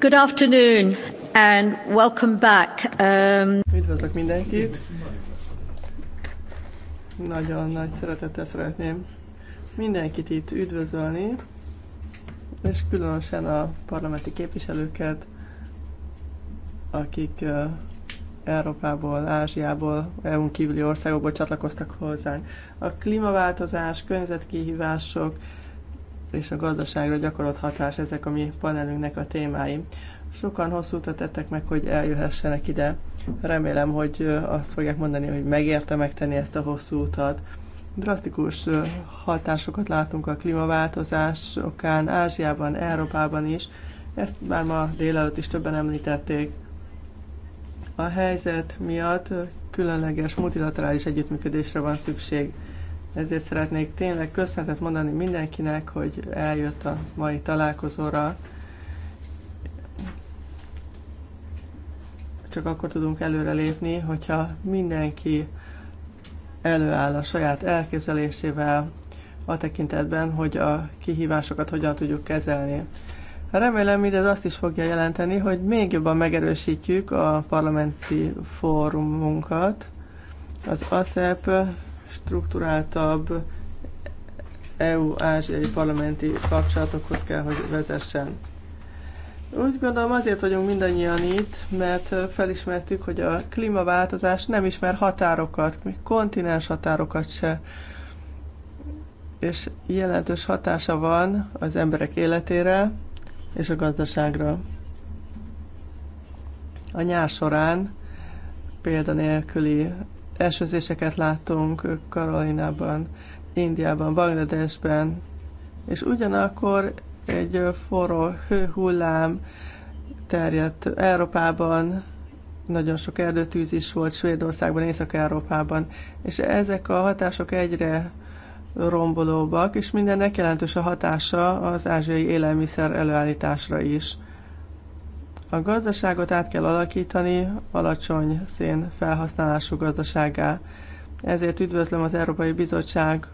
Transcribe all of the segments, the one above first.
Good afternoon and welcome back. Um, Üdvözlök mindenkit. Nagyon nagy szeretettel szeretném mindenkit itt üdvözölni, és különösen a parlamenti képviselőket, akik Európából, Ázsiából, EU-n kívüli országokból csatlakoztak hozzánk. A klímaváltozás, környezetkihívások, és a gazdaságra gyakorolt hatás, ezek a mi panelünknek a témái. Sokan hosszú utat tettek meg, hogy eljöhessenek ide. Remélem, hogy azt fogják mondani, hogy megérte megtenni ezt a hosszú utat. Drasztikus hatásokat látunk a klímaváltozás okán, Ázsiában, Európában is. Ezt már ma délelőtt is többen említették. A helyzet miatt különleges multilaterális együttműködésre van szükség ezért szeretnék tényleg köszönetet mondani mindenkinek, hogy eljött a mai találkozóra. Csak akkor tudunk előrelépni, hogyha mindenki előáll a saját elképzelésével a tekintetben, hogy a kihívásokat hogyan tudjuk kezelni. Remélem, mindez azt is fogja jelenteni, hogy még jobban megerősítjük a parlamenti fórumunkat, az ASEP struktúráltabb EU-ázsiai parlamenti kapcsolatokhoz kell, hogy vezessen. Úgy gondolom azért vagyunk mindannyian itt, mert felismertük, hogy a klímaváltozás nem ismer határokat, még kontinens határokat se, és jelentős hatása van az emberek életére és a gazdaságra. A nyár során példanélküli esőzéseket látunk Karolinában, Indiában, Bangladesben, és ugyanakkor egy forró hőhullám terjedt Európában, nagyon sok erdőtűz is volt Svédországban, Észak-Európában, és ezek a hatások egyre rombolóbbak, és mindennek jelentős a hatása az ázsiai élelmiszer előállításra is. A gazdaságot át kell alakítani alacsony szén felhasználású gazdaságá. Ezért üdvözlöm az Európai Bizottság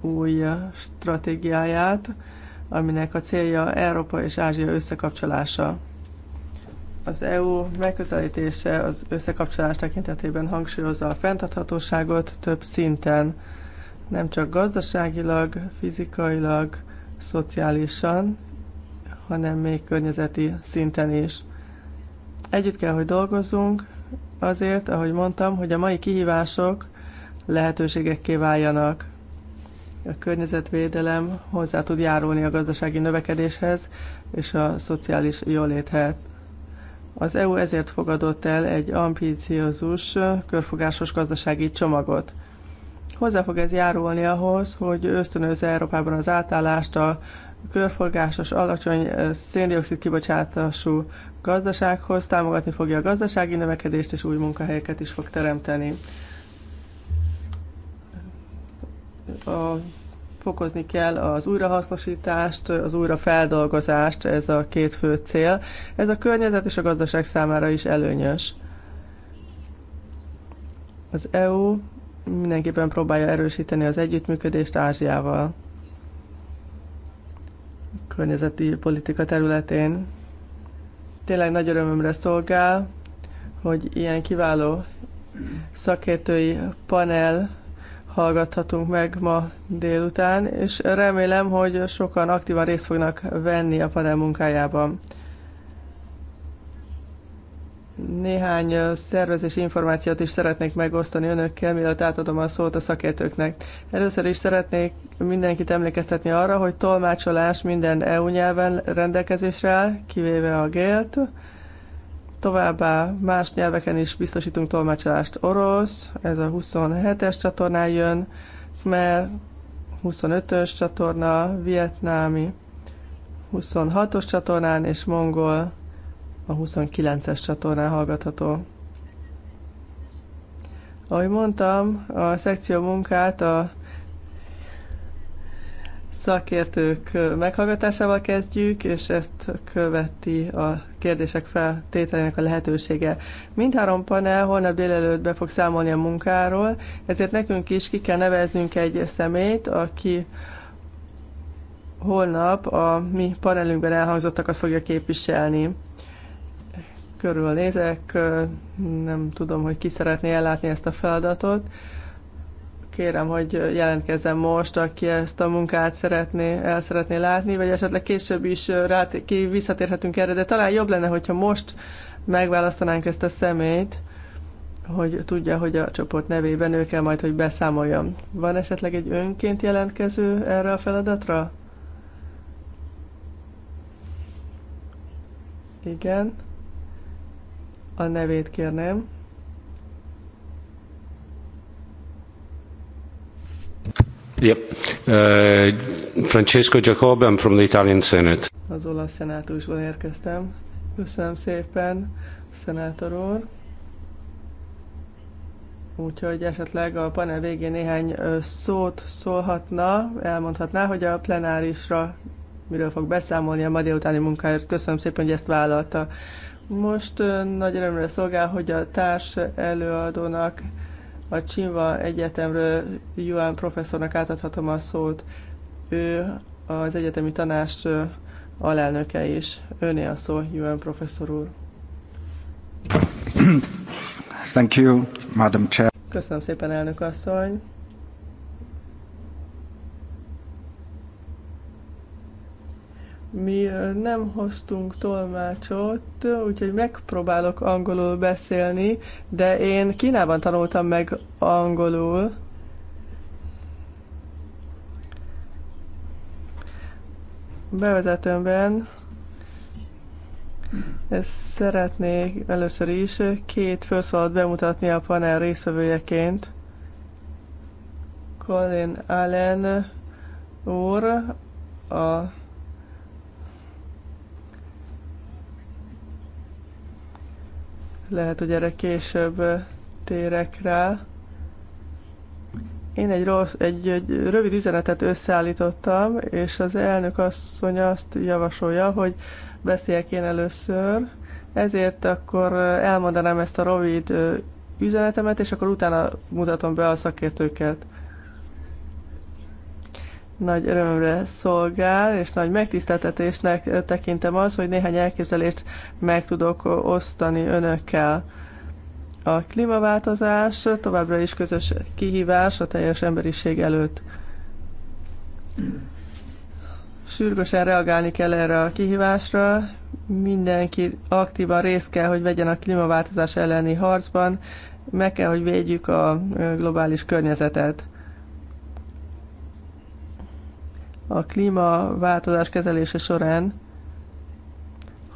új stratégiáját, aminek a célja Európa és Ázsia összekapcsolása. Az EU megközelítése az összekapcsolás tekintetében hangsúlyozza a fenntarthatóságot több szinten, nem csak gazdaságilag, fizikailag, szociálisan, hanem még környezeti szinten is. Együtt kell, hogy dolgozzunk azért, ahogy mondtam, hogy a mai kihívások lehetőségekké váljanak. A környezetvédelem hozzá tud járulni a gazdasági növekedéshez és a szociális jóléthez. Az EU ezért fogadott el egy ambíciózus, körfogásos gazdasági csomagot. Hozzá fog ez járulni ahhoz, hogy ösztönözze Európában az átállást a körforgásos, alacsony széndiokszid kibocsátású gazdasághoz, támogatni fogja a gazdasági növekedést, és új munkahelyeket is fog teremteni. A, fokozni kell az újrahasznosítást, az újrafeldolgozást, ez a két fő cél. Ez a környezet és a gazdaság számára is előnyös. Az EU mindenképpen próbálja erősíteni az együttműködést Ázsiával környezeti politika területén Tényleg nagy örömömre szolgál, hogy ilyen kiváló szakértői panel hallgathatunk meg ma délután, és remélem, hogy sokan aktívan részt fognak venni a panel munkájában néhány szervezési információt is szeretnék megosztani önökkel, mielőtt átadom a szót a szakértőknek. Először is szeretnék mindenkit emlékeztetni arra, hogy tolmácsolás minden EU nyelven rendelkezésre áll, kivéve a gélt. Továbbá más nyelveken is biztosítunk tolmácsolást. Orosz, ez a 27-es csatornán jön, mert 25-ös csatorna, vietnámi, 26-os csatornán és mongol a 29-es csatornán hallgatható. Ahogy mondtam, a szekció munkát a szakértők meghallgatásával kezdjük, és ezt követi a kérdések feltételének a lehetősége. Mindhárom panel holnap délelőtt be fog számolni a munkáról, ezért nekünk is ki kell neveznünk egy szemét, aki holnap a mi panelünkben elhangzottakat fogja képviselni körülnézek, nem tudom, hogy ki szeretné ellátni ezt a feladatot. Kérem, hogy jelentkezzen most, aki ezt a munkát szeretné, el szeretné látni, vagy esetleg később is rá, ki visszatérhetünk erre, de talán jobb lenne, hogyha most megválasztanánk ezt a személyt, hogy tudja, hogy a csoport nevében ő kell majd, hogy beszámoljam. Van esetleg egy önként jelentkező erre a feladatra? Igen a nevét kérném. Yep. Uh, Francesco Jacob, I'm from the Italian Senate. Az olasz szenátusból érkeztem. Köszönöm szépen, szenátor úr. Úgyhogy esetleg a panel végén néhány szót szólhatna, elmondhatná, hogy a plenárisra miről fog beszámolni a ma délutáni munkáért. Köszönöm szépen, hogy ezt vállalta. Most nagy örömre szolgál, hogy a társ előadónak, a Csinva Egyetemről Juan professzornak átadhatom a szót. Ő az egyetemi tanács alelnöke is. Öné a szó, Juan professzor úr. Thank you, Madam Chair. Köszönöm szépen, elnök asszony. Mi nem hoztunk tolmácsot, úgyhogy megpróbálok angolul beszélni, de én Kínában tanultam meg angolul. Bevezetőmben ezt szeretnék először is két főszalat bemutatni a panel részvevőjeként. Colin Allen úr, a Lehet, hogy erre később térek rá. Én egy, rossz, egy, egy rövid üzenetet összeállítottam, és az elnök asszony azt javasolja, hogy beszéljek én először. Ezért akkor elmondanám ezt a rövid üzenetemet, és akkor utána mutatom be a szakértőket. Nagy örömre szolgál, és nagy megtiszteltetésnek tekintem az, hogy néhány elképzelést meg tudok osztani önökkel. A klímaváltozás továbbra is közös kihívás a teljes emberiség előtt. Sürgősen reagálni kell erre a kihívásra, mindenki aktívan részt kell, hogy vegyen a klímaváltozás elleni harcban, meg kell, hogy védjük a globális környezetet. a klímaváltozás kezelése során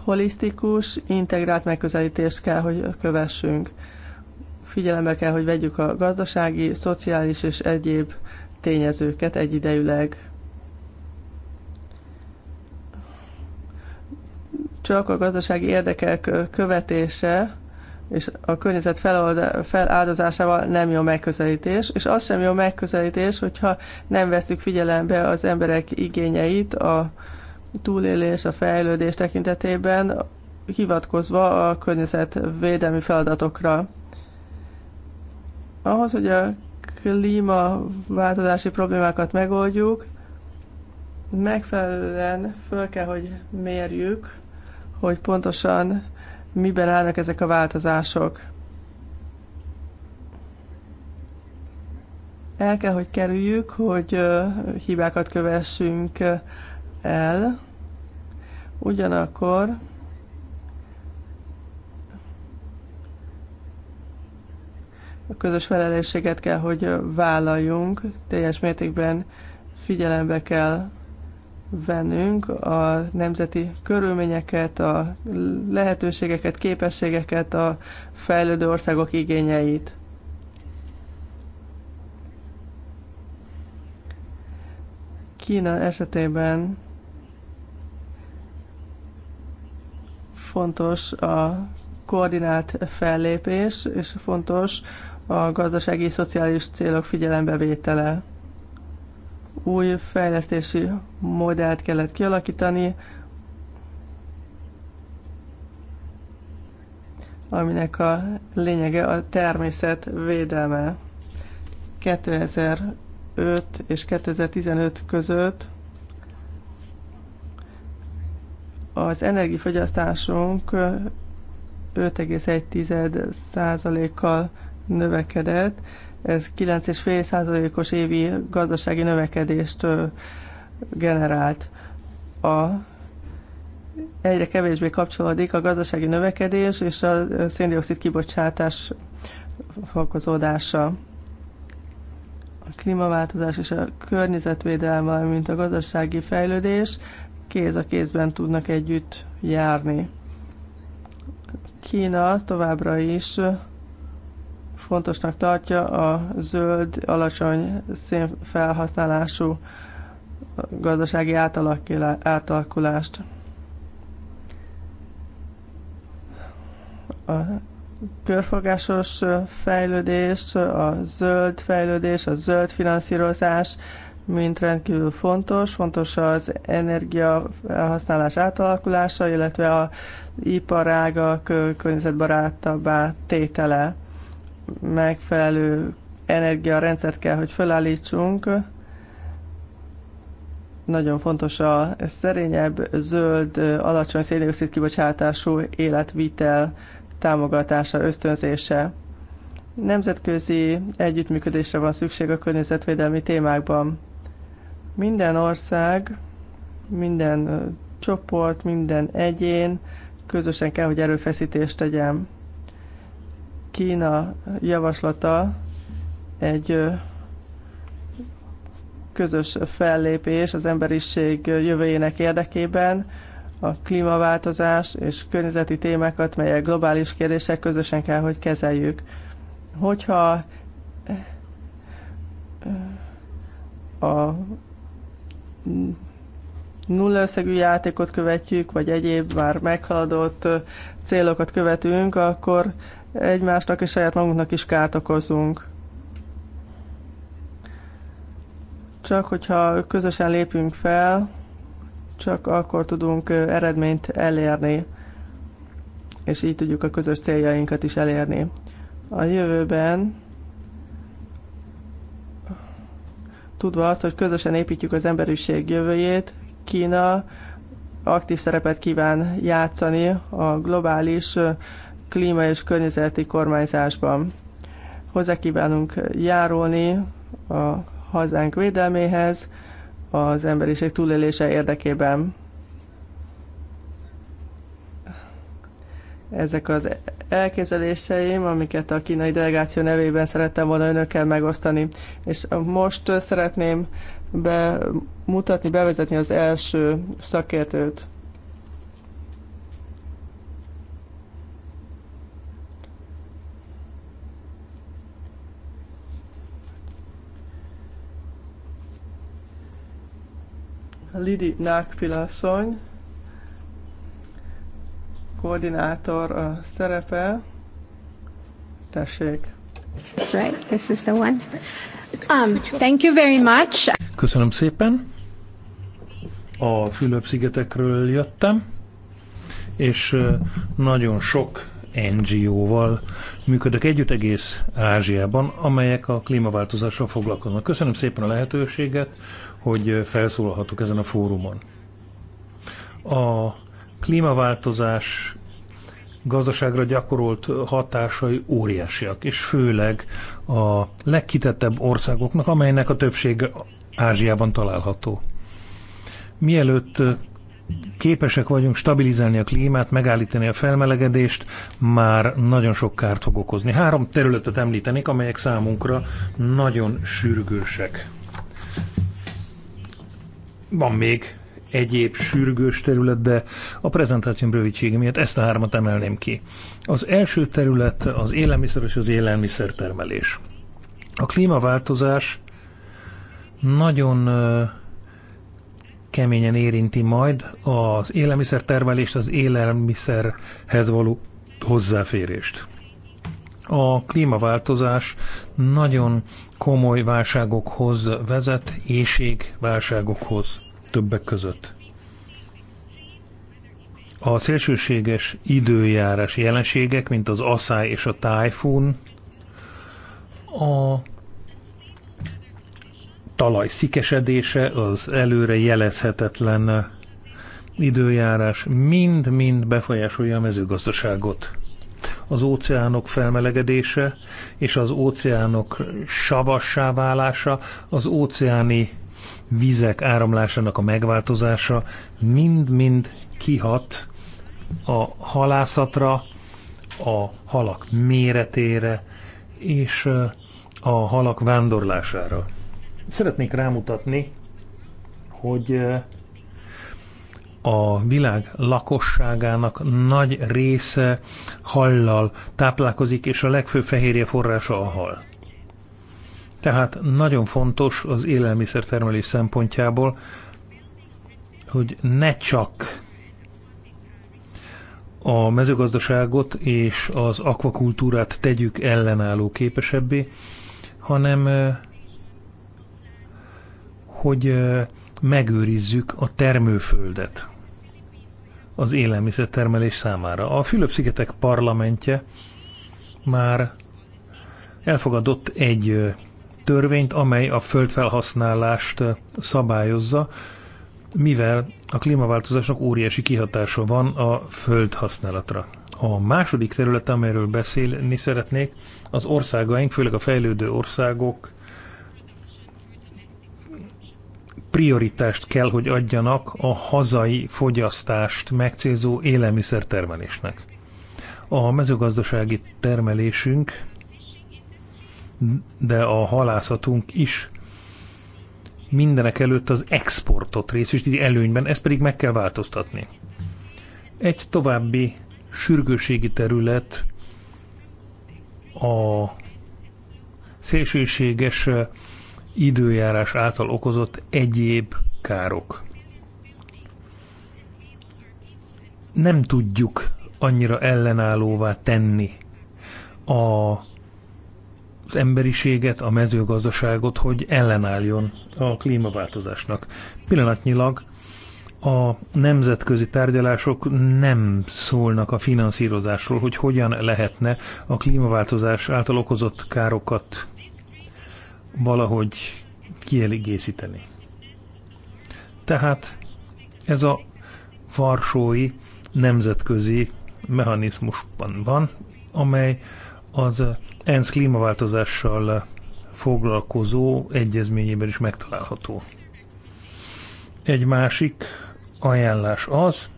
holisztikus, integrált megközelítést kell, hogy kövessünk. Figyelembe kell, hogy vegyük a gazdasági, szociális és egyéb tényezőket egyidejűleg. Csak a gazdasági érdekek követése és a környezet feláldozásával nem jó megközelítés, és az sem jó megközelítés, hogyha nem veszük figyelembe az emberek igényeit a túlélés, a fejlődés tekintetében, hivatkozva a környezetvédelmi feladatokra. Ahhoz, hogy a klímaváltozási problémákat megoldjuk, megfelelően föl kell, hogy mérjük, hogy pontosan miben állnak ezek a változások. El kell, hogy kerüljük, hogy hibákat kövessünk el. Ugyanakkor a közös felelősséget kell, hogy vállaljunk, teljes mértékben figyelembe kell vennünk a nemzeti körülményeket, a lehetőségeket, képességeket, a fejlődő országok igényeit. Kína esetében fontos a koordinált fellépés, és fontos a gazdasági és szociális célok figyelembevétele új fejlesztési modellt kellett kialakítani, aminek a lényege a természet védelme. 2005 és 2015 között az energiafogyasztásunk 5,1%-kal növekedett, ez 9,5 százalékos évi gazdasági növekedést generált. A egyre kevésbé kapcsolódik a gazdasági növekedés és a széndiokszid kibocsátás fokozódása. A klímaváltozás és a környezetvédelem, valamint a gazdasági fejlődés kéz a kézben tudnak együtt járni. Kína továbbra is fontosnak tartja a zöld, alacsony szénfelhasználású gazdasági átalakulást. A körforgásos fejlődés, a zöld fejlődés, a zöld finanszírozás mint rendkívül fontos. Fontos az energia felhasználás átalakulása, illetve a iparágak környezetbarátabbá tétele megfelelő energiarendszert kell, hogy felállítsunk. Nagyon fontos a szerényebb, zöld, alacsony széndiokszid kibocsátású életvitel támogatása, ösztönzése. Nemzetközi együttműködésre van szükség a környezetvédelmi témákban. Minden ország, minden csoport, minden egyén közösen kell, hogy erőfeszítést tegyen. Kína javaslata egy közös fellépés az emberiség jövőjének érdekében, a klímaváltozás és környezeti témákat, melyek globális kérdések közösen kell, hogy kezeljük. Hogyha a nullaösszegű játékot követjük, vagy egyéb már meghaladott célokat követünk, akkor egymásnak és saját magunknak is kárt okozunk. Csak hogyha közösen lépünk fel, csak akkor tudunk eredményt elérni, és így tudjuk a közös céljainkat is elérni. A jövőben tudva azt, hogy közösen építjük az emberiség jövőjét, Kína aktív szerepet kíván játszani a globális klíma és környezeti kormányzásban. Hozzá kívánunk járulni a hazánk védelméhez, az emberiség túlélése érdekében. Ezek az elképzeléseim, amiket a kínai delegáció nevében szerettem volna önökkel megosztani. És most szeretném bemutatni, bevezetni az első szakértőt. Lidi Nákfilasszony, koordinátor a szerepe. Tessék. That's right, this is the one. Um, thank you very much. Köszönöm szépen. A Fülöp-szigetekről jöttem, és nagyon sok NGO-val működök együtt egész Ázsiában, amelyek a klímaváltozással foglalkoznak. Köszönöm szépen a lehetőséget, hogy felszólalhatok ezen a fórumon. A klímaváltozás gazdaságra gyakorolt hatásai óriásiak, és főleg a legkitettebb országoknak, amelynek a többsége Ázsiában található. Mielőtt képesek vagyunk stabilizálni a klímát, megállítani a felmelegedést, már nagyon sok kárt fog okozni. Három területet említenék, amelyek számunkra nagyon sürgősek. Van még egyéb sürgős terület, de a prezentáció rövidsége miatt ezt a hármat emelném ki. Az első terület az élelmiszer és az élelmiszertermelés. A klímaváltozás nagyon keményen érinti majd az élelmiszertermelést, az élelmiszerhez való hozzáférést a klímaváltozás nagyon komoly válságokhoz vezet, éjség válságokhoz többek között. A szélsőséges időjárás jelenségek, mint az asszály és a tájfun, a talaj szikesedése, az előre jelezhetetlen időjárás mind-mind befolyásolja a mezőgazdaságot az óceánok felmelegedése és az óceánok savassá válása, az óceáni vizek áramlásának a megváltozása mind-mind kihat a halászatra, a halak méretére és a halak vándorlására. Szeretnék rámutatni, hogy a világ lakosságának nagy része hallal táplálkozik, és a legfőbb fehérje forrása a hal. Tehát nagyon fontos az élelmiszertermelés szempontjából, hogy ne csak a mezőgazdaságot és az akvakultúrát tegyük ellenálló képesebbé, hanem eh, hogy eh, megőrizzük a termőföldet az élelmiszertermelés számára. A Fülöp-szigetek parlamentje már elfogadott egy törvényt, amely a földfelhasználást szabályozza, mivel a klímaváltozásnak óriási kihatása van a földhasználatra. A második terület, amelyről beszélni szeretnék, az országaink, főleg a fejlődő országok prioritást kell, hogy adjanak a hazai fogyasztást megcélzó élelmiszertermelésnek. A mezőgazdasági termelésünk, de a halászatunk is mindenek előtt az exportot részesíti előnyben, ezt pedig meg kell változtatni. Egy további sürgőségi terület a szélsőséges időjárás által okozott egyéb károk. Nem tudjuk annyira ellenállóvá tenni a, az emberiséget, a mezőgazdaságot, hogy ellenálljon a klímaváltozásnak. Pillanatnyilag a nemzetközi tárgyalások nem szólnak a finanszírozásról, hogy hogyan lehetne a klímaváltozás által okozott károkat valahogy kielégészíteni. Tehát ez a Varsói nemzetközi mechanizmusban van, amely az ENSZ klímaváltozással foglalkozó egyezményében is megtalálható. Egy másik ajánlás az,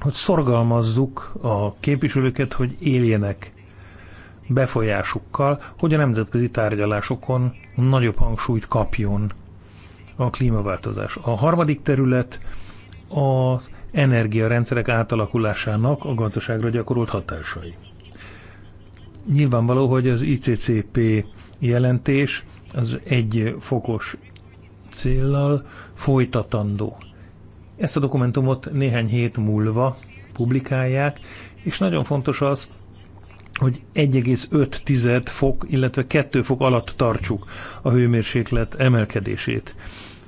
hogy szorgalmazzuk a képviselőket, hogy éljenek befolyásukkal, hogy a nemzetközi tárgyalásokon nagyobb hangsúlyt kapjon a klímaváltozás. A harmadik terület az energiarendszerek átalakulásának a gazdaságra gyakorolt hatásai. Nyilvánvaló, hogy az ICCP jelentés az egy fokos céllal folytatandó. Ezt a dokumentumot néhány hét múlva publikálják, és nagyon fontos az, hogy 1,5 fok, illetve 2 fok alatt tartsuk a hőmérséklet emelkedését.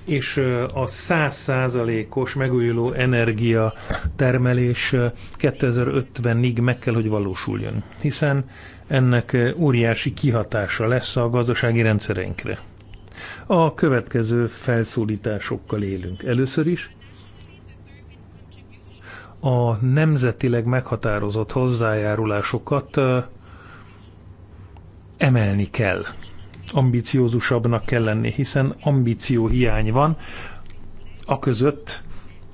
És a 100%-os megújuló energia termelés 2050-ig meg kell, hogy valósuljon, hiszen ennek óriási kihatása lesz a gazdasági rendszereinkre. A következő felszólításokkal élünk. Először is a nemzetileg meghatározott hozzájárulásokat emelni kell. Ambiciózusabbnak kell lenni, hiszen ambíció hiány van, a között,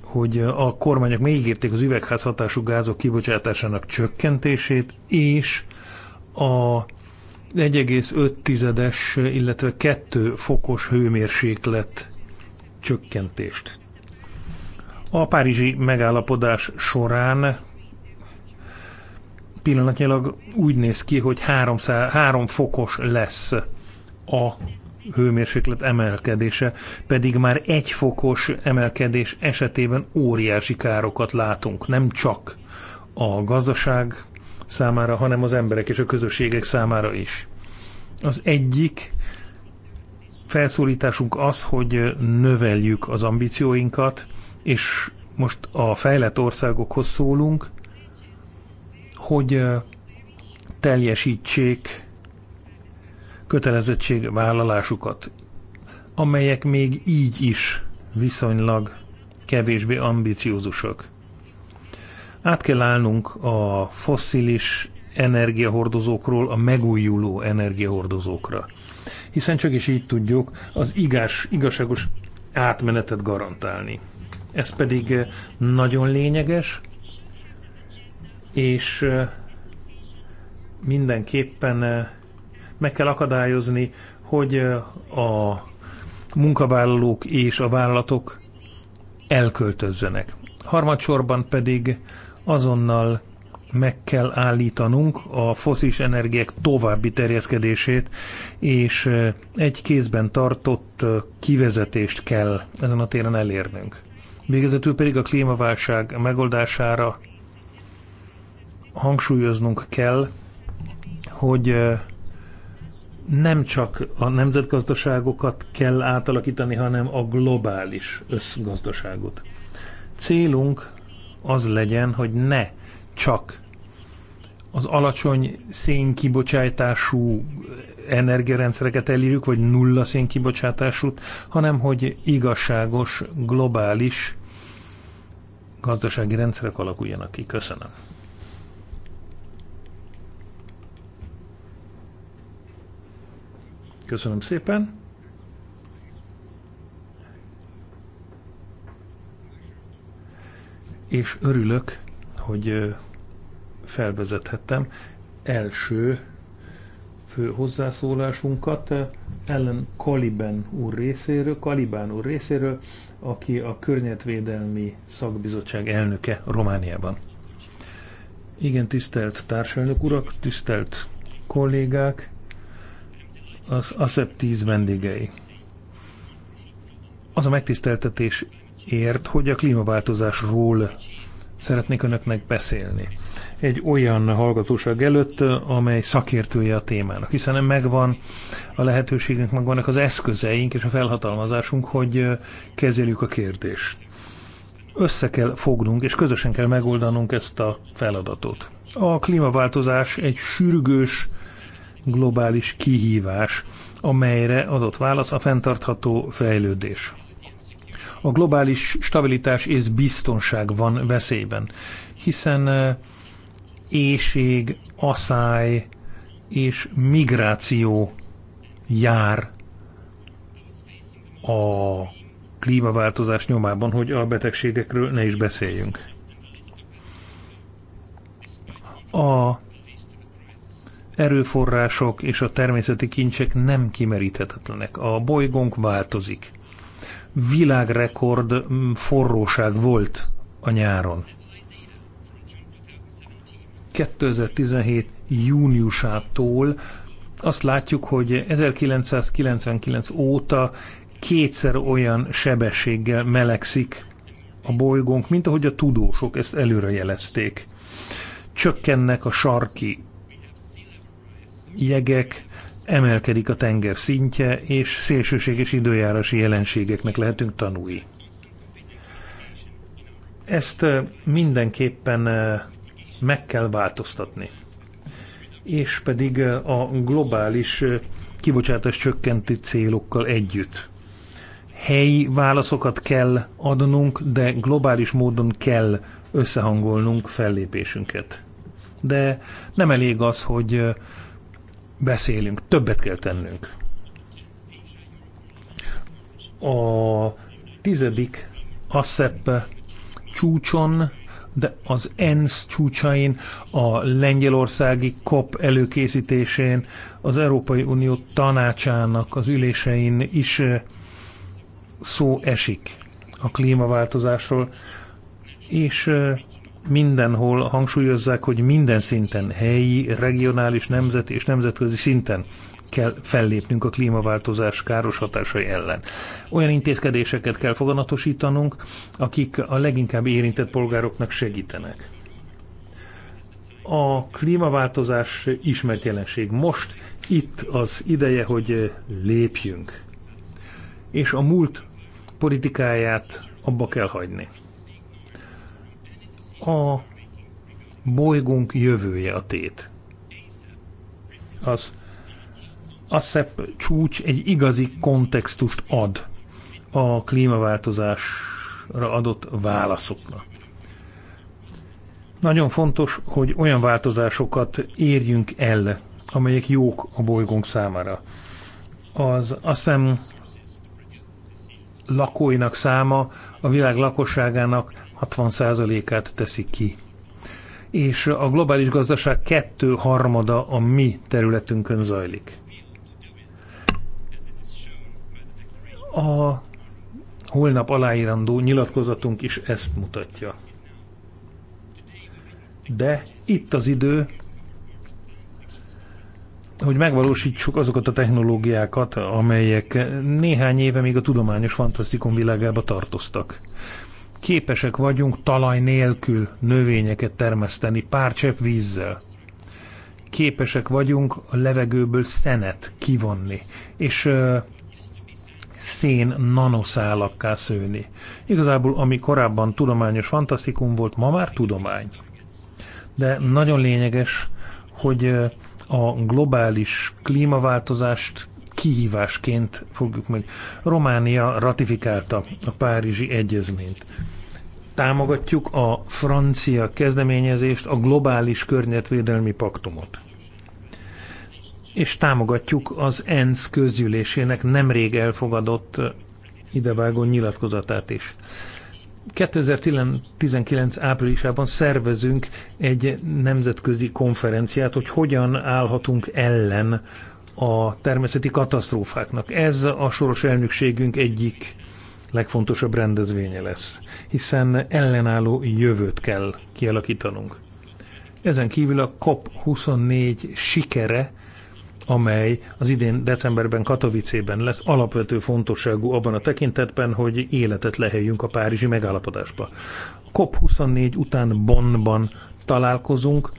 hogy a kormányok megígérték az üvegházhatású gázok kibocsátásának csökkentését, és a 1,5-es, illetve 2 fokos hőmérséklet csökkentést. A párizsi megállapodás során pillanatnyilag úgy néz ki, hogy 3 fokos lesz a hőmérséklet emelkedése, pedig már egy fokos emelkedés esetében óriási károkat látunk, nem csak a gazdaság számára, hanem az emberek és a közösségek számára is. Az egyik felszólításunk az, hogy növeljük az ambícióinkat, és most a fejlett országokhoz szólunk, hogy teljesítsék kötelezettség vállalásukat, amelyek még így is viszonylag kevésbé ambiciózusak. Át kell állnunk a fosszilis energiahordozókról a megújuló energiahordozókra. Hiszen csak is így tudjuk az igaz, igazságos átmenetet garantálni. Ez pedig eh, nagyon lényeges, és eh, mindenképpen eh, meg kell akadályozni, hogy a munkavállalók és a vállalatok elköltözzenek. Harmadsorban pedig azonnal meg kell állítanunk a foszis energiák további terjeszkedését, és egy kézben tartott kivezetést kell ezen a téren elérnünk. Végezetül pedig a klímaválság megoldására hangsúlyoznunk kell, hogy nem csak a nemzetgazdaságokat kell átalakítani, hanem a globális összgazdaságot. Célunk az legyen, hogy ne csak az alacsony szénkibocsátású energiarendszereket elérjük, vagy nulla szénkibocsátásút, hanem hogy igazságos, globális gazdasági rendszerek alakuljanak ki. Köszönöm. Köszönöm szépen. És örülök, hogy felvezethettem első fő hozzászólásunkat eh, Ellen Kaliben úr részéről, Kalibán úr részéről, aki a Környezetvédelmi Szakbizottság elnöke Romániában. Igen, tisztelt társelnök urak, tisztelt kollégák, az ASEP 10 vendégei. Az a megtiszteltetés ért, hogy a klímaváltozásról szeretnék önöknek beszélni egy olyan hallgatóság előtt, amely szakértője a témának, hiszen megvan a lehetőségünk, megvannak az eszközeink és a felhatalmazásunk, hogy kezeljük a kérdést. Össze kell fognunk, és közösen kell megoldanunk ezt a feladatot. A klímaváltozás egy sürgős globális kihívás, amelyre adott válasz a fenntartható fejlődés. A globális stabilitás és biztonság van veszélyben, hiszen éjség, aszály és migráció jár a klímaváltozás nyomában, hogy a betegségekről ne is beszéljünk. A erőforrások és a természeti kincsek nem kimeríthetetlenek. A bolygónk változik. Világrekord forróság volt a nyáron. 2017 júniusától azt látjuk, hogy 1999 óta kétszer olyan sebességgel melegszik a bolygónk, mint ahogy a tudósok ezt előre jelezték. Csökkennek a sarki jegek, emelkedik a tenger szintje, és szélsőséges időjárási jelenségeknek lehetünk tanúi. Ezt mindenképpen meg kell változtatni. És pedig eh, a globális eh, kibocsátás csökkenti célokkal együtt. Helyi válaszokat kell adnunk, de globális módon kell összehangolnunk fellépésünket. De nem elég az, hogy eh, beszélünk, többet kell tennünk. A tizedik ASZEP csúcson de az ENSZ csúcsain, a lengyelországi COP előkészítésén, az Európai Unió tanácsának az ülésein is szó esik a klímaváltozásról, és mindenhol hangsúlyozzák, hogy minden szinten, helyi, regionális, nemzeti és nemzetközi szinten kell fellépnünk a klímaváltozás káros hatásai ellen. Olyan intézkedéseket kell foganatosítanunk, akik a leginkább érintett polgároknak segítenek. A klímaváltozás ismert jelenség. Most itt az ideje, hogy lépjünk. És a múlt politikáját abba kell hagyni a bolygónk jövője a tét. Az ASEP csúcs egy igazi kontextust ad a klímaváltozásra adott válaszoknak. Nagyon fontos, hogy olyan változásokat érjünk el, amelyek jók a bolygónk számára. Az azt hiszem lakóinak száma a világ lakosságának 60%-át teszik ki. És a globális gazdaság kettő harmada a mi területünkön zajlik. A holnap aláírandó nyilatkozatunk is ezt mutatja. De itt az idő, hogy megvalósítsuk azokat a technológiákat, amelyek néhány éve még a tudományos fantasztikum világába tartoztak. Képesek vagyunk talaj nélkül növényeket termeszteni pár csepp vízzel. Képesek vagyunk a levegőből szenet kivonni, és uh, szén nanoszálakká szőni. Igazából, ami korábban tudományos fantasztikum volt, ma már tudomány. De nagyon lényeges, hogy uh, a globális klímaváltozást kihívásként fogjuk meg. Románia ratifikálta a Párizsi Egyezményt. Támogatjuk a francia kezdeményezést, a globális környezetvédelmi paktumot. És támogatjuk az ENSZ közgyűlésének nemrég elfogadott idevágó nyilatkozatát is. 2019 áprilisában szervezünk egy nemzetközi konferenciát, hogy hogyan állhatunk ellen a természeti katasztrófáknak. Ez a soros elnökségünk egyik legfontosabb rendezvénye lesz, hiszen ellenálló jövőt kell kialakítanunk. Ezen kívül a COP24 sikere amely az idén decemberben Katowicében lesz, alapvető fontosságú abban a tekintetben, hogy életet leheljünk a párizsi megállapodásba. COP24 után Bonnban találkozunk,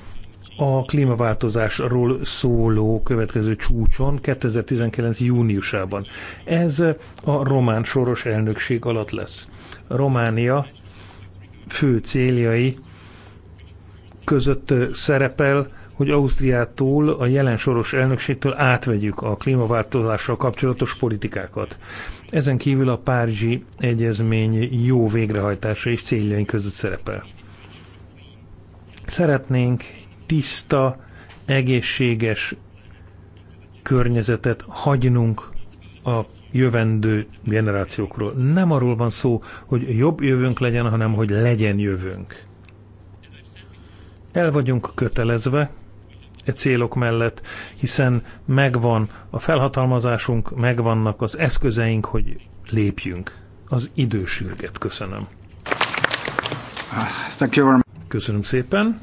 a klímaváltozásról szóló következő csúcson 2019. júniusában. Ez a román soros elnökség alatt lesz. Románia fő céljai között szerepel hogy Ausztriától, a jelen soros elnökségtől átvegyük a klímaváltozással kapcsolatos politikákat. Ezen kívül a Párizsi Egyezmény jó végrehajtása és céljai között szerepel. Szeretnénk tiszta, egészséges környezetet hagynunk a jövendő generációkról. Nem arról van szó, hogy jobb jövőnk legyen, hanem hogy legyen jövőnk. El vagyunk kötelezve e célok mellett, hiszen megvan a felhatalmazásunk, megvannak az eszközeink, hogy lépjünk. Az idősürget köszönöm. Köszönöm szépen.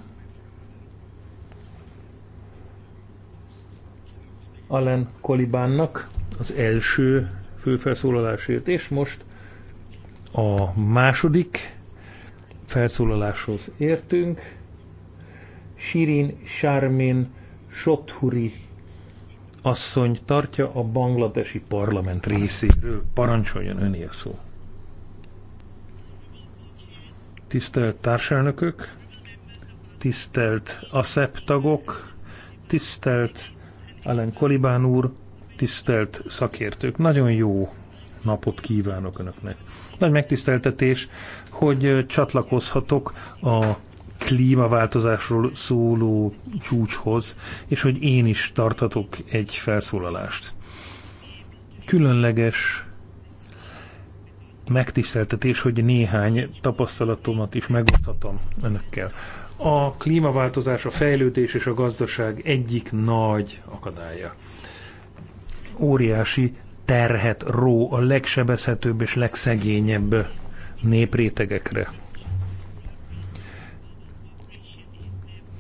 Allen Kolibánnak az első főfelszólalásért, és most a második felszólaláshoz értünk. Shirin Sharmin Choudhury asszony tartja a bangladesi parlament részéről. Parancsoljon öné a szó. Tisztelt társelnökök, tisztelt ASEP tagok, tisztelt Ellen Kolibán úr, tisztelt szakértők, nagyon jó napot kívánok Önöknek. Nagy megtiszteltetés, hogy csatlakozhatok a klímaváltozásról szóló csúcshoz, és hogy én is tartatok egy felszólalást. Különleges megtiszteltetés, hogy néhány tapasztalatomat is megoszthatom önökkel. A klímaváltozás, a fejlődés és a gazdaság egyik nagy akadálya. Óriási terhet ró a legsebezhetőbb és legszegényebb néprétegekre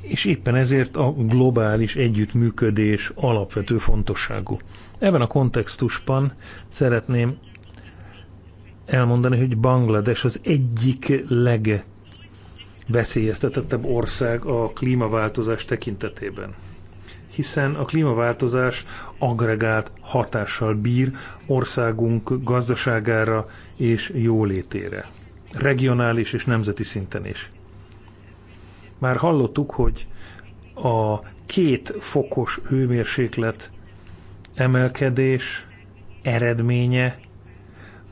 és éppen ezért a globális együttműködés alapvető fontosságú. Ebben a kontextusban szeretném elmondani, hogy Banglades az egyik legveszélyeztetettebb ország a klímaváltozás tekintetében hiszen a klímaváltozás agregált hatással bír országunk gazdaságára és jólétére, regionális és nemzeti szinten is. Már hallottuk, hogy a két fokos hőmérséklet emelkedés eredménye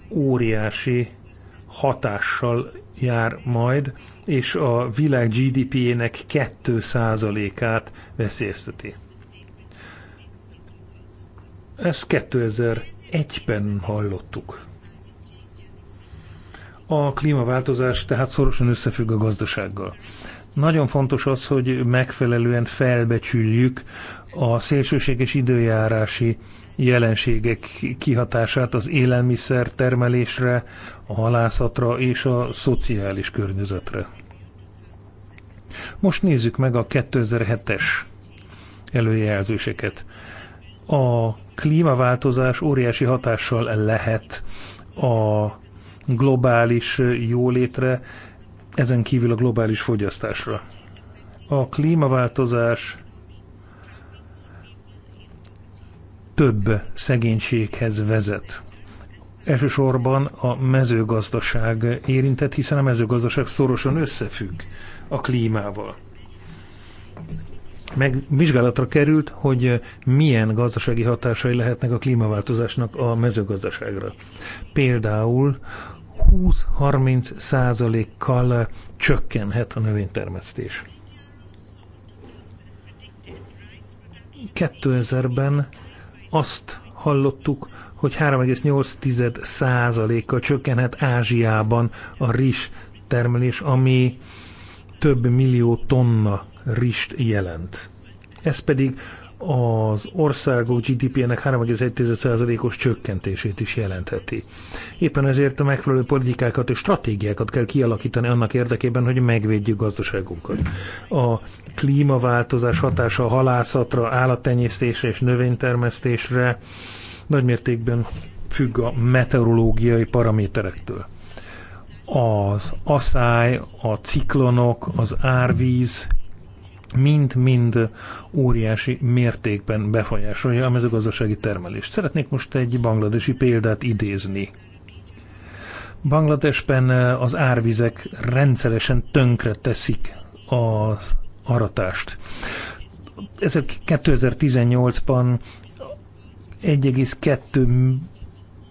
óriási hatással jár majd, és a világ GDP-jének 2%-át veszélyezteti. Ezt 2001-ben hallottuk. A klímaváltozás tehát szorosan összefügg a gazdasággal. Nagyon fontos az, hogy megfelelően felbecsüljük a szélsőséges időjárási jelenségek kihatását az élelmiszer termelésre, a halászatra és a szociális környezetre. Most nézzük meg a 2007-es előjelzéseket. A klímaváltozás óriási hatással lehet a globális jólétre, ezen kívül a globális fogyasztásra. A klímaváltozás több szegénységhez vezet. Elsősorban a mezőgazdaság érintett, hiszen a mezőgazdaság szorosan összefügg a klímával. Megvizsgálatra került, hogy milyen gazdasági hatásai lehetnek a klímaváltozásnak a mezőgazdaságra. Például 20-30 százalékkal csökkenhet a növénytermesztés. 2000-ben azt hallottuk, hogy 3,8 százalékkal csökkenhet Ázsiában a rizs termelés, ami több millió tonna rist jelent. Ez pedig az országok GDP-nek 3,1%-os csökkentését is jelentheti. Éppen ezért a megfelelő politikákat és stratégiákat kell kialakítani annak érdekében, hogy megvédjük gazdaságunkat. A klímaváltozás hatása a halászatra, állattenyésztésre és növénytermesztésre nagymértékben függ a meteorológiai paraméterektől. Az asszály, a ciklonok, az árvíz, mind-mind óriási mértékben befolyásolja a mezőgazdasági termelést. Szeretnék most egy bangladesi példát idézni. Bangladesben eh, az árvizek rendszeresen tönkre teszik az aratást. 2018-ban 1,2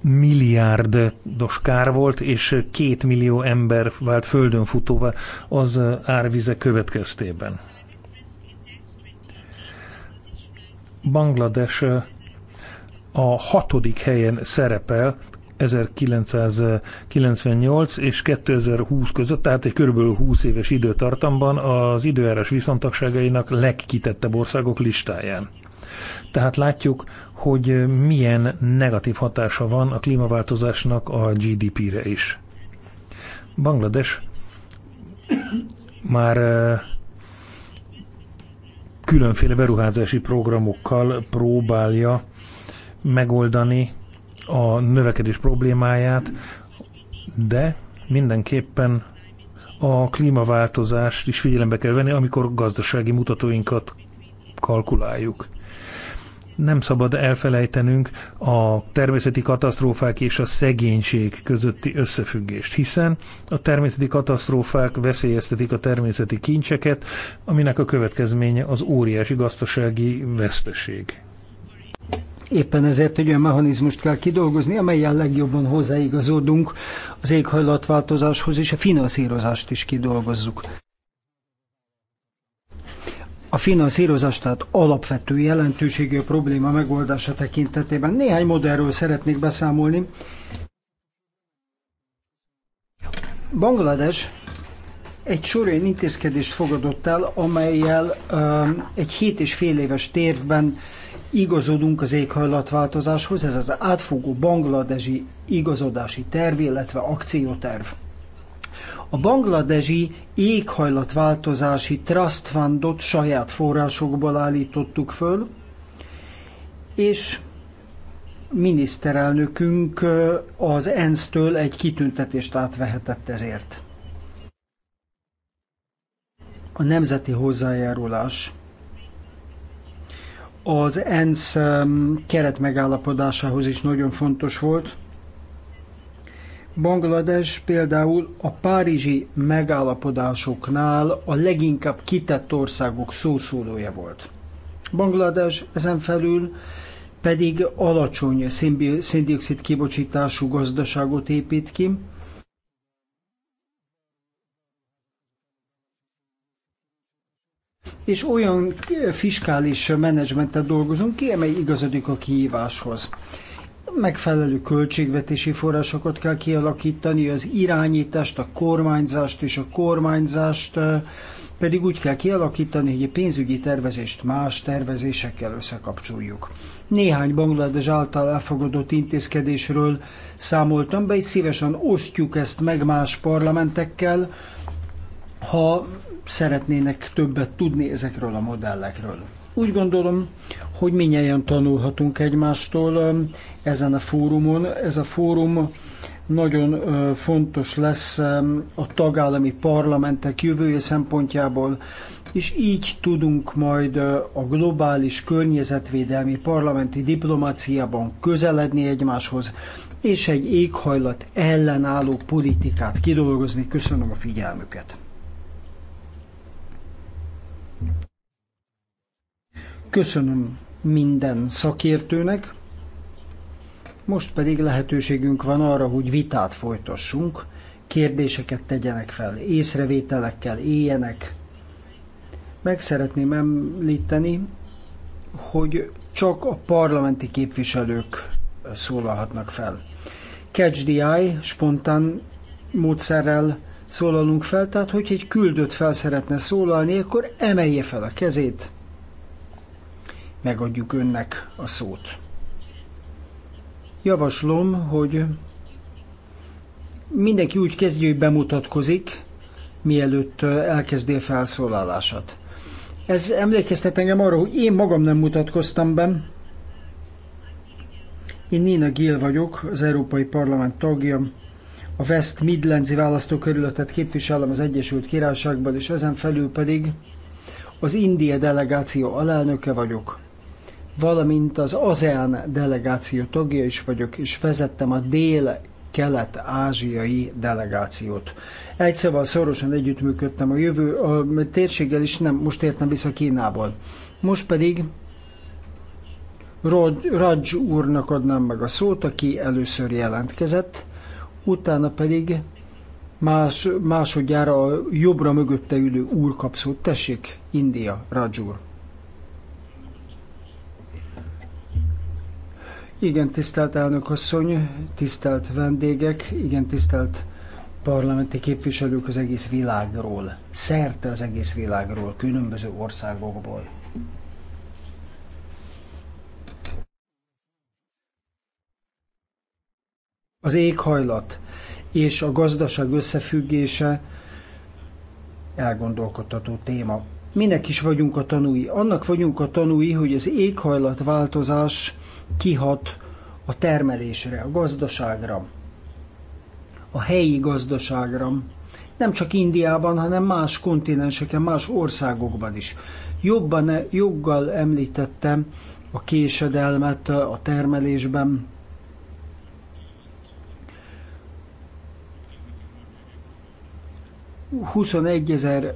milliárdos kár volt, és 2 millió ember vált földön futóva az árvize következtében. Banglades a hatodik helyen szerepel 1998 és 2020 között, tehát egy körülbelül 20 éves időtartamban az időjárás viszontagságainak legkitettebb országok listáján. Tehát látjuk, hogy milyen negatív hatása van a klímaváltozásnak a GDP-re is. Banglades már különféle beruházási programokkal próbálja megoldani a növekedés problémáját, de mindenképpen a klímaváltozást is figyelembe kell venni, amikor gazdasági mutatóinkat kalkuláljuk nem szabad elfelejtenünk a természeti katasztrófák és a szegénység közötti összefüggést, hiszen a természeti katasztrófák veszélyeztetik a természeti kincseket, aminek a következménye az óriási gazdasági veszteség. Éppen ezért egy olyan mechanizmust kell kidolgozni, amelyen legjobban hozzáigazodunk az éghajlatváltozáshoz, és a finanszírozást is kidolgozzuk. A finanszírozás tehát alapvető jelentőségű a probléma megoldása tekintetében. Néhány modellről szeretnék beszámolni. Banglades egy sor olyan intézkedést fogadott el, amelyel um, egy fél éves tervben igazodunk az éghajlatváltozáshoz. Ez az átfogó bangladesi igazodási terv, illetve akcióterv. A bangladesi éghajlatváltozási Trust Fundot saját forrásokból állítottuk föl, és miniszterelnökünk az ENSZ-től egy kitüntetést átvehetett ezért. A nemzeti hozzájárulás az ENSZ keretmegállapodásához is nagyon fontos volt – Banglades például a párizsi megállapodásoknál a leginkább kitett országok szószólója volt. Banglades ezen felül pedig alacsony széndiokszid kibocsitású gazdaságot épít ki, és olyan fiskális menedzsmentet dolgozunk ki, amely igazodik a kihíváshoz megfelelő költségvetési forrásokat kell kialakítani, az irányítást, a kormányzást és a kormányzást pedig úgy kell kialakítani, hogy a pénzügyi tervezést más tervezésekkel összekapcsoljuk. Néhány Banglades által elfogadott intézkedésről számoltam be, és szívesen osztjuk ezt meg más parlamentekkel, ha szeretnének többet tudni ezekről a modellekről. Úgy gondolom, hogy minnyáján tanulhatunk egymástól um, ezen a fórumon. Ez a fórum nagyon uh, fontos lesz um, a tagállami parlamentek jövője szempontjából, és így tudunk majd uh, a globális környezetvédelmi parlamenti diplomáciában közeledni egymáshoz, és egy éghajlat ellenálló politikát kidolgozni. Köszönöm a figyelmüket! Köszönöm minden szakértőnek, most pedig lehetőségünk van arra, hogy vitát folytassunk, kérdéseket tegyenek fel, észrevételekkel éljenek. Meg szeretném említeni, hogy csak a parlamenti képviselők szólalhatnak fel. Catch the Eye spontán módszerrel szólalunk fel, tehát hogyha egy küldött fel szeretne szólalni, akkor emelje fel a kezét, megadjuk önnek a szót. Javaslom, hogy mindenki úgy kezdje, hogy bemutatkozik, mielőtt elkezdél felszólalását. Ez emlékeztet engem arra, hogy én magam nem mutatkoztam be. Én Nina Gill vagyok, az Európai Parlament tagja, a West Midlands-i választókerületet képviselem az Egyesült Királyságban, és ezen felül pedig az India delegáció alelnöke vagyok valamint az ASEAN delegáció tagja is vagyok, és vezettem a dél kelet-ázsiai delegációt. Egy szóval szorosan együttműködtem a jövő a térséggel is, nem, most értem vissza Kínából. Most pedig Rod, Raj úrnak adnám meg a szót, aki először jelentkezett, utána pedig más, másodjára a jobbra mögötte ülő úr kap szót. Tessék, India, Raj úr. Igen, tisztelt elnök asszony, tisztelt vendégek, igen, tisztelt parlamenti képviselők az egész világról, szerte az egész világról, különböző országokból. Az éghajlat és a gazdaság összefüggése elgondolkodható téma. Minek is vagyunk a tanúi? Annak vagyunk a tanúi, hogy az éghajlatváltozás kihat a termelésre, a gazdaságra, a helyi gazdaságra, nem csak Indiában, hanem más kontinenseken, más országokban is. Jobban, joggal említettem a késedelmet a termelésben. ezer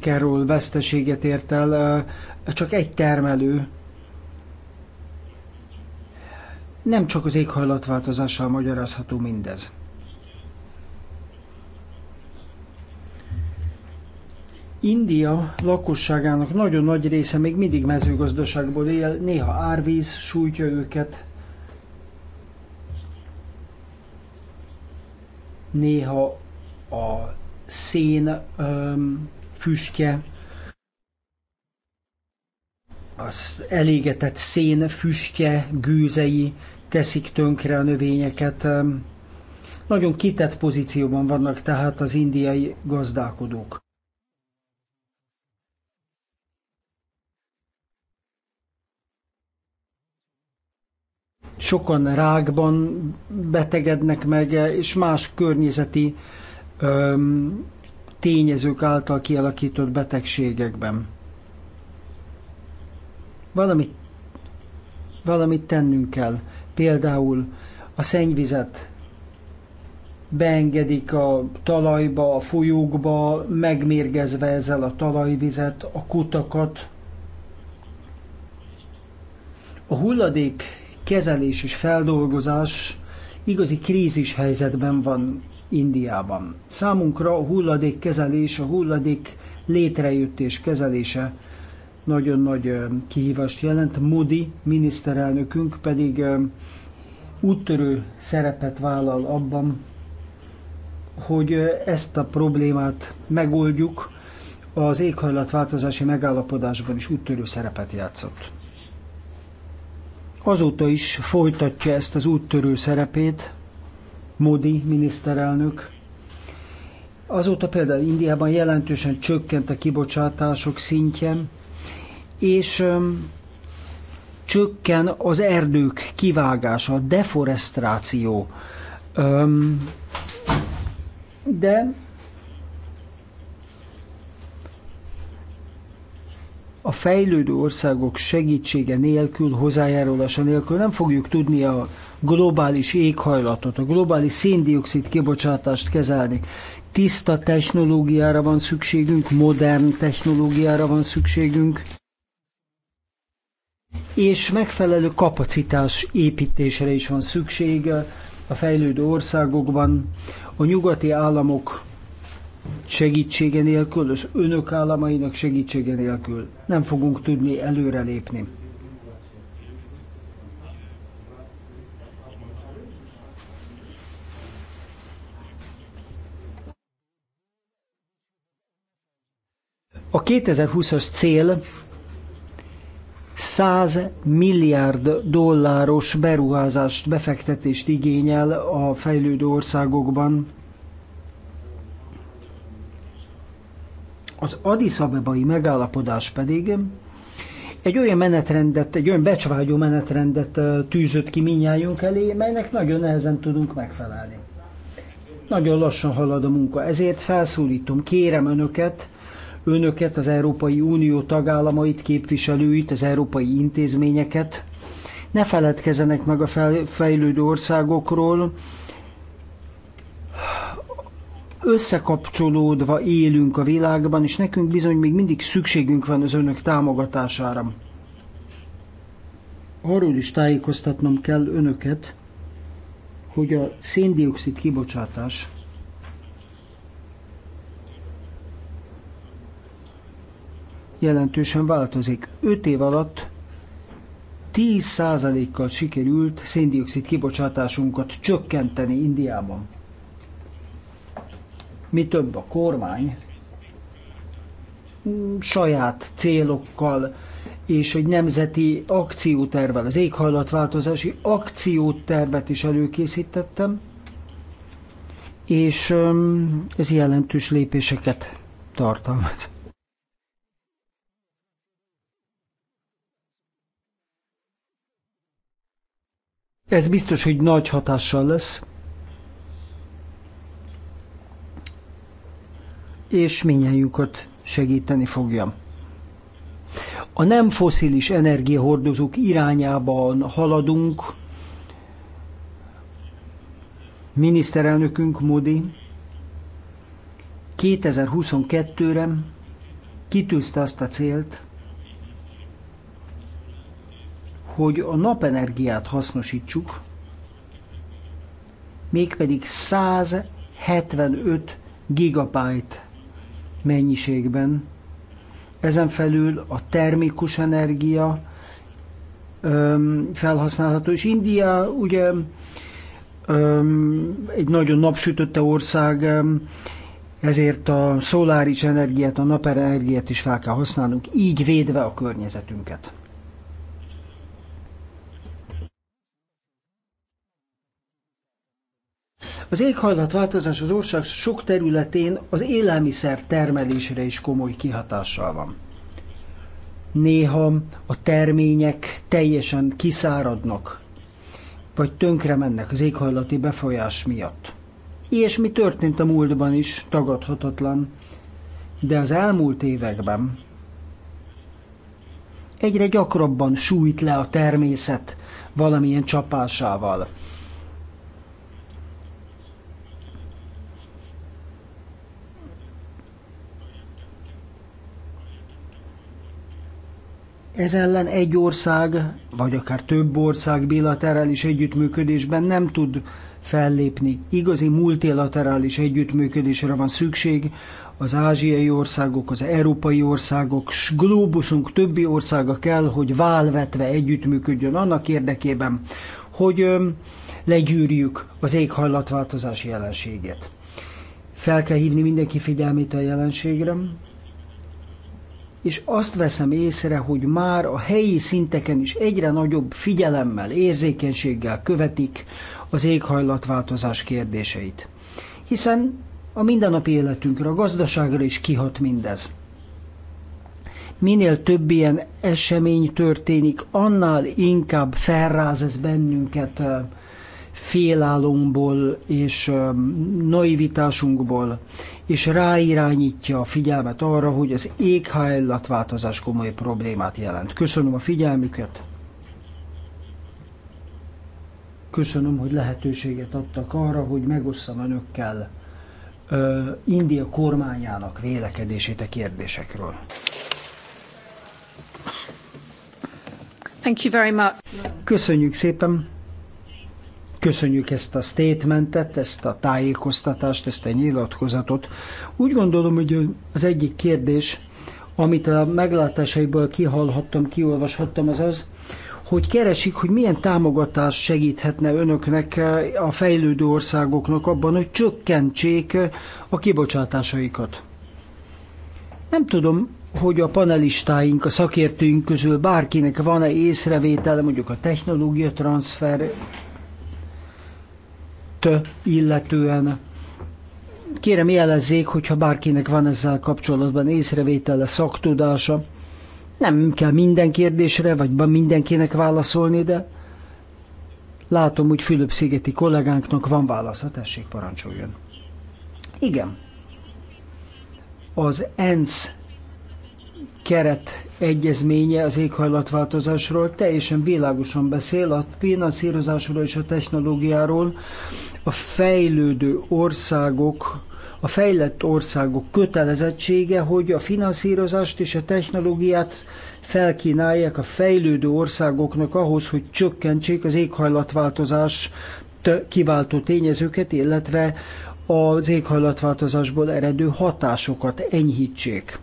kerül veszteséget ért el, csak egy termelő nem csak az éghajlatváltozással magyarázható mindez. India lakosságának nagyon nagy része még mindig mezőgazdaságból él, néha árvíz sújtja őket, néha a szén öm, füstje az elégetett szén füstje, gőzei teszik tönkre a növényeket. Nagyon kitett pozícióban vannak tehát az indiai gazdálkodók. Sokan rákban betegednek meg, és más környezeti öm, tényezők által kialakított betegségekben. Valamit, valamit tennünk kell. Például a szennyvizet beengedik a talajba, a folyókba, megmérgezve ezzel a talajvizet, a kutakat. A hulladék kezelés és feldolgozás igazi krízis helyzetben van Indiában. Számunkra a hulladék kezelés, a hulladék létrejött és kezelése nagyon nagy kihívást jelent. Modi miniszterelnökünk pedig úttörő szerepet vállal abban, hogy ezt a problémát megoldjuk, az éghajlatváltozási megállapodásban is úttörő szerepet játszott. Azóta is folytatja ezt az úttörő szerepét Modi miniszterelnök. Azóta például Indiában jelentősen csökkent a kibocsátások szintje, és csökken az erdők kivágása, deforestráció. De a fejlődő országok segítsége nélkül, hozzájárulása nélkül nem fogjuk tudni a globális éghajlatot, a globális széndiokszid kibocsátást kezelni. Tiszta technológiára van szükségünk, modern technológiára van szükségünk és megfelelő kapacitás építésre is van szükség a fejlődő országokban. A nyugati államok segítsége nélkül, az önök államainak segítsége nélkül nem fogunk tudni előrelépni. A 2020-as cél 100 milliárd dolláros beruházást, befektetést igényel a fejlődő országokban. Az Addis Abebai megállapodás pedig egy olyan menetrendet, egy olyan becsvágyó menetrendet tűzött ki minnyájunk elé, melynek nagyon nehezen tudunk megfelelni. Nagyon lassan halad a munka, ezért felszólítom, kérem önöket, önöket, az Európai Unió tagállamait, képviselőit, az európai intézményeket. Ne feledkezenek meg a fejlődő országokról, összekapcsolódva élünk a világban, és nekünk bizony még mindig szükségünk van az önök támogatására. Arról is tájékoztatnom kell önöket, hogy a széndiokszid kibocsátás jelentősen változik. 5 év alatt 10%-kal sikerült széndiokszid kibocsátásunkat csökkenteni Indiában. Mi több a kormány mm, saját célokkal és egy nemzeti akciótervel, az éghajlatváltozási akciótervet is előkészítettem, és ez jelentős lépéseket tartalmaz. Ez biztos, hogy nagy hatással lesz, és minnyájukat segíteni fogja. A nem foszilis energiahordozók irányában haladunk. Miniszterelnökünk Modi 2022-re kitűzte azt a célt, hogy a napenergiát hasznosítsuk, mégpedig 175 gigabyte mennyiségben. Ezen felül a termikus energia öm, felhasználható, és India ugye öm, egy nagyon napsütötte ország, öm, ezért a szoláris energiát, a napenergiát is fel kell használnunk, így védve a környezetünket. Az éghajlatváltozás az ország sok területén az élelmiszer termelésre is komoly kihatással van. Néha a termények teljesen kiszáradnak, vagy tönkre mennek az éghajlati befolyás miatt. Ilyesmi történt a múltban is, tagadhatatlan, de az elmúlt években egyre gyakrabban sújt le a természet valamilyen csapásával. Ez ellen egy ország, vagy akár több ország bilaterális együttműködésben nem tud fellépni. Igazi multilaterális együttműködésre van szükség, az ázsiai országok, az európai országok, s globuszunk többi országa kell, hogy válvetve együttműködjön annak érdekében, hogy legyűrjük az éghajlatváltozás jelenséget. Fel kell hívni mindenki figyelmét a jelenségre, és azt veszem észre, hogy már a helyi szinteken is egyre nagyobb figyelemmel, érzékenységgel követik az éghajlatváltozás kérdéseit. Hiszen a mindennapi életünkre, a gazdaságra is kihat mindez. Minél több ilyen esemény történik, annál inkább felráz ez bennünket félálomból és naivitásunkból, és ráirányítja a figyelmet arra, hogy az éghajlatváltozás komoly problémát jelent. Köszönöm a figyelmüket! Köszönöm, hogy lehetőséget adtak arra, hogy megosszam önökkel uh, India kormányának vélekedését a kérdésekről. Thank you very much. Köszönjük szépen! Köszönjük ezt a statementet, ezt a tájékoztatást, ezt a nyilatkozatot. Úgy gondolom, hogy az egyik kérdés, amit a meglátásaiból kihallhattam, kiolvashattam, az az, hogy keresik, hogy milyen támogatás segíthetne önöknek a fejlődő országoknak abban, hogy csökkentsék a kibocsátásaikat. Nem tudom, hogy a panelistáink, a szakértőink közül bárkinek van-e észrevétele mondjuk a technológia transfer illetően kérem jelezzék, hogyha bárkinek van ezzel kapcsolatban észrevétele, szaktudása. Nem kell minden kérdésre, vagy mindenkinek válaszolni, de látom, hogy Fülöp-szigeti kollégánknak van válasza. Hát tessék, parancsoljon. Igen. Az ENSZ keret egyezménye az éghajlatváltozásról teljesen világosan beszél a finanszírozásról és a technológiáról. A fejlődő országok a fejlett országok kötelezettsége, hogy a finanszírozást és a technológiát felkínálják a fejlődő országoknak ahhoz, hogy csökkentsék az éghajlatváltozás kiváltó tényezőket, illetve az éghajlatváltozásból eredő hatásokat enyhítsék.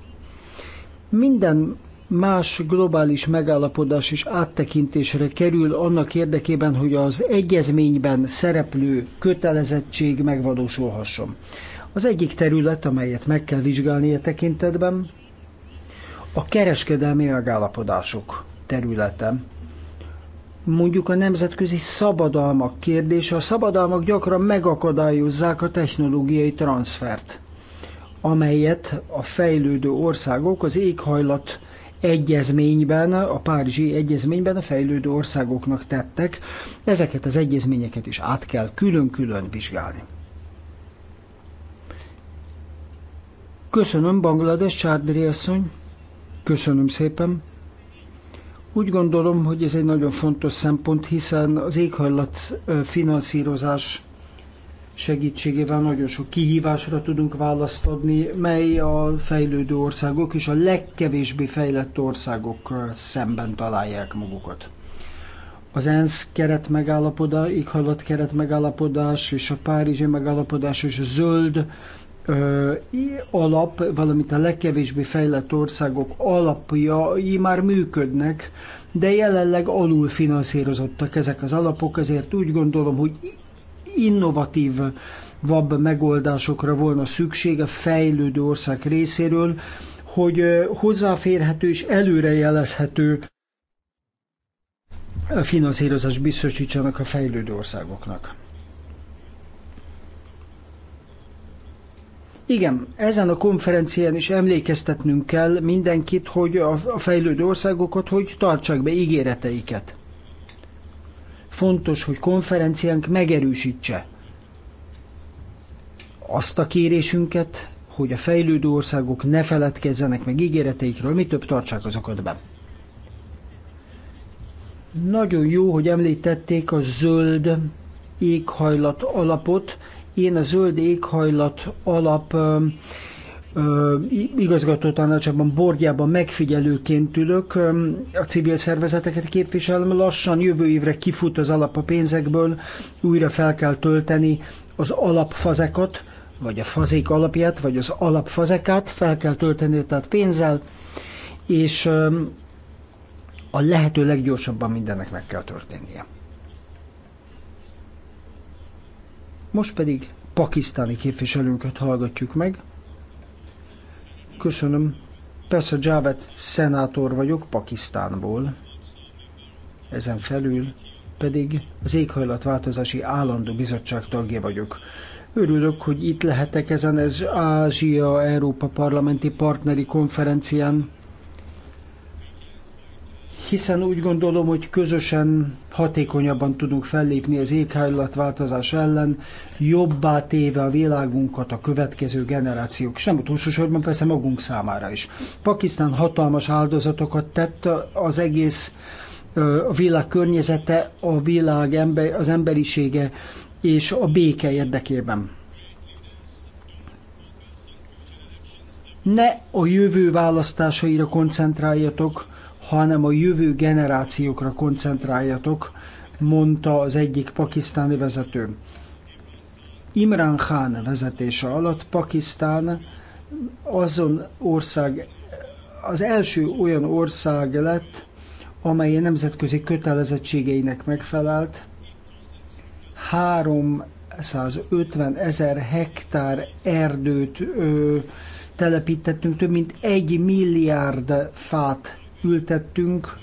Minden más globális megállapodás is áttekintésre kerül annak érdekében, hogy az egyezményben szereplő kötelezettség megvalósulhasson. Az egyik terület, amelyet meg kell vizsgálni a e tekintetben, a kereskedelmi megállapodások területe. Mondjuk a nemzetközi szabadalmak kérdése. A szabadalmak gyakran megakadályozzák a technológiai transfert amelyet a fejlődő országok az éghajlat egyezményben, a Párizsi egyezményben a fejlődő országoknak tettek. Ezeket az egyezményeket is át kell külön-külön vizsgálni. Köszönöm, Banglades Csárdri asszony. Köszönöm szépen. Úgy gondolom, hogy ez egy nagyon fontos szempont, hiszen az éghajlat finanszírozás segítségével nagyon sok kihívásra tudunk választ adni, mely a fejlődő országok és a legkevésbé fejlett országok szemben találják magukat. Az ENSZ keret megállapodás, éghajlat keret megállapodás és a Párizsi megállapodás és a zöld ö, alap, valamint a legkevésbé fejlett országok alapjai már működnek, de jelenleg alul finanszírozottak ezek az alapok, ezért úgy gondolom, hogy innovatív vabb megoldásokra volna szükség a fejlődő ország részéről, hogy hozzáférhető és előrejelezhető finanszírozást biztosítsanak a fejlődő országoknak. Igen, ezen a konferencián is emlékeztetnünk kell mindenkit, hogy a fejlődő országokat, hogy tartsák be ígéreteiket. Fontos, hogy konferenciánk megerősítse azt a kérésünket, hogy a fejlődő országok ne feledkezzenek meg ígéreteikről, mi több tartsák azokat be. Nagyon jó, hogy említették a zöld éghajlat alapot. Én a zöld éghajlat alap igazgató tanácsában, borgjában megfigyelőként ülök, a civil szervezeteket képviselem, lassan jövő évre kifut az alap a pénzekből, újra fel kell tölteni az alapfazekat, vagy a fazék alapját, vagy az alapfazekát, fel kell tölteni tehát pénzzel, és a lehető leggyorsabban mindennek meg kell történnie. Most pedig pakisztáni képviselőnket hallgatjuk meg. Köszönöm. Persze Javed szenátor vagyok Pakisztánból. Ezen felül pedig az éghajlatváltozási állandó bizottság tagja vagyok. Örülök, hogy itt lehetek ezen az Ázsia-Európa parlamenti partneri konferencián hiszen úgy gondolom, hogy közösen hatékonyabban tudunk fellépni az éghajlatváltozás ellen, jobbá téve a világunkat a következő generációk, és nem persze magunk számára is. Pakisztán hatalmas áldozatokat tett az egész a világ környezete, a világ ember, az emberisége és a béke érdekében. Ne a jövő választásaira koncentráljatok, hanem a jövő generációkra koncentráljatok, mondta az egyik pakisztáni vezető. Imran Khan vezetése alatt Pakisztán azon ország, az első olyan ország lett, amely a nemzetközi kötelezettségeinek megfelelt. 350 ezer hektár erdőt ö, telepítettünk, több mint egy milliárd fát ültettünk.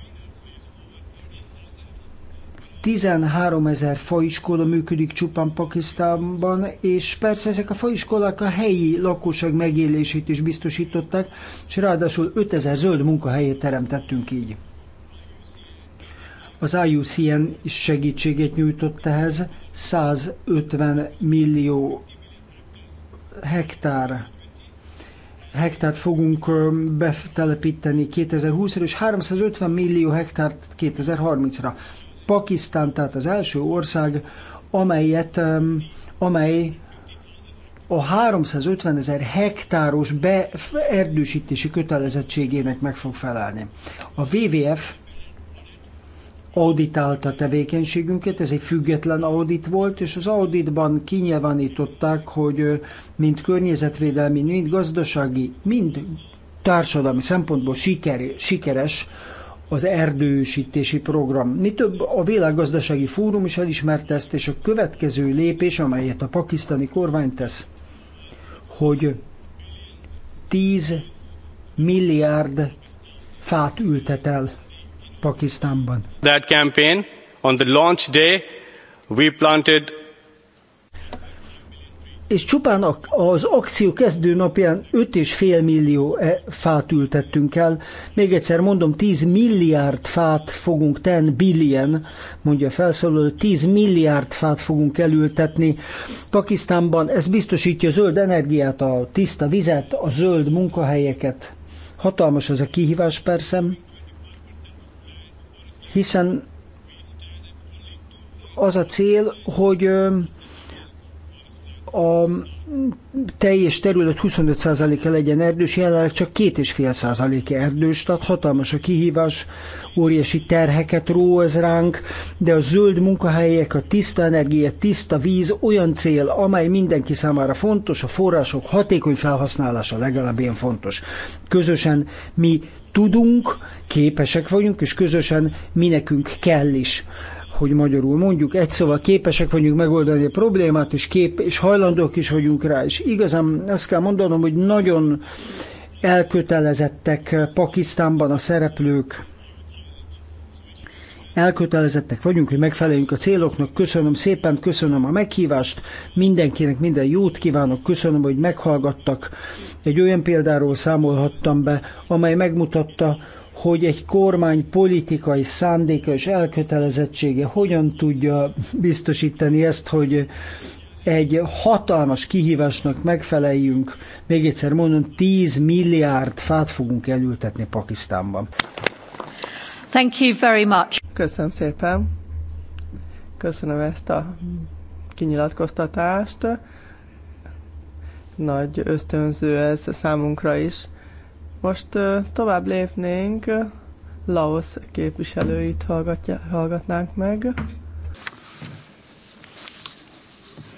13 ezer faiskola működik csupán Pakisztánban, és persze ezek a faiskolák a helyi lakosság megélését is biztosították, és ráadásul 5 ezer zöld munkahelyet teremtettünk így. Az IUCN is segítséget nyújtott ehhez, 150 millió hektár hektárt fogunk betelepíteni 2020-ra, és 350 millió hektárt 2030-ra. Pakisztán tehát az első ország, amelyet, amely a 350 ezer hektáros beerdősítési kötelezettségének meg fog felelni. A WWF auditálta tevékenységünket, ez egy független audit volt, és az auditban kinyilvánították, hogy mind környezetvédelmi, mind gazdasági, mind társadalmi szempontból siker, sikeres az erdősítési program. Mi több, a Világgazdasági Fórum is elismerte ezt, és a következő lépés, amelyet a pakisztani kormány tesz, hogy 10 milliárd fát ültet el Pakisztánban. That campaign on the launch day we planted és csupán az akció kezdő napján 5,5 millió eh, fát ültettünk el. Még egyszer mondom, 10 milliárd fát fogunk, 10 billion, mondja felszólaló, 10 milliárd fát fogunk elültetni Pakisztánban. Ez biztosítja a zöld energiát, a tiszta vizet, a zöld munkahelyeket. Hatalmas ez a kihívás persze, hiszen az a cél, hogy a teljes terület 25%-a legyen erdős, jelenleg csak 2,5%-a erdős, tehát hatalmas a kihívás, óriási terheket ró ez ránk, de a zöld munkahelyek, a tiszta energia, tiszta víz olyan cél, amely mindenki számára fontos, a források hatékony felhasználása legalább ilyen fontos. Közösen mi tudunk, képesek vagyunk, és közösen mi nekünk kell is hogy magyarul mondjuk, egy szóval képesek vagyunk megoldani a problémát, és, kép, és hajlandók is vagyunk rá. És igazán ezt kell mondanom, hogy nagyon elkötelezettek Pakisztánban a szereplők, elkötelezettek vagyunk, hogy megfeleljünk a céloknak. Köszönöm szépen, köszönöm a meghívást, mindenkinek minden jót kívánok, köszönöm, hogy meghallgattak. Egy olyan példáról számolhattam be, amely megmutatta, hogy egy kormány politikai szándéka és elkötelezettsége hogyan tudja biztosítani ezt, hogy egy hatalmas kihívásnak megfeleljünk. Még egyszer mondom, 10 milliárd fát fogunk elültetni Pakisztánban. Thank you very much. Köszönöm szépen. Köszönöm ezt a kinyilatkoztatást. Nagy ösztönző ez számunkra is. Most tovább lépnénk, Laos képviselőit hallgatja, hallgatnánk meg.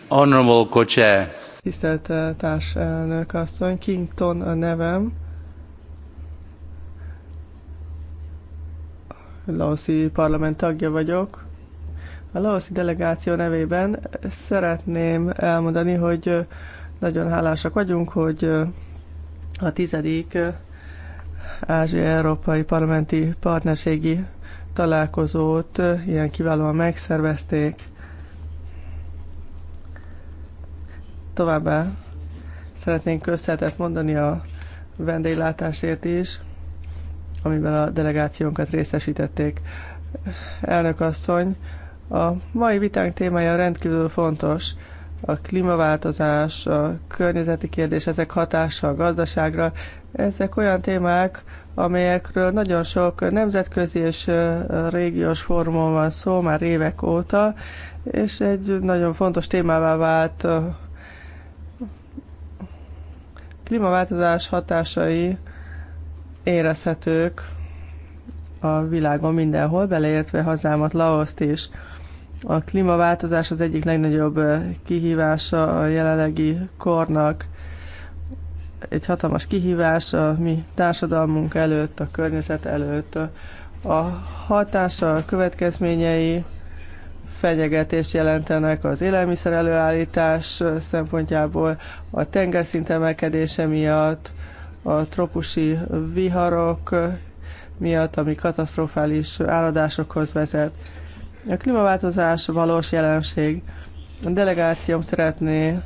Honorable Kocse. Tisztelt társelnök asszony, Kington a nevem laoszi parlament tagja vagyok. A laoszi delegáció nevében szeretném elmondani, hogy nagyon hálásak vagyunk, hogy a tizedik Ázsia-Európai Parlamenti Partnerségi Találkozót ilyen kiválóan megszervezték. Továbbá szeretnénk köszönetet mondani a vendéglátásért is, amiben a delegációnkat részesítették. Elnök asszony, a mai vitánk témája rendkívül fontos. A klímaváltozás, a környezeti kérdés, ezek hatása a gazdaságra, ezek olyan témák, amelyekről nagyon sok nemzetközi és régiós fórumon van szó már évek óta, és egy nagyon fontos témává vált klímaváltozás hatásai érezhetők a világon mindenhol, beleértve hazámat, Laoszt is. A klímaváltozás az egyik legnagyobb eh, kihívása a jelenlegi kornak. Egy hatalmas kihívás a mi társadalmunk előtt, a környezet előtt. A hatása, a következményei fenyegetést jelentenek az élelmiszer előállítás szempontjából, a tengerszint emelkedése miatt, a tropusi viharok miatt, ami katasztrofális áradásokhoz vezet. A klímaváltozás valós jelenség. A delegációm szeretné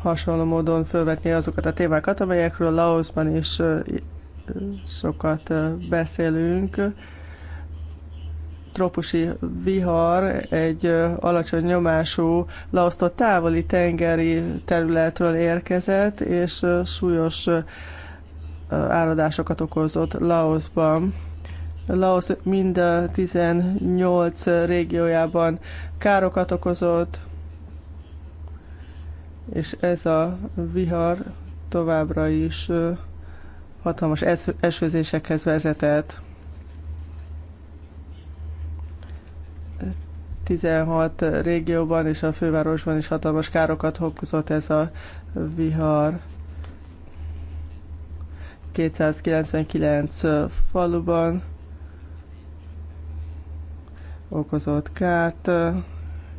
hasonló módon felvetni azokat a témákat, amelyekről Laosban is sokat beszélünk trópusi vihar egy alacsony nyomású laosztott távoli tengeri területről érkezett, és súlyos áradásokat okozott Laosban. Laos mind a 18 régiójában károkat okozott, és ez a vihar továbbra is hatalmas esőzésekhez vezetett. 16 régióban és a fővárosban is hatalmas károkat okozott ez a vihar. 299 faluban okozott kárt,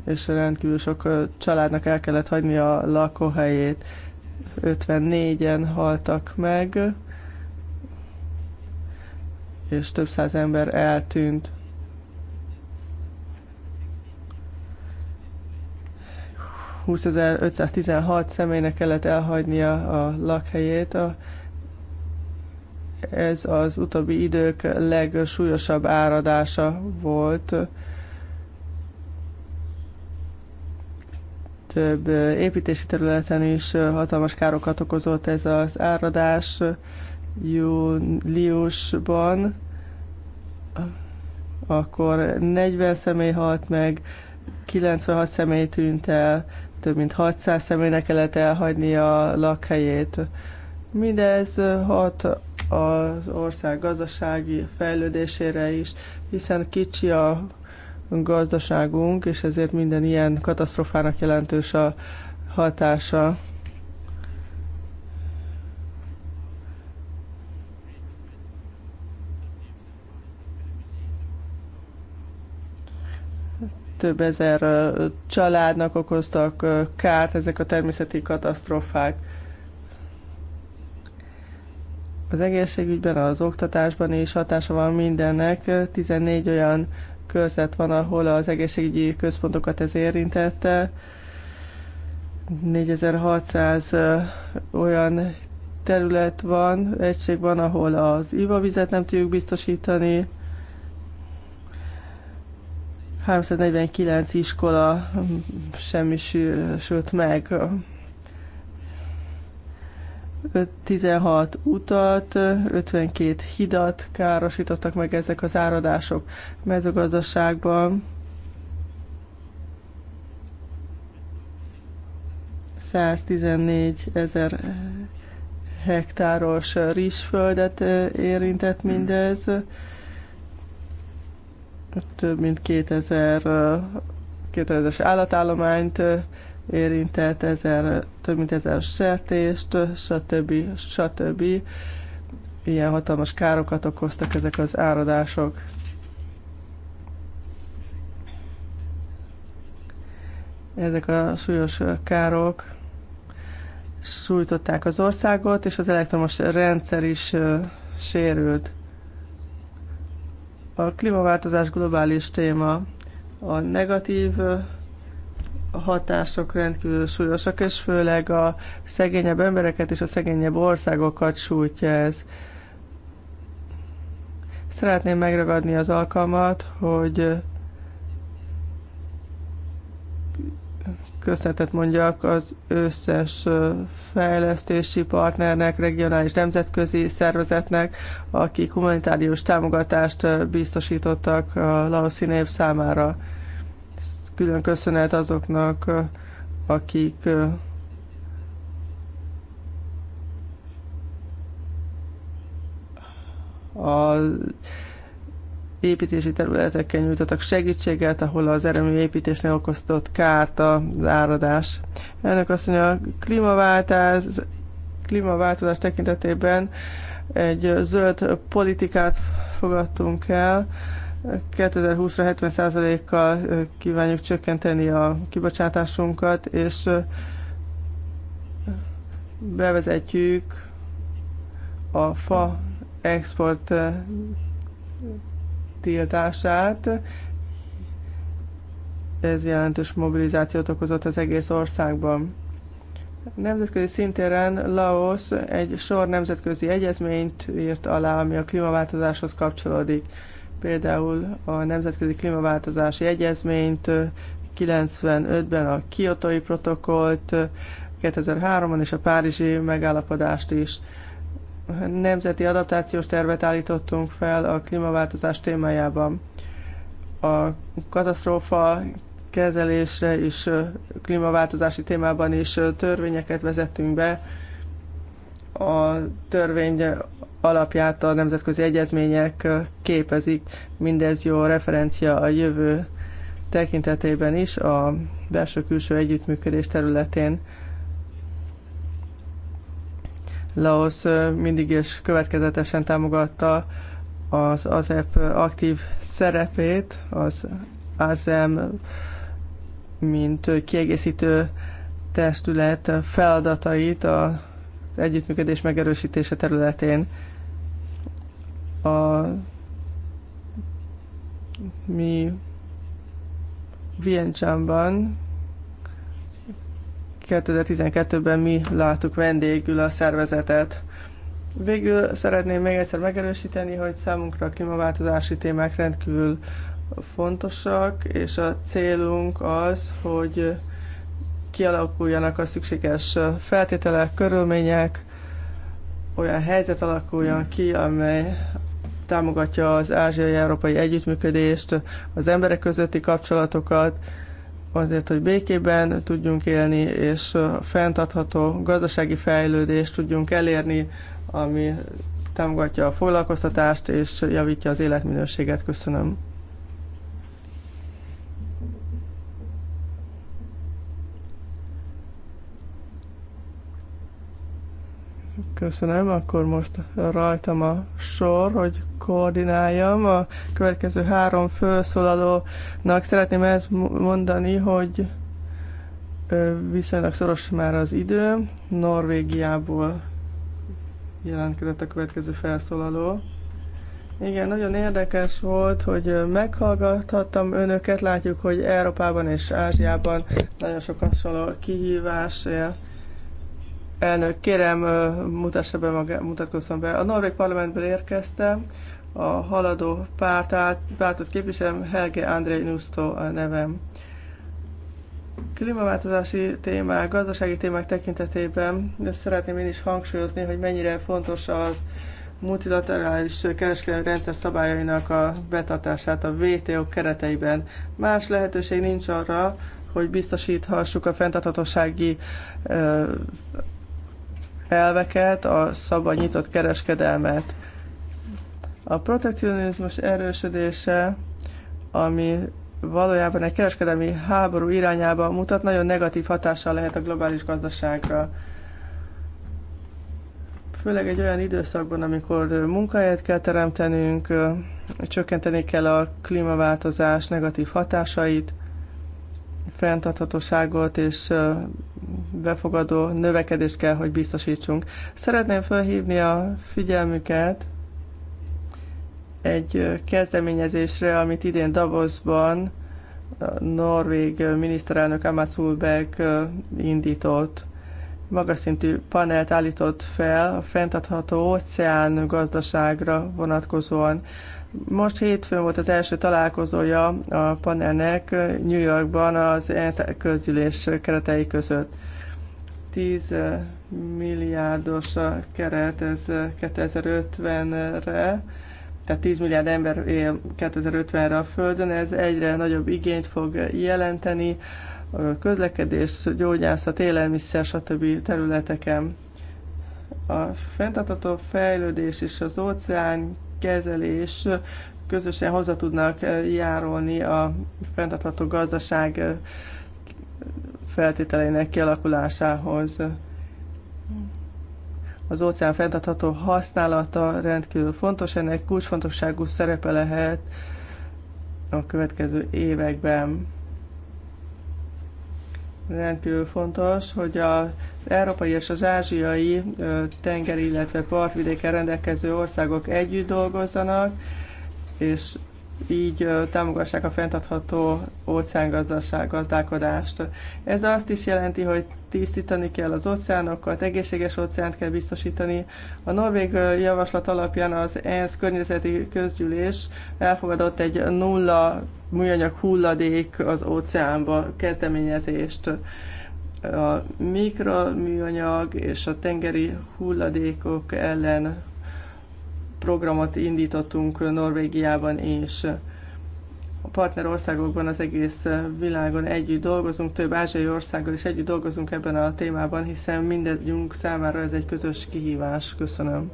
és rendkívül sok családnak el kellett hagyni a lakóhelyét. 54-en haltak meg, és több száz ember eltűnt. 20.516 személynek kellett elhagynia a lakhelyét. A, ez az utóbbi idők legsúlyosabb áradása volt. Több építési területen is hatalmas károkat okozott ez az áradás júliusban. Akkor 40 személy halt meg, 96 személy tűnt el, több mint 600 személynek kellett elhagyni a lakhelyét. Mindez hat az ország gazdasági fejlődésére is, hiszen kicsi a gazdaságunk, és ezért minden ilyen katasztrofának jelentős a hatása. több ezer családnak okoztak kárt ezek a természeti katasztrófák. Az egészségügyben, az oktatásban is hatása van mindennek. 14 olyan körzet van, ahol az egészségügyi központokat ez érintette. 4600 olyan terület van, egység van, ahol az ivavizet nem tudjuk biztosítani, 349 iskola hm, semmisült meg. 16 utat, 52 hidat károsítottak meg ezek az áradások mezőgazdaságban. 114 ezer hektáros rizsföldet eh, érintett mindez több mint 2000 2000-es állatállományt érintett, ezer, több mint ezer sertést, stb. stb. Ilyen hatalmas károkat okoztak ezek az áradások. Ezek a súlyos károk sújtották az országot, és az elektromos rendszer is sérült. A klímaváltozás globális téma. A negatív hatások rendkívül súlyosak, és főleg a szegényebb embereket és a szegényebb országokat sújtja ez. Szeretném megragadni az alkalmat, hogy köszönetet mondjak az összes fejlesztési partnernek, regionális nemzetközi szervezetnek, akik humanitárius támogatást biztosítottak a laoszi nép számára. Külön köszönet azoknak, akik a építési területeken nyújtottak segítséget, ahol az építésnek okoztott kárt az áradás. Ennek azt mondja, a klímaváltás, klímaváltozás tekintetében egy zöld politikát fogadtunk el, 2020-ra 70%-kal kívánjuk csökkenteni a kibocsátásunkat, és bevezetjük a fa export tiltását. Ez jelentős mobilizációt okozott az egész országban. Nemzetközi szintéren Laos egy sor nemzetközi egyezményt írt alá, ami a klímaváltozáshoz kapcsolódik. Például a Nemzetközi Klímaváltozási Egyezményt, 95-ben a Kiotói protokollt, 2003-ban és a Párizsi megállapodást is nemzeti adaptációs tervet állítottunk fel a klímaváltozás témájában. A katasztrófa kezelésre és klímaváltozási témában is törvényeket vezettünk be. A törvény alapját a nemzetközi egyezmények képezik, mindez jó referencia a jövő tekintetében is a belső-külső együttműködés területén Laos mindig is következetesen támogatta az AZEP aktív szerepét, az AZEM, mint kiegészítő testület feladatait az együttműködés megerősítése területén. A mi Vientianban 2012-ben mi láttuk vendégül a szervezetet. Végül szeretném még egyszer megerősíteni, hogy számunkra a klímaváltozási témák rendkívül fontosak, és a célunk az, hogy kialakuljanak a szükséges feltételek, körülmények, olyan helyzet alakuljon ki, amely támogatja az ázsiai-európai együttműködést, az emberek közötti kapcsolatokat, azért, hogy békében tudjunk élni, és fenntartható gazdasági fejlődést tudjunk elérni, ami támogatja a foglalkoztatást és javítja az életminőséget. Köszönöm. Köszönöm, akkor most rajtam a sor, hogy koordináljam. A következő három felszólalónak szeretném ezt mondani, hogy viszonylag szoros már az idő. Norvégiából jelentkezett a következő felszólaló. Igen, nagyon érdekes volt, hogy meghallgathattam önöket. Látjuk, hogy Európában és Ázsiában nagyon sok hasonló kihívás él Elnök, kérem, mutassa be maga, mutatkozzon be. A Norvég parlamentből érkeztem, a haladó pártát, pártot képviselem, Helge André Nusto a nevem. Klímaváltozási témák, gazdasági témák tekintetében ezt szeretném én is hangsúlyozni, hogy mennyire fontos az multilaterális kereskedelmi rendszer szabályainak a betartását a WTO kereteiben. Más lehetőség nincs arra, hogy biztosíthassuk a fenntarthatósági elveket, a szabad nyitott kereskedelmet. A protekcionizmus erősödése, ami valójában egy kereskedelmi háború irányába mutat, nagyon negatív hatással lehet a globális gazdaságra. Főleg egy olyan időszakban, amikor munkahelyet kell teremtenünk, csökkenteni kell a klímaváltozás negatív hatásait, fenntarthatóságot és befogadó növekedést kell, hogy biztosítsunk. Szeretném felhívni a figyelmüket egy kezdeményezésre, amit idén Davosban norvég miniszterelnök Amat Sulbeck indított. Magas szintű panelt állított fel a fenntartható óceán gazdaságra vonatkozóan. Most hétfőn volt az első találkozója a panelnek New Yorkban az ENSZ közgyűlés keretei között. 10 eh, milliárdos a keret, ez 2050-re, eh, tehát 10 milliárd ember él 2050-re a Földön, ez egyre nagyobb igényt fog jelenteni eh, közlekedés, gyógyászat, élelmiszer, stb. területeken. A fenntartható fejlődés és az óceán kezelés közösen hozzá tudnak eh, járulni a fenntartható gazdaság eh, feltételeinek kialakulásához. Az óceán fenntartható használata rendkívül fontos, ennek kulcsfontosságú szerepe lehet a következő években rendkívül fontos, hogy az európai és az ázsiai tengeri, illetve partvidéken rendelkező országok együtt dolgozzanak, és így támogassák a fenntartható óceángazdaság gazdálkodást. Ez azt is jelenti, hogy tisztítani kell az óceánokat, egészséges óceánt kell biztosítani. A norvég javaslat alapján az ENSZ környezeti közgyűlés elfogadott egy nulla műanyag hulladék az óceánba kezdeményezést. A mikroműanyag és a tengeri hulladékok ellen programot indítottunk Norvégiában és a partnerországokban az egész világon együtt dolgozunk, több ázsiai országgal is együtt dolgozunk ebben a témában, hiszen mindegyünk számára ez egy közös kihívás. Köszönöm.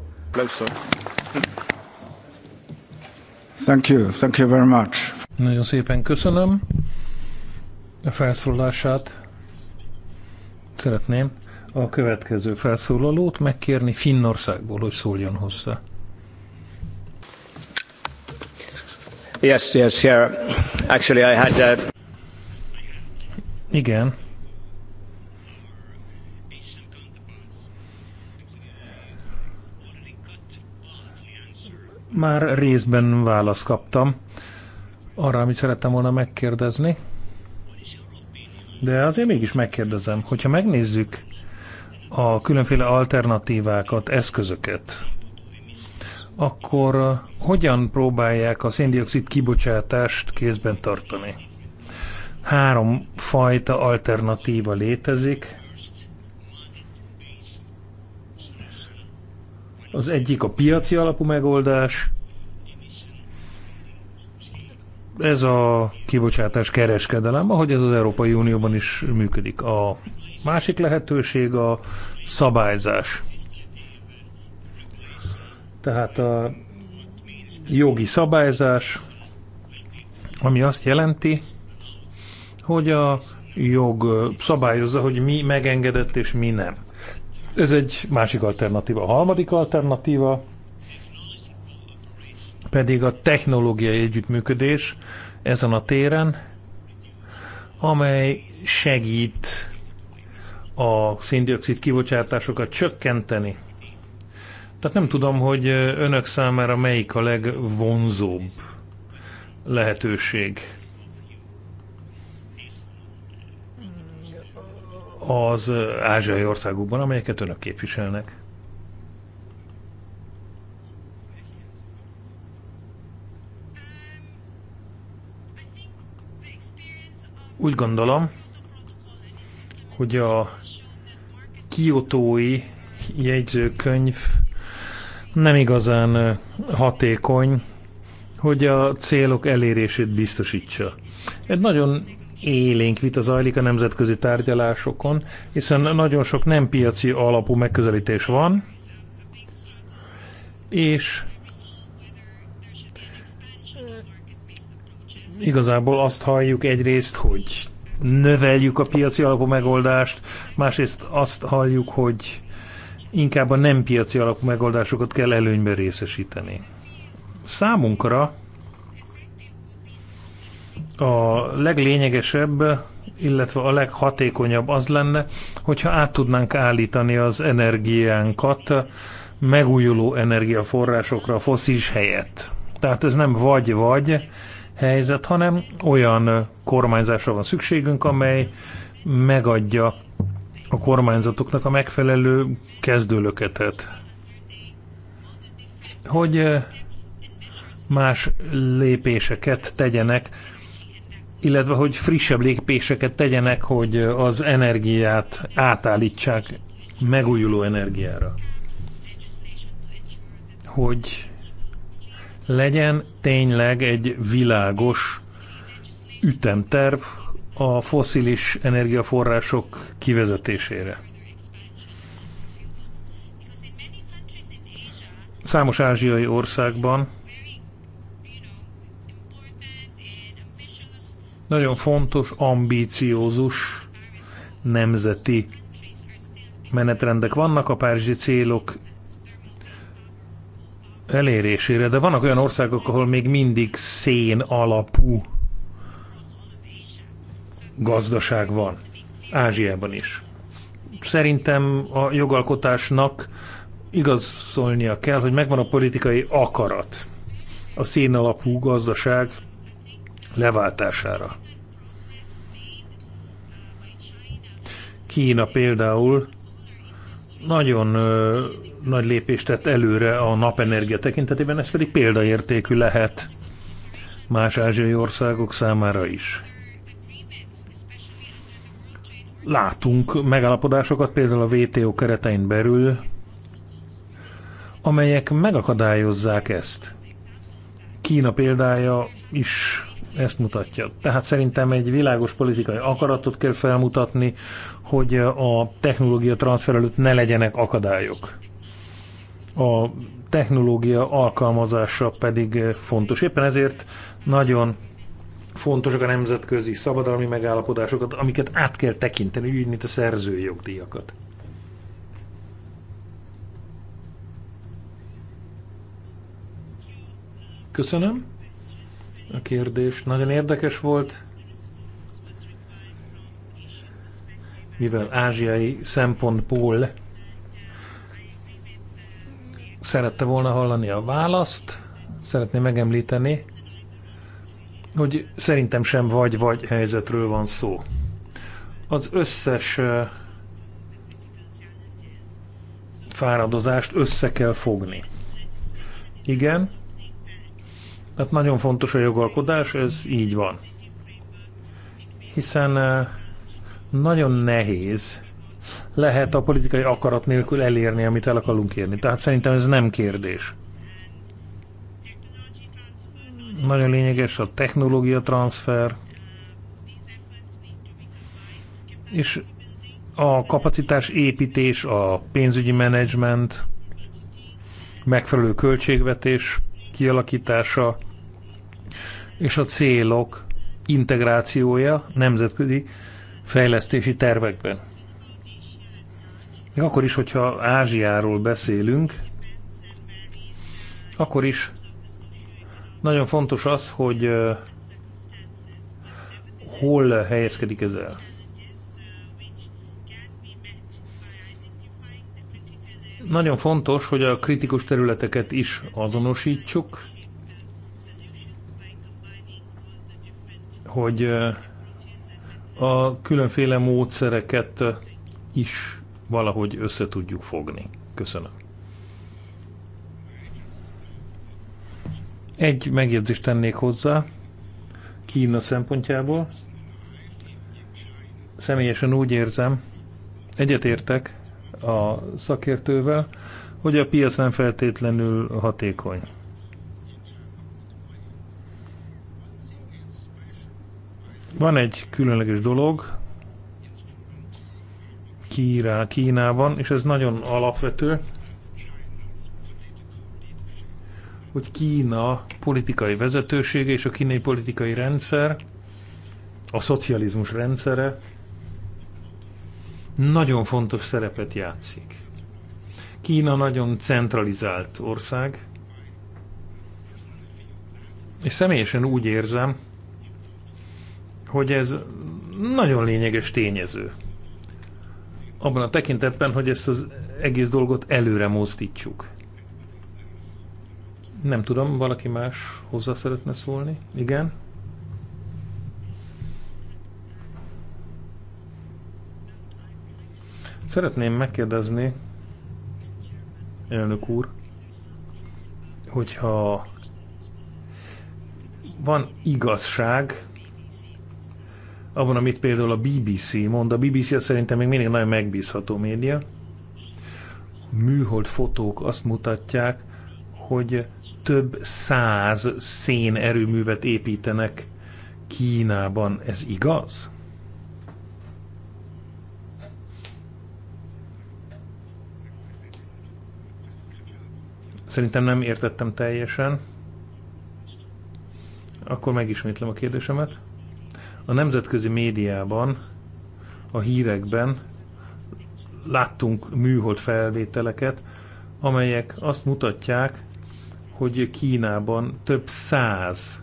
Thank you, thank you very much. Nagyon szépen köszönöm a felszólását. Szeretném a következő felszólalót megkérni Finnországból, hogy szóljon hozzá. Yes, yes, yeah. Actually, I had that. Uh, Igen. Már részben választ kaptam arra, amit szerettem volna megkérdezni. De azért mégis megkérdezem, hogyha megnézzük a különféle alternatívákat, eszközöket, akkor uh, hogyan próbálják a széndiokszid kibocsátást kézben tartani? Három fajta alternatíva létezik. Az egyik a piaci alapú megoldás, ez a kibocsátás kereskedelem, ahogy ez az Európai Unióban is működik. A másik lehetőség a szabályzás tehát a jogi szabályzás, ami azt jelenti, hogy a jog szabályozza, hogy mi megengedett és mi nem. Ez egy másik alternatíva. A harmadik alternatíva pedig a technológiai együttműködés ezen a téren, amely segít a széndiokszid kibocsátásokat csökkenteni, tehát nem tudom, hogy önök számára melyik a legvonzóbb lehetőség. az ázsiai országokban, amelyeket önök képviselnek? Úgy gondolom, hogy a kiotói jegyzőkönyv nem igazán hatékony, hogy a célok elérését biztosítsa. Egy nagyon élénk vita zajlik a nemzetközi tárgyalásokon, hiszen nagyon sok nem piaci alapú megközelítés van, és igazából azt halljuk egyrészt, hogy növeljük a piaci alapú megoldást, másrészt azt halljuk, hogy inkább a nem piaci alapú megoldásokat kell előnyben részesíteni. Számunkra a leglényegesebb, illetve a leghatékonyabb az lenne, hogyha át tudnánk állítani az energiánkat megújuló energiaforrásokra, foszis helyett. Tehát ez nem vagy-vagy helyzet, hanem olyan kormányzásra van szükségünk, amely megadja a kormányzatoknak a megfelelő kezdőlöketet, hogy eh, más lépéseket tegyenek, illetve hogy frissebb lépéseket tegyenek, hogy eh, az energiát átállítsák megújuló energiára. Hogy legyen tényleg egy világos ütemterv, a foszilis energiaforrások kivezetésére. Számos ázsiai országban nagyon fontos, ambíciózus nemzeti menetrendek vannak a párizsi célok elérésére, de vannak olyan országok, ahol még mindig szén alapú gazdaság van, Ázsiában is. Szerintem a jogalkotásnak igazolnia kell, hogy megvan a politikai akarat a szén alapú gazdaság leváltására. Kína például nagyon ö, nagy lépést tett előre a napenergia tekintetében, ez pedig példaértékű lehet más ázsiai országok számára is látunk megállapodásokat például a WTO keretein belül, amelyek megakadályozzák ezt. Kína példája is ezt mutatja. Tehát szerintem egy világos politikai akaratot kell felmutatni, hogy a technológia transfer előtt ne legyenek akadályok. A technológia alkalmazása pedig fontos. Éppen ezért nagyon fontosak a nemzetközi szabadalmi megállapodásokat, amiket át kell tekinteni, úgy, mint a szerzői jogdíjakat. Köszönöm a kérdés. Nagyon érdekes volt, mivel ázsiai szempontból szerette volna hallani a választ, szeretné megemlíteni, hogy szerintem sem vagy-vagy helyzetről van szó. Az összes fáradozást össze kell fogni. Igen, hát nagyon fontos a jogalkodás, ez így van. Hiszen nagyon nehéz lehet a politikai akarat nélkül elérni, amit el akarunk érni. Tehát szerintem ez nem kérdés. Nagyon lényeges a technológia transfer, és a kapacitás építés, a pénzügyi menedzsment, megfelelő költségvetés kialakítása, és a célok integrációja nemzetközi fejlesztési tervekben. Még akkor is, hogyha Ázsiáról beszélünk, akkor is nagyon fontos az, hogy hol helyezkedik ez el. Nagyon fontos, hogy a kritikus területeket is azonosítsuk, hogy a különféle módszereket is valahogy össze tudjuk fogni. Köszönöm. Egy megjegyzést tennék hozzá Kína szempontjából. Személyesen úgy érzem, egyetértek a szakértővel, hogy a piac nem feltétlenül hatékony. Van egy különleges dolog Kírá, Kínában, és ez nagyon alapvető, hogy Kína politikai vezetősége és a kínai politikai rendszer, a szocializmus rendszere nagyon fontos szerepet játszik. Kína nagyon centralizált ország, és személyesen úgy érzem, hogy ez nagyon lényeges tényező. Abban a tekintetben, hogy ezt az egész dolgot előre mozdítsuk. Nem tudom, valaki más hozzá szeretne szólni? Igen? Szeretném megkérdezni, elnök úr, hogyha van igazság abban, amit például a BBC mond. A BBC az szerintem még mindig nagyon megbízható média. műhold fotók azt mutatják, hogy több száz szén erőművet építenek Kínában. Ez igaz? Szerintem nem értettem teljesen. Akkor megismétlem a kérdésemet. A nemzetközi médiában, a hírekben láttunk műhold felvételeket, amelyek azt mutatják, hogy Kínában több száz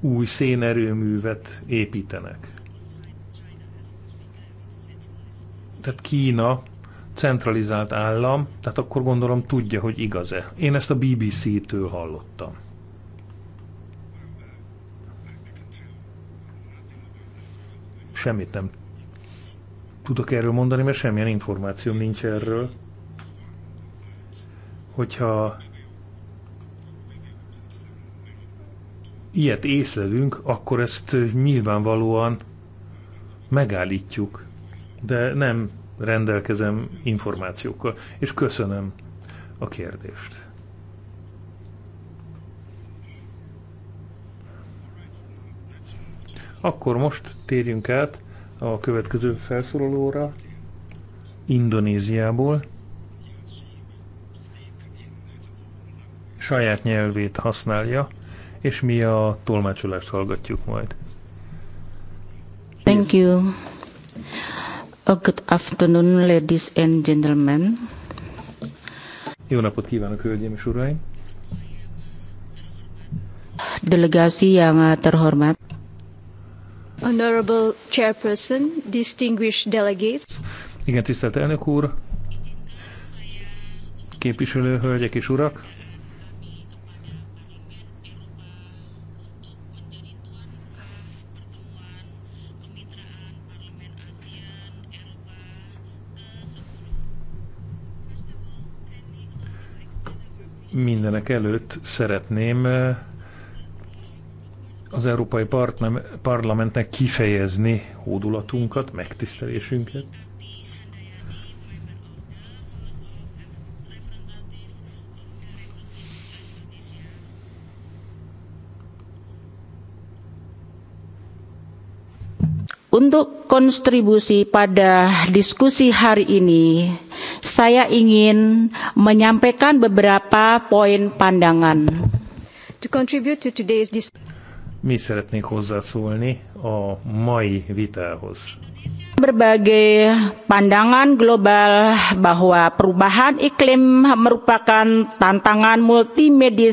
új szénerőművet építenek. Tehát Kína centralizált állam, tehát akkor gondolom tudja, hogy igaz-e. Én ezt a BBC-től hallottam. Semmit nem tudok erről mondani, mert semmilyen információm nincs erről. Hogyha ilyet észlelünk, akkor ezt eh, nyilvánvalóan megállítjuk, de nem rendelkezem információkkal. És köszönöm a kérdést. Akkor most térjünk át a következő felszólalóra Indonéziából. Saját nyelvét használja, és mi a tolmácsolást hallgatjuk majd. Thank you. A good afternoon, ladies and gentlemen. Jó napot kívánok, hölgyeim és uraim! Delegasi yang terhormat. Honorable Chairperson, distinguished delegates. Igen, tisztelt elnök úr, képviselő hölgyek és urak! Mindenek előtt szeretném eh, az Európai Parlamentnek kifejezni hódulatunkat, megtisztelésünket, Untuk kontribusi pada diskusi hari ini, saya ingin menyampaikan beberapa poin pandangan. To contribute to today's dis- Mi szeretnék hozzászólni a mai vitához. Berbagai pandangan global bahwa perubahan iklim merupakan tantangan multimedia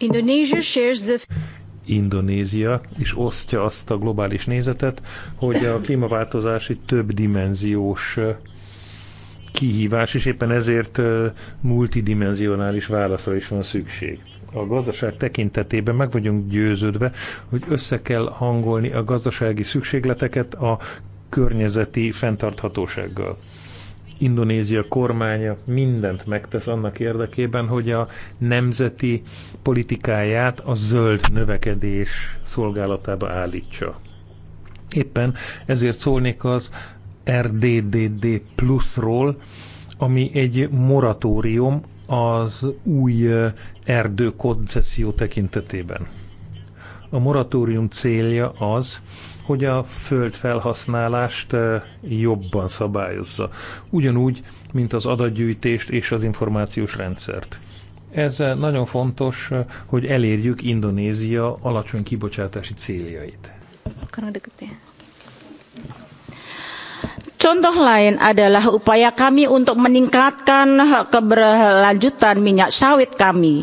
Indonesia shares the... Indonézia is osztja azt a globális nézetet, hogy a klímaváltozás egy több dimenziós kihívás, és éppen ezért multidimensionális válaszra is van szükség. A gazdaság tekintetében meg vagyunk győződve, hogy össze kell hangolni a gazdasági szükségleteket a környezeti fenntarthatósággal. Indonézia kormánya mindent megtesz annak érdekében, hogy a nemzeti politikáját a zöld növekedés szolgálatába állítsa. Éppen ezért szólnék az RDDD pluszról, ami egy moratórium az új eh, erdőkoncesszió tekintetében. A moratórium célja az, hogy a földfelhasználást jobban szabályozza. Ugyanúgy, mint az adatgyűjtést és az információs rendszert. Ez nagyon fontos, hogy elérjük Indonézia alacsony kibocsátási céljait. Contoh lain adalah upaya kami untuk meningkatkan keberlanjutan minyak sawit kami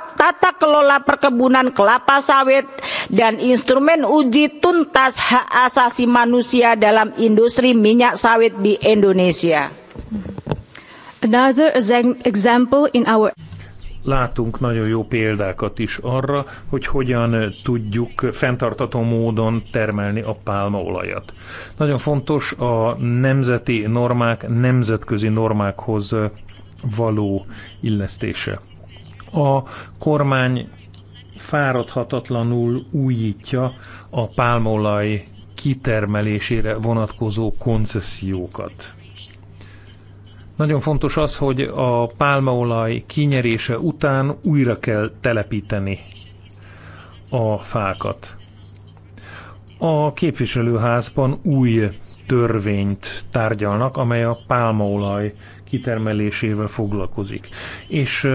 tata kelola perkebunan kelapa sawit dan instrumen uji tuntas hak asasi manusia dalam industri minyak sawit di Indonesia. Another example in our látunk nagyon jó példákat is arra, hogy hogyan tudjuk fenntartató módon termelni a pálmaolajat. Nagyon fontos a nemzeti normák, nemzetközi normákhoz való illesztése. A kormány fáradhatatlanul újítja a pálmolaj kitermelésére vonatkozó koncesziókat. Nagyon fontos az, hogy a pálmaolaj kinyerése után újra kell telepíteni a fákat. A képviselőházban új törvényt tárgyalnak, amely a pálmaolaj kitermelésével foglalkozik. És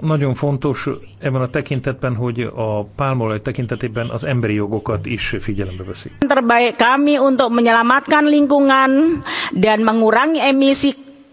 nagyon fontos ebben a tekintetben, hogy a pálmolaj tekintetében az emberi jogokat is figyelembe veszik. Terbaik kami untuk menyelamatkan lingkungan dan mengurangi emisi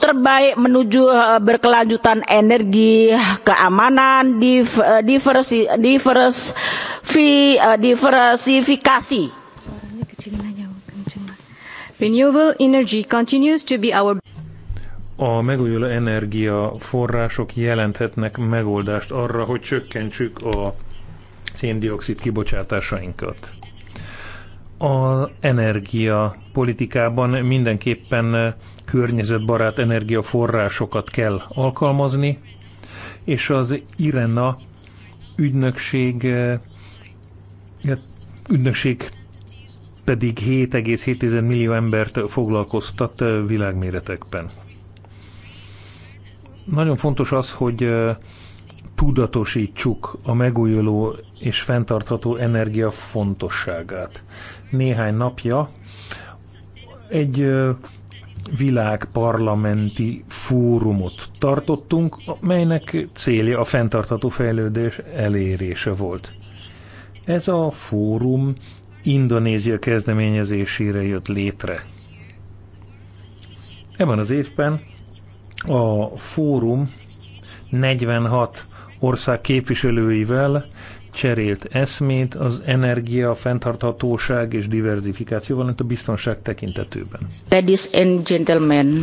terbaik menuju eh, berkelanjutan energi keamanan eh, diversi divers eh, diversifikasi Renewable energy continues to be our a megújuló források jelenthetnek megoldást arra, hogy csökkentsük a széndiokszid kibocsátásainkat az energia politikában mindenképpen környezetbarát energiaforrásokat kell alkalmazni, és az IRENA ügynökség, eh, ügynökség pedig 7,7 millió embert foglalkoztat eh, világméretekben. Nagyon fontos az, hogy eh, tudatosítsuk a megújuló és fenntartható energia fontosságát néhány napja egy világparlamenti fórumot tartottunk, melynek célja a fenntartható fejlődés elérése volt. Ez a fórum Indonézia kezdeményezésére jött létre. Ebben az évben a fórum 46 ország képviselőivel cserélt eszmét az energia, fenntarthatóság és diversifikáció, valamint a biztonság tekintetében. Ladies and gentlemen,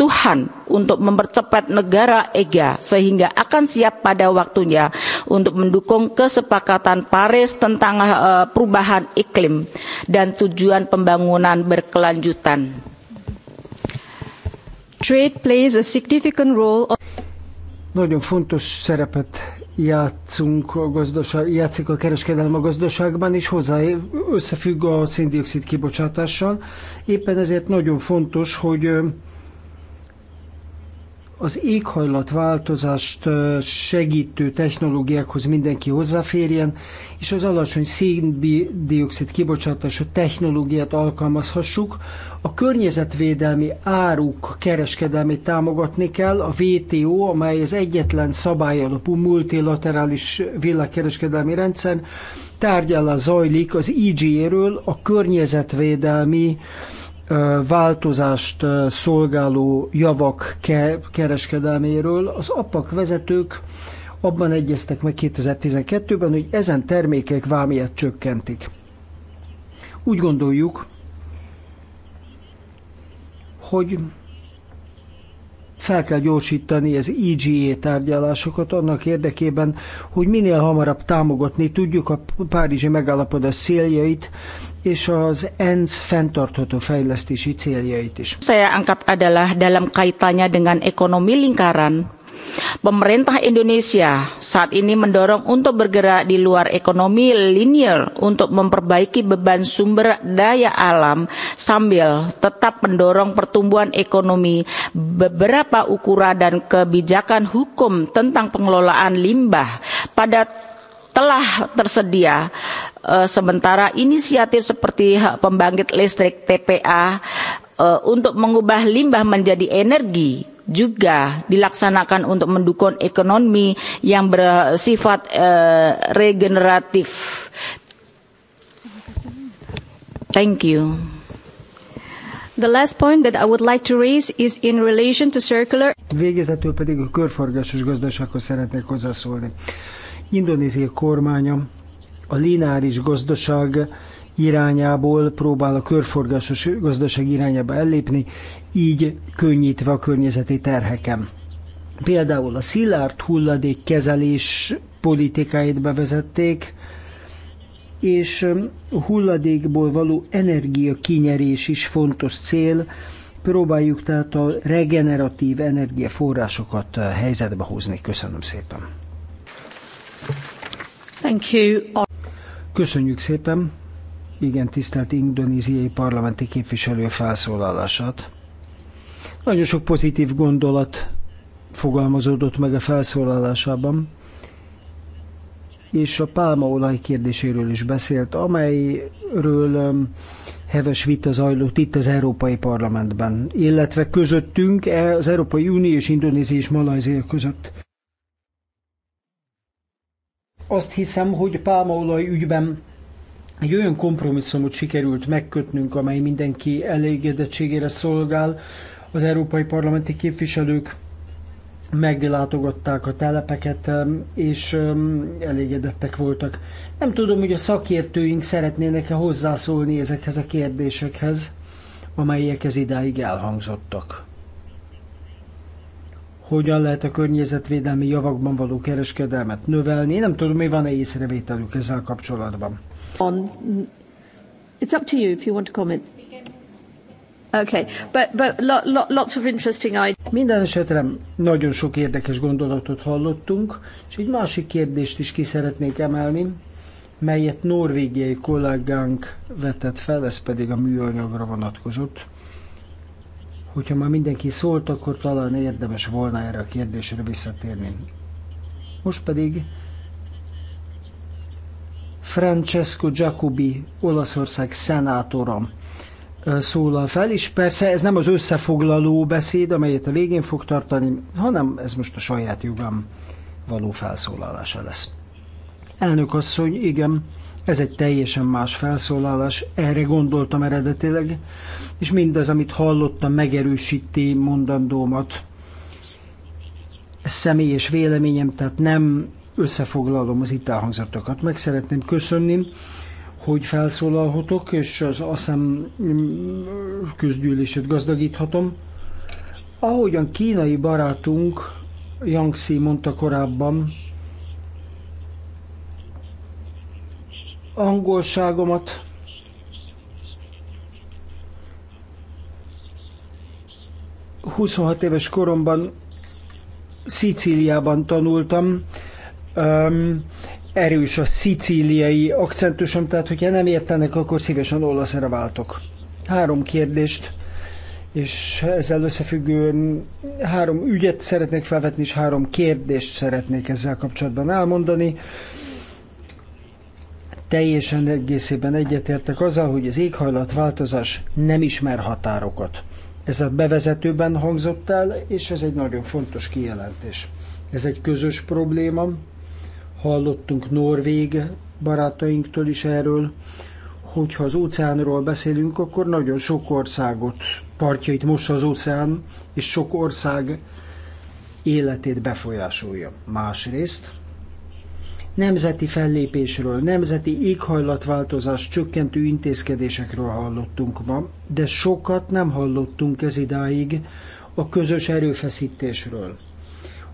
Tuhan untuk mempercepat negara EGA sehingga akan siap pada waktunya untuk mendukung kesepakatan Paris tentang uh, perubahan iklim dan tujuan pembangunan berkelanjutan. Trade plays a significant role Of Nagyon fontos szerepet játszunk a gazdaság, játszik a kereskedelem a gazdaságban, és hozzá összefügg a széndiokszid kibocsátással. Éppen ezért nagyon fontos, hogy az éghajlatváltozást segítő technológiákhoz mindenki hozzáférjen, és az alacsony széndiokszid kibocsátású technológiát alkalmazhassuk. A környezetvédelmi áruk kereskedelmét támogatni kell, a WTO, amely az egyetlen szabályalapú multilaterális világkereskedelmi rendszer, tárgyalás zajlik az IGA-ről, a környezetvédelmi uh, változást szolgáló javak kereskedelméről, az APAK vezetők abban egyeztek meg 2012-ben, hogy ezen termékek vámiát csökkentik. Úgy gondoljuk, hogy fel kell gyorsítani az IGA e tárgyalásokat annak érdekében, hogy minél hamarabb támogatni tudjuk a Párizsi megállapodás széljait, és az ENSZ fenntartható fejlesztési céljait is. Saya angkat adalah dalam kaitannya dengan ekonomi lingkaran. Pemerintah Indonesia saat ini mendorong untuk bergerak di luar ekonomi linear untuk memperbaiki beban sumber daya alam sambil tetap mendorong pertumbuhan ekonomi. Beberapa ukuran dan kebijakan hukum tentang pengelolaan limbah pada telah tersedia eh, sementara inisiatif seperti pembangkit listrik TPA eh, untuk mengubah limbah menjadi energi juga dilaksanakan untuk mendukung ekonomi yang bersifat eh, regeneratif. Thank you. The last point that I would like to raise is in relation to circular. Végezetül pedig a körforgásos gazdasághoz szeretnék hozzászólni. Indonézia kormánya a lineáris gazdaság irányából próbál a körforgásos gazdaság irányába ellépni, így könnyítve a környezeti terheken. Például a szilárd hulladék kezelés politikáit bevezették, és a hulladékból való energia is fontos cél, próbáljuk tehát a regeneratív energiaforrásokat helyzetbe hozni. Köszönöm szépen! Thank you. Köszönjük szépen. Igen, tisztelt indonéziai parlamenti képviselő felszólalását. Nagyon sok pozitív gondolat fogalmazódott meg a felszólalásában, és a pálmaolaj kérdéséről is beszélt, amelyről um, heves vita zajlott itt az Európai Parlamentben, illetve közöttünk e, az Európai Unió és Indonézia és Malajzia között. Azt hiszem, hogy pálmaolaj ügyben egy olyan kompromisszumot sikerült megkötnünk, amely mindenki elégedettségére szolgál. Az európai parlamenti képviselők meglátogatták a telepeket, és elégedettek voltak. Nem tudom, hogy a szakértőink szeretnének-e hozzászólni ezekhez a kérdésekhez, amelyek ez idáig elhangzottak hogyan lehet a környezetvédelmi javakban való kereskedelmet növelni. Én nem tudom, mi van-e észrevételük ezzel kapcsolatban. On, it's up to you if you want to comment. Okay, but, but lo, lo, lots of interesting ideas. Minden esetre nagyon sok érdekes gondolatot hallottunk, és egy másik kérdést is ki szeretnék emelni, melyet norvégiai kollégánk vetett fel, ez pedig a műanyagra vonatkozott. Hogyha már mindenki szólt, akkor talán érdemes volna erre a kérdésre visszatérni. Most pedig Francesco Giacobi, Olaszország szenátora szólal fel, és persze ez nem az összefoglaló beszéd, amelyet a végén fog tartani, hanem ez most a saját jogam való felszólalása lesz. Elnök asszony, igen, ez egy teljesen más felszólalás, erre gondoltam eredetileg, és mindaz, amit hallottam, megerősíti mondandómat. Ez személyes véleményem, tehát nem összefoglalom az itt elhangzatokat. Meg szeretném köszönni, hogy felszólalhatok, és az ASZEM közgyűlését gazdagíthatom. Ahogyan kínai barátunk Yangtze mondta korábban, angolságomat. Huszonhat éves koromban Szicíliában tanultam. Um, erős a szicíliai akcentusom, tehát hogyha nem értenek, akkor szívesen olaszra váltok. Három kérdést, és ezzel összefüggően három ügyet szeretnék felvetni, és három kérdést szeretnék ezzel kapcsolatban elmondani. Um, Teljesen egészében egyetértek azzal, hogy az éghajlatváltozás nem ismer határokat. Ez a bevezetőben hangzott el, és ez egy nagyon fontos kijelentés. Ez egy közös probléma. Hallottunk norvég barátainktól is erről, hogyha az óceánról beszélünk, akkor nagyon sok országot, partjait most az óceán, és sok ország életét befolyásolja. Másrészt Nemzeti fellépésről, nemzeti éghajlatváltozás csökkentő intézkedésekről hallottunk ma, de sokat nem hallottunk ez idáig a közös erőfeszítésről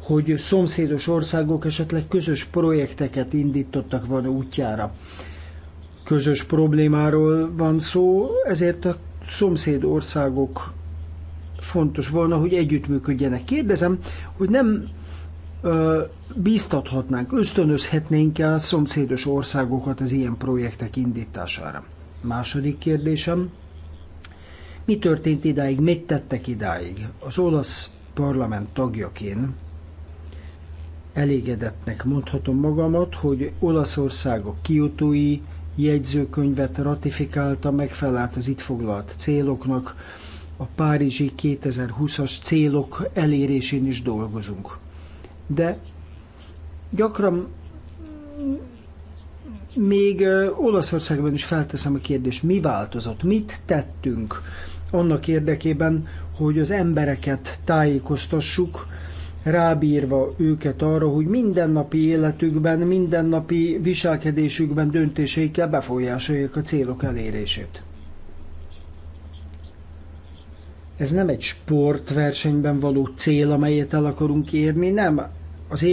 hogy szomszédos országok esetleg közös projekteket indítottak van útjára. Közös problémáról van szó, ezért a szomszéd országok fontos volna, hogy együttműködjenek. Kérdezem, hogy nem bíztathatnánk, ösztönözhetnénk el szomszédos országokat az ilyen projektek indítására. Második kérdésem, mi történt idáig, mit tettek idáig? Az olasz parlament tagjaként elégedettnek mondhatom magamat, hogy Olaszország a kiutói jegyzőkönyvet ratifikálta, megfelelt az itt foglalt céloknak, a Párizsi 2020-as célok elérésén is dolgozunk de gyakran még Olaszországban is felteszem a kérdést, mi változott, mit tettünk annak érdekében, hogy az embereket tájékoztassuk, rábírva őket arra, hogy mindennapi életükben, mindennapi viselkedésükben, döntéseikkel befolyásolják a célok elérését. Ez nem egy sportversenyben való cél, amelyet el akarunk érni, nem. Az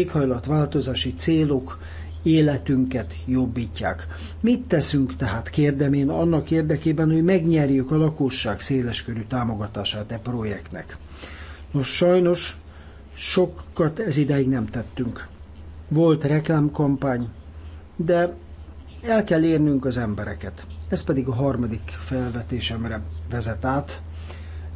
változási célok életünket jobbítják. Mit teszünk tehát, kérdem én, annak érdekében, hogy megnyerjük a lakosság széleskörű támogatását e projektnek. Nos, sajnos sokat ez ideig nem tettünk. Volt reklámkampány, de el kell érnünk az embereket. Ez pedig a harmadik felvetésemre vezet át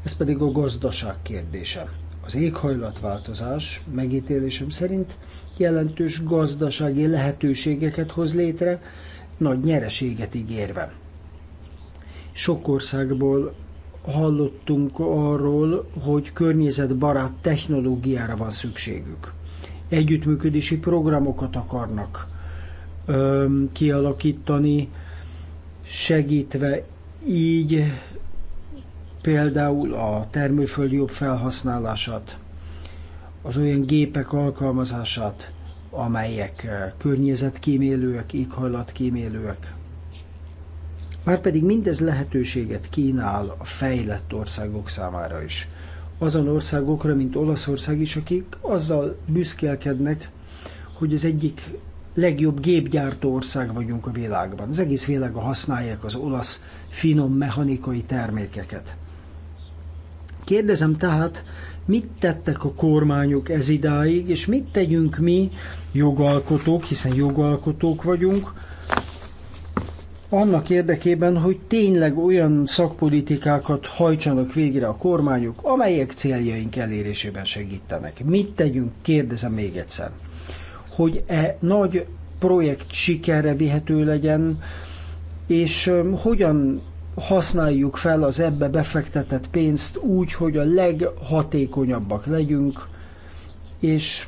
ez pedig a gazdaság kérdése. Az éghajlatváltozás megítélésem szerint jelentős gazdasági lehetőségeket hoz létre, nagy nyereséget ígérve. Sok országból hallottunk arról, hogy környezetbarát technológiára van szükségük. Együttműködési programokat akarnak ö, kialakítani, segítve így például a termőföld jobb felhasználását, az olyan gépek alkalmazását, amelyek eh, környezetkímélőek, éghajlatkímélőek. Márpedig mindez lehetőséget kínál a fejlett országok számára is. Azon országokra, mint Olaszország is, akik azzal büszkélkednek, hogy az egyik legjobb gépgyártó ország vagyunk a világban. Az egész világa használják az olasz finom mechanikai termékeket. Kérdezem tehát, mit tettek a kormányok ez idáig, és mit tegyünk mi, jogalkotók, hiszen jogalkotók vagyunk, annak érdekében, hogy tényleg olyan szakpolitikákat hajtsanak végre a kormányok, amelyek céljaink elérésében segítenek. Mit tegyünk, kérdezem még egyszer. Hogy e nagy projekt sikerre vihető legyen, és hogyan használjuk fel az ebbe befektetett pénzt úgy, hogy a leghatékonyabbak legyünk, és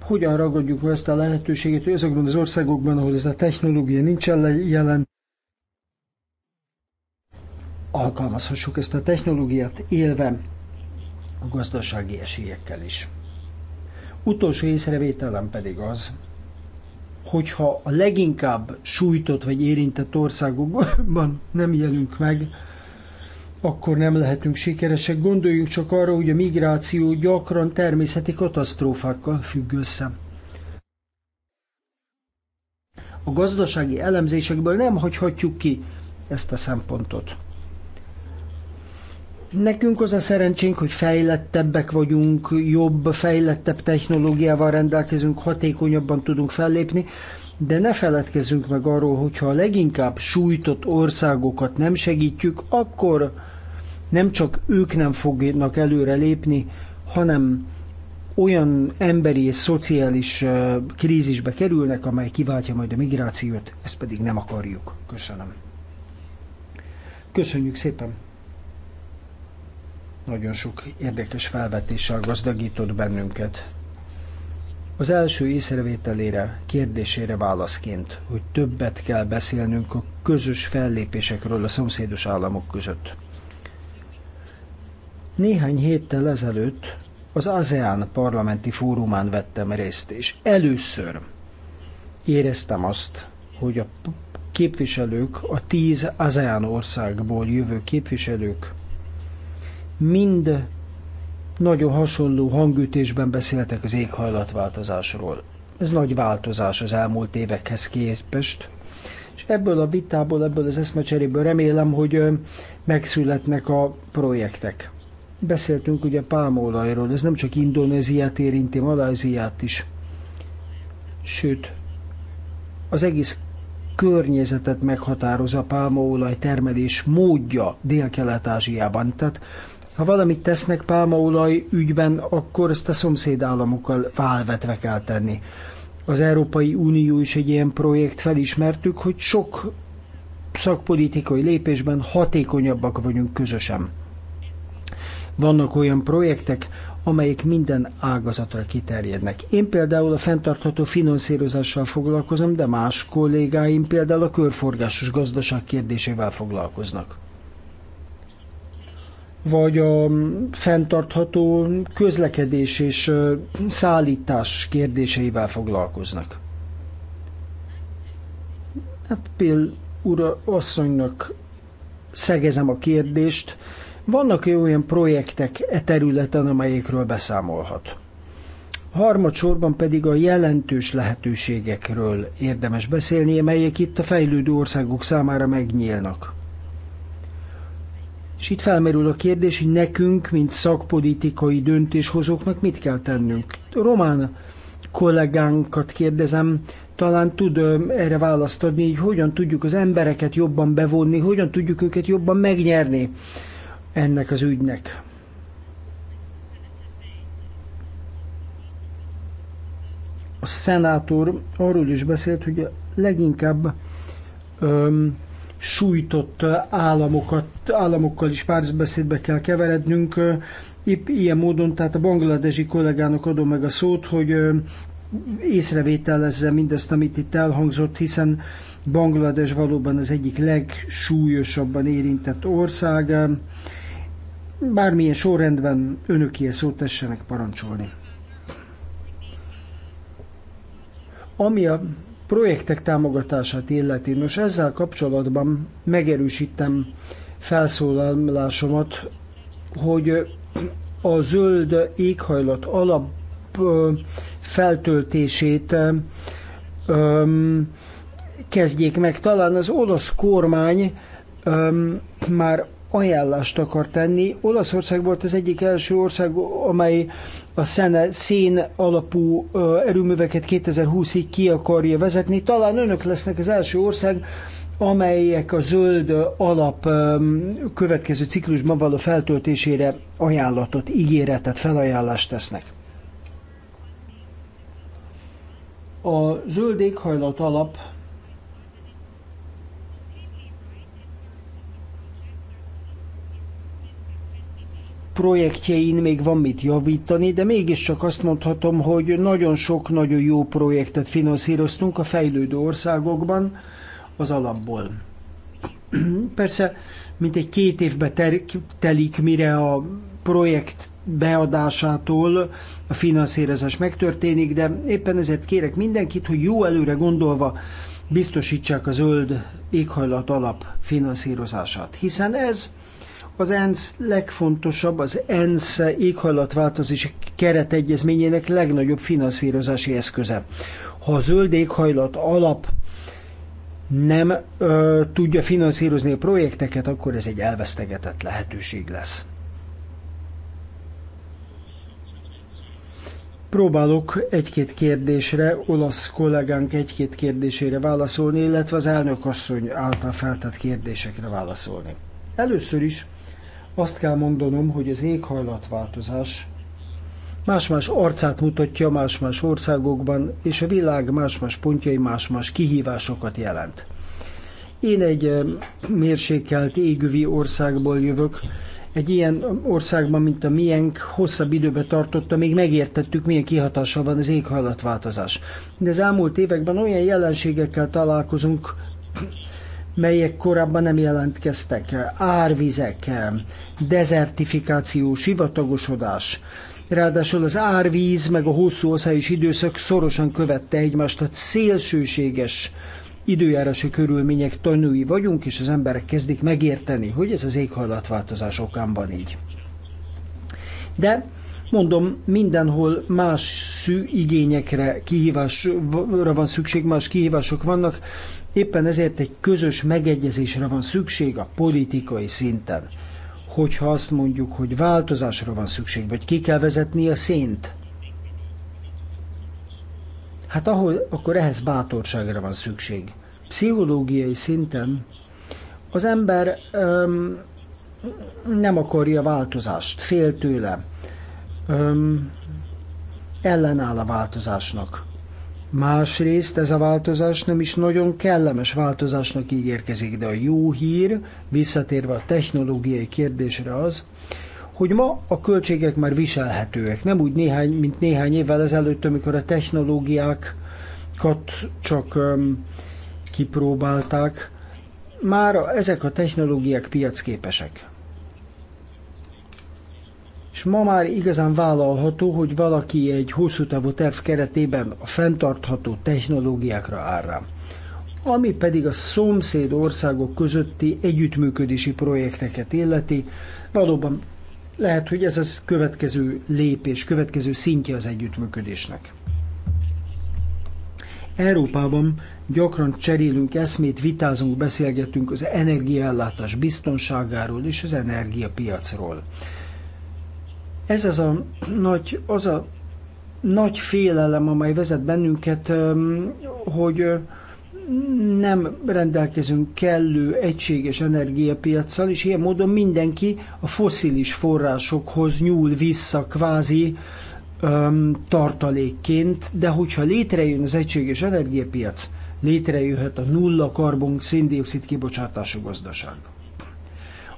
hogyan ragadjuk meg ezt a lehetőséget, hogy azokban az országokban, ahol ez a technológia nincsen jelen, alkalmazhassuk ezt a technológiát élve a gazdasági esélyekkel is. Utolsó észrevételem pedig az, hogyha a leginkább sújtott vagy érintett országokban nem jelünk meg, akkor nem lehetünk sikeresek. Gondoljunk csak arra, hogy a migráció gyakran természeti katasztrófákkal függ össze. A gazdasági elemzésekből nem hagyhatjuk ki ezt a szempontot. Nekünk az a szerencsénk, hogy fejlettebbek vagyunk, jobb, fejlettebb technológiával rendelkezünk, hatékonyabban tudunk fellépni, de ne feledkezzünk meg arról, hogyha a leginkább sújtott országokat nem segítjük, akkor nem csak ők nem fognak előre lépni, hanem olyan emberi és szociális krízisbe kerülnek, amely kiváltja majd a migrációt, ezt pedig nem akarjuk. Köszönöm. Köszönjük szépen! Nagyon sok érdekes felvetéssel gazdagított bennünket. Az első észrevételére, kérdésére válaszként, hogy többet kell beszélnünk a közös fellépésekről a szomszédos államok között. Néhány héttel ezelőtt az ASEAN parlamenti fórumán vettem részt, és először éreztem azt, hogy a képviselők, a tíz ASEAN országból jövő képviselők mind nagyon hasonló hangütésben beszéltek az éghajlatváltozásról. Ez nagy változás az elmúlt évekhez képest, és ebből a vitából, ebből az eszmecseréből remélem, hogy megszületnek a projektek. Beszéltünk ugye pálmaolajról, ez nem csak Indonéziát érinti, Maláziát is. Sőt, az egész környezetet meghatározza a pálmaolaj termelés módja Dél-Kelet-Ázsiában. Tehát ha valamit tesznek pálmaolaj ügyben, akkor ezt a szomszéd államokkal válvetve kell tenni. Az Európai Unió is egy ilyen projekt, felismertük, hogy sok szakpolitikai lépésben hatékonyabbak vagyunk közösen. Vannak olyan projektek, amelyek minden ágazatra kiterjednek. Én például a fenntartható finanszírozással foglalkozom, de más kollégáim például a körforgásos gazdaság kérdésével foglalkoznak vagy a fenntartható közlekedés és szállítás kérdéseivel foglalkoznak. Hát Pél ura asszonynak szegezem a kérdést, vannak -e olyan projektek e területen, amelyekről beszámolhat? Harmadsorban pedig a jelentős lehetőségekről érdemes beszélni, amelyek itt a fejlődő országok számára megnyílnak. És itt felmerül a kérdés, hogy nekünk, mint szakpolitikai döntéshozóknak mit kell tennünk. Román kollégánkat kérdezem, talán tud erre választ adni, hogy hogyan tudjuk az embereket jobban bevonni, hogyan tudjuk őket jobban megnyerni ennek az ügynek. A szenátor arról is beszélt, hogy leginkább öm, sújtott államokat, államokkal is párbeszédbe kell keverednünk. Épp ilyen módon, tehát a bangladesi kollégának adom meg a szót, hogy észrevételezze mindezt, amit itt elhangzott, hiszen Banglades valóban az egyik legsúlyosabban érintett ország. Bármilyen sorrendben önöké szót tessenek parancsolni. Ami a projektek támogatását illeti. Nos, ezzel kapcsolatban megerősítem felszólalásomat, hogy a zöld éghajlat alap feltöltését kezdjék meg. Talán az olasz kormány már ajánlást akar tenni. Olaszország volt az egyik első ország, amely a szene, szén alapú erőműveket 2020-ig ki akarja vezetni. Talán önök lesznek az első ország, amelyek a zöld alap következő ciklusban való feltöltésére ajánlatot, ígéretet, felajánlást tesznek. A zöld éghajlat alap projektjein még van mit javítani, de mégiscsak azt mondhatom, hogy nagyon sok nagyon jó projektet finanszíroztunk a fejlődő országokban az alapból. Persze, mint egy két évbe ter- telik, mire a projekt beadásától a finanszírozás megtörténik, de éppen ezért kérek mindenkit, hogy jó előre gondolva biztosítsák a zöld éghajlat alap finanszírozását, hiszen ez az ENSZ legfontosabb, az ENSZ éghajlatváltozási keretegyezményének legnagyobb finanszírozási eszköze. Ha a zöld éghajlat alap nem ö, tudja finanszírozni a projekteket, akkor ez egy elvesztegetett lehetőség lesz. Próbálok egy-két kérdésre, olasz kollégánk egy-két kérdésére válaszolni, illetve az elnök asszony által feltett kérdésekre válaszolni. Először is azt kell mondanom, hogy az éghajlatváltozás más-más arcát mutatja más-más országokban, és a világ más-más pontjai más-más kihívásokat jelent. Én egy mérsékelt égüvi országból jövök, egy ilyen országban, mint a miénk, hosszabb időbe tartotta, még megértettük, milyen kihatása van az éghajlatváltozás. De az elmúlt években olyan jelenségekkel találkozunk, melyek korábban nem jelentkeztek, árvizek, dezertifikáció, sivatagosodás. Ráadásul az árvíz meg a hosszú is időszak szorosan követte egymást, tehát szélsőséges időjárási körülmények tanúi vagyunk, és az emberek kezdik megérteni, hogy ez az éghajlatváltozás okán van így. De mondom, mindenhol más szű igényekre, kihívásra van szükség, más kihívások vannak, Éppen ezért egy közös megegyezésre van szükség a politikai szinten. Hogyha azt mondjuk, hogy változásra van szükség, vagy ki kell vezetni a szint, hát ahol, akkor ehhez bátorságra van szükség. Pszichológiai szinten az ember öm, nem akarja változást, fél tőle, öm, ellenáll a változásnak. Másrészt ez a változás nem is nagyon kellemes változásnak ígérkezik, de a jó hír, visszatérve a technológiai kérdésre az, hogy ma a költségek már viselhetőek. Nem úgy néhány, mint néhány évvel ezelőtt, amikor a technológiákat csak um, kipróbálták. Már ezek a technológiák piacképesek és ma már igazán vállalható, hogy valaki egy hosszú távú terv keretében a fenntartható technológiákra áll rá. Ami pedig a szomszéd országok közötti együttműködési projekteket illeti, valóban lehet, hogy ez az következő lépés, következő szintje az együttműködésnek. Európában gyakran cserélünk eszmét, vitázunk, beszélgetünk az energiaellátás biztonságáról és az energiapiacról. Ez az a nagy, az a nagy félelem, amely vezet bennünket, hogy nem rendelkezünk kellő egységes energiapiacsal, és ilyen módon mindenki a foszilis forrásokhoz nyúl vissza kvázi öm, tartalékként, de hogyha létrejön az egységes energiapiac, létrejöhet a nulla karbon szindioxid kibocsátású gazdaság.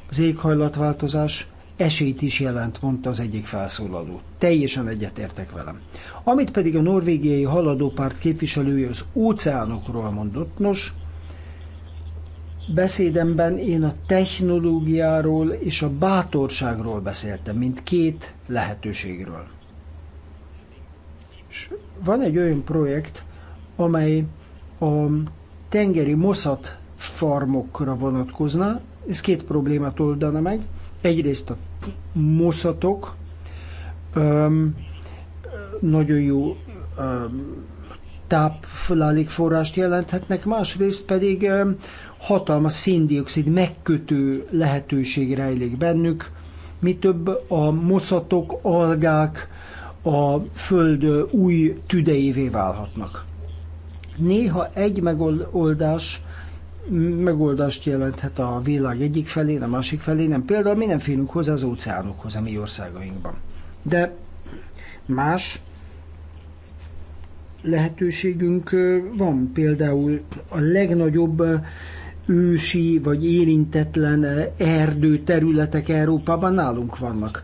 Az éghajlatváltozás esélyt is jelent, mondta az egyik felszólaló. Teljesen egyetértek velem. Amit pedig a norvégiai haladópárt képviselője az óceánokról mondott, nos, beszédemben én a technológiáról és a bátorságról beszéltem, mint két lehetőségről. És van egy olyan projekt, amely a tengeri moszat farmokra vonatkozna. Ez két problémát oldana meg. Egyrészt a moszatok öm, nagyon jó öm, forrást jelenthetnek, másrészt pedig öm, hatalmas széndiokszid megkötő lehetőség rejlik bennük, mi több a moszatok, algák a föld új tüdejévé válhatnak. Néha egy megoldás megoldást jelenthet a világ egyik felén, a másik felén, nem például mi nem félünk hozzá az óceánokhoz a mi országainkban. De más lehetőségünk van, például a legnagyobb ősi vagy érintetlen erdő területek Európában nálunk vannak.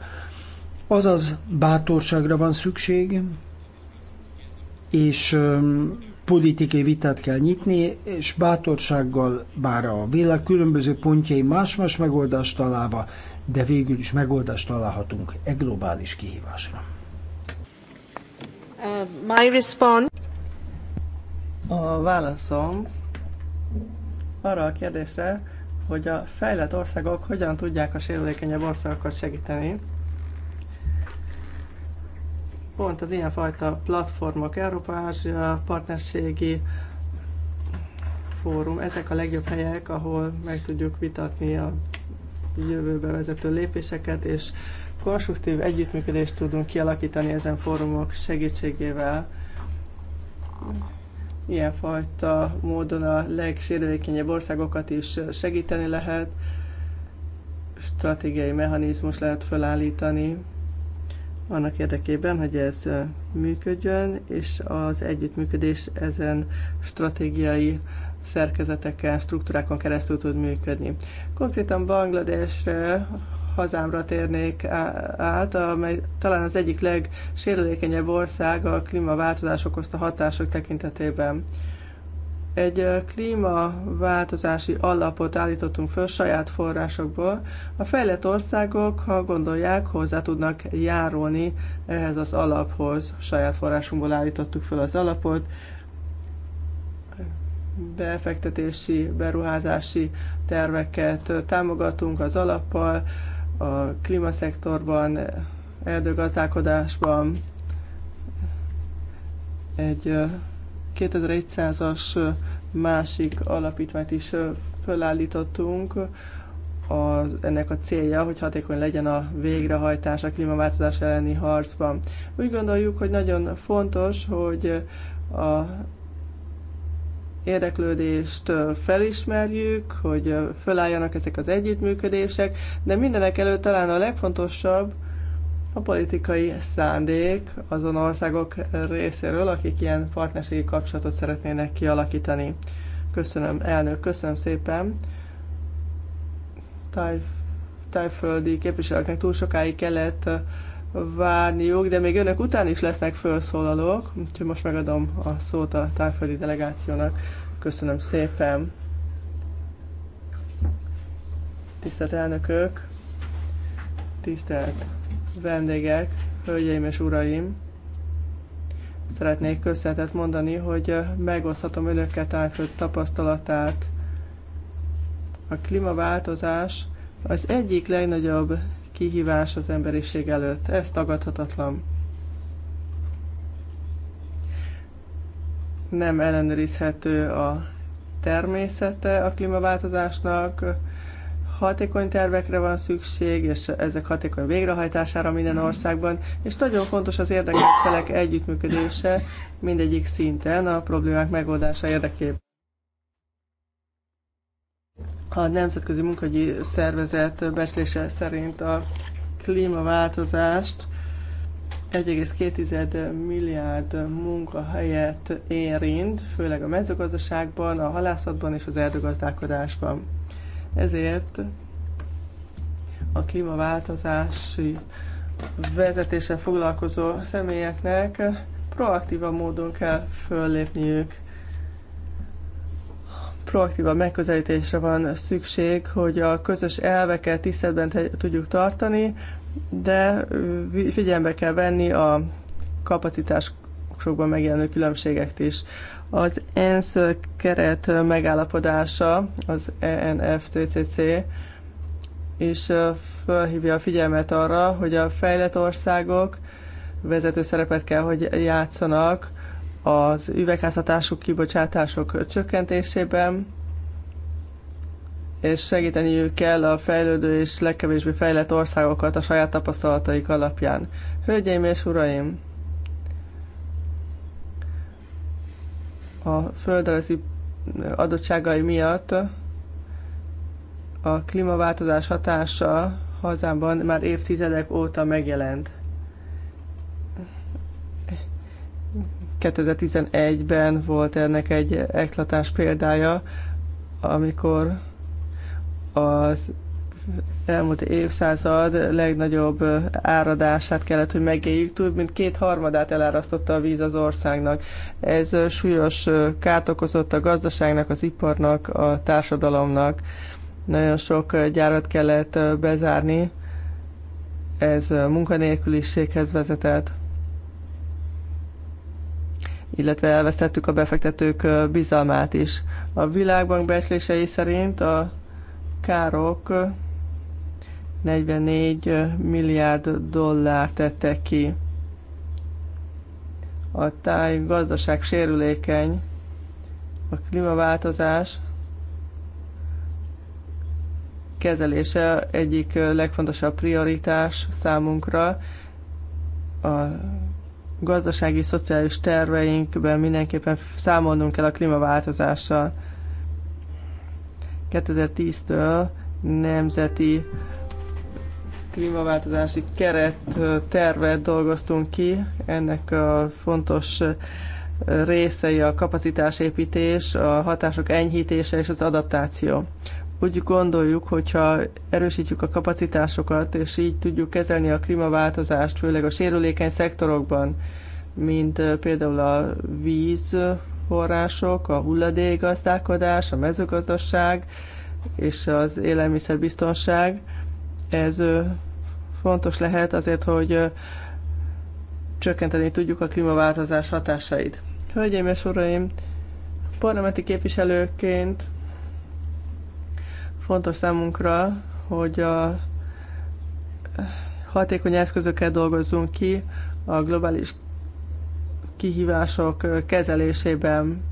Azaz bátorságra van szükség, és politikai vitát kell nyitni, és bátorsággal, bár a világ különböző pontjai más-más megoldást találva, de végül is megoldást találhatunk e globális kihívásra. Uh, my response. A válaszom arra a kérdésre, hogy a fejlett országok hogyan tudják a sérülékenyebb országokat segíteni, pont az ilyenfajta platformok, Európa-Ázsia partnerségi fórum, ezek a legjobb helyek, ahol meg tudjuk vitatni a jövőbe vezető lépéseket, és konstruktív együttműködést tudunk kialakítani ezen fórumok segítségével. Ilyenfajta módon a legsérülékenyebb országokat is segíteni lehet, stratégiai mechanizmus lehet felállítani, annak érdekében, hogy ez működjön, és az együttműködés ezen stratégiai szerkezeteken, struktúrákon keresztül tud működni. Konkrétan Bangladesre, hazámra térnék át, amely talán az egyik legsérülékenyebb ország a klímaváltozás okozta hatások tekintetében egy klímaváltozási alapot állítottunk föl saját forrásokból. A fejlett országok, ha gondolják, hozzá tudnak járulni ehhez az alaphoz. Saját forrásunkból állítottuk föl az alapot, befektetési, beruházási terveket támogatunk az alappal, a klímaszektorban, erdőgazdálkodásban, egy 2100-as másik alapítványt is fölállítottunk. Az, ennek a célja, hogy hatékony legyen a végrehajtás a klímaváltozás elleni harcban. Úgy gondoljuk, hogy nagyon fontos, hogy a érdeklődést felismerjük, hogy fölálljanak ezek az együttműködések, de mindenek előtt talán a legfontosabb, a politikai szándék azon országok részéről, akik ilyen partnerségi kapcsolatot szeretnének kialakítani. Köszönöm, elnök, köszönöm szépen. Táj, tájföldi képviselőknek túl sokáig kellett uh, várniuk, de még önök után is lesznek felszólalók, úgyhogy most megadom a szót a tájföldi delegációnak. Köszönöm szépen. Tisztelt elnökök, tisztelt vendégek, hölgyeim és uraim! Szeretnék köszönetet mondani, hogy megoszthatom önöket tájföld tapasztalatát. A klímaváltozás az egyik legnagyobb kihívás az emberiség előtt. Ez tagadhatatlan. Nem ellenőrizhető a természete a klímaváltozásnak, hatékony tervekre van szükség, és ezek hatékony végrehajtására minden országban, és nagyon fontos az érdekelt felek együttműködése mindegyik szinten a problémák megoldása érdekében. A Nemzetközi Munkagyi Szervezet becslése szerint a klímaváltozást 1,2 milliárd munkahelyet érint, főleg a mezőgazdaságban, a halászatban és az erdőgazdálkodásban ezért a klímaváltozási vezetéssel foglalkozó személyeknek proaktívabb módon kell föllépniük. Proaktívabb megközelítésre van szükség, hogy a közös elveket tiszteletben tudjuk tartani, de figyelembe kell venni a kapacitás sokban megjelenő különbségeket is. Az ENSZ keret megállapodása, az ENFCCC, és felhívja a figyelmet arra, hogy a fejlett országok vezető szerepet kell, hogy játszanak az üvegházhatású kibocsátások csökkentésében, és segíteniük kell a fejlődő és legkevésbé fejlett országokat a saját tapasztalataik alapján. Hölgyeim és uraim! a földrajzi adottságai miatt a klímaváltozás hatása hazámban már évtizedek óta megjelent. 2011-ben volt ennek egy eklatás példája, amikor az elmúlt évszázad legnagyobb áradását kellett, hogy megéljük. Több mint két harmadát elárasztotta a víz az országnak. Ez súlyos kárt okozott a gazdaságnak, az iparnak, a társadalomnak. Nagyon sok gyárat kellett bezárni. Ez munkanélküliséghez vezetett illetve elvesztettük a befektetők bizalmát is. A világbank becslései szerint a károk 44 milliárd dollár tette ki. A táj gazdaság sérülékeny, a klímaváltozás kezelése egyik legfontosabb prioritás számunkra. A gazdasági, szociális terveinkben mindenképpen számolnunk kell a klímaváltozással. 2010-től nemzeti klímaváltozási keret tervet dolgoztunk ki. Ennek a fontos részei a kapacitásépítés, a hatások enyhítése és az adaptáció. Úgy gondoljuk, hogyha erősítjük a kapacitásokat, és így tudjuk kezelni a klímaváltozást, főleg a sérülékeny szektorokban, mint például a vízforrások, a hulladékgazdálkodás, a mezőgazdaság és az élelmiszerbiztonság, ez fontos lehet azért, hogy csökkenteni tudjuk a klímaváltozás hatásait. Hölgyeim és uraim, parlamenti képviselőként fontos számunkra, hogy a hatékony eszközöket dolgozzunk ki a globális kihívások kezelésében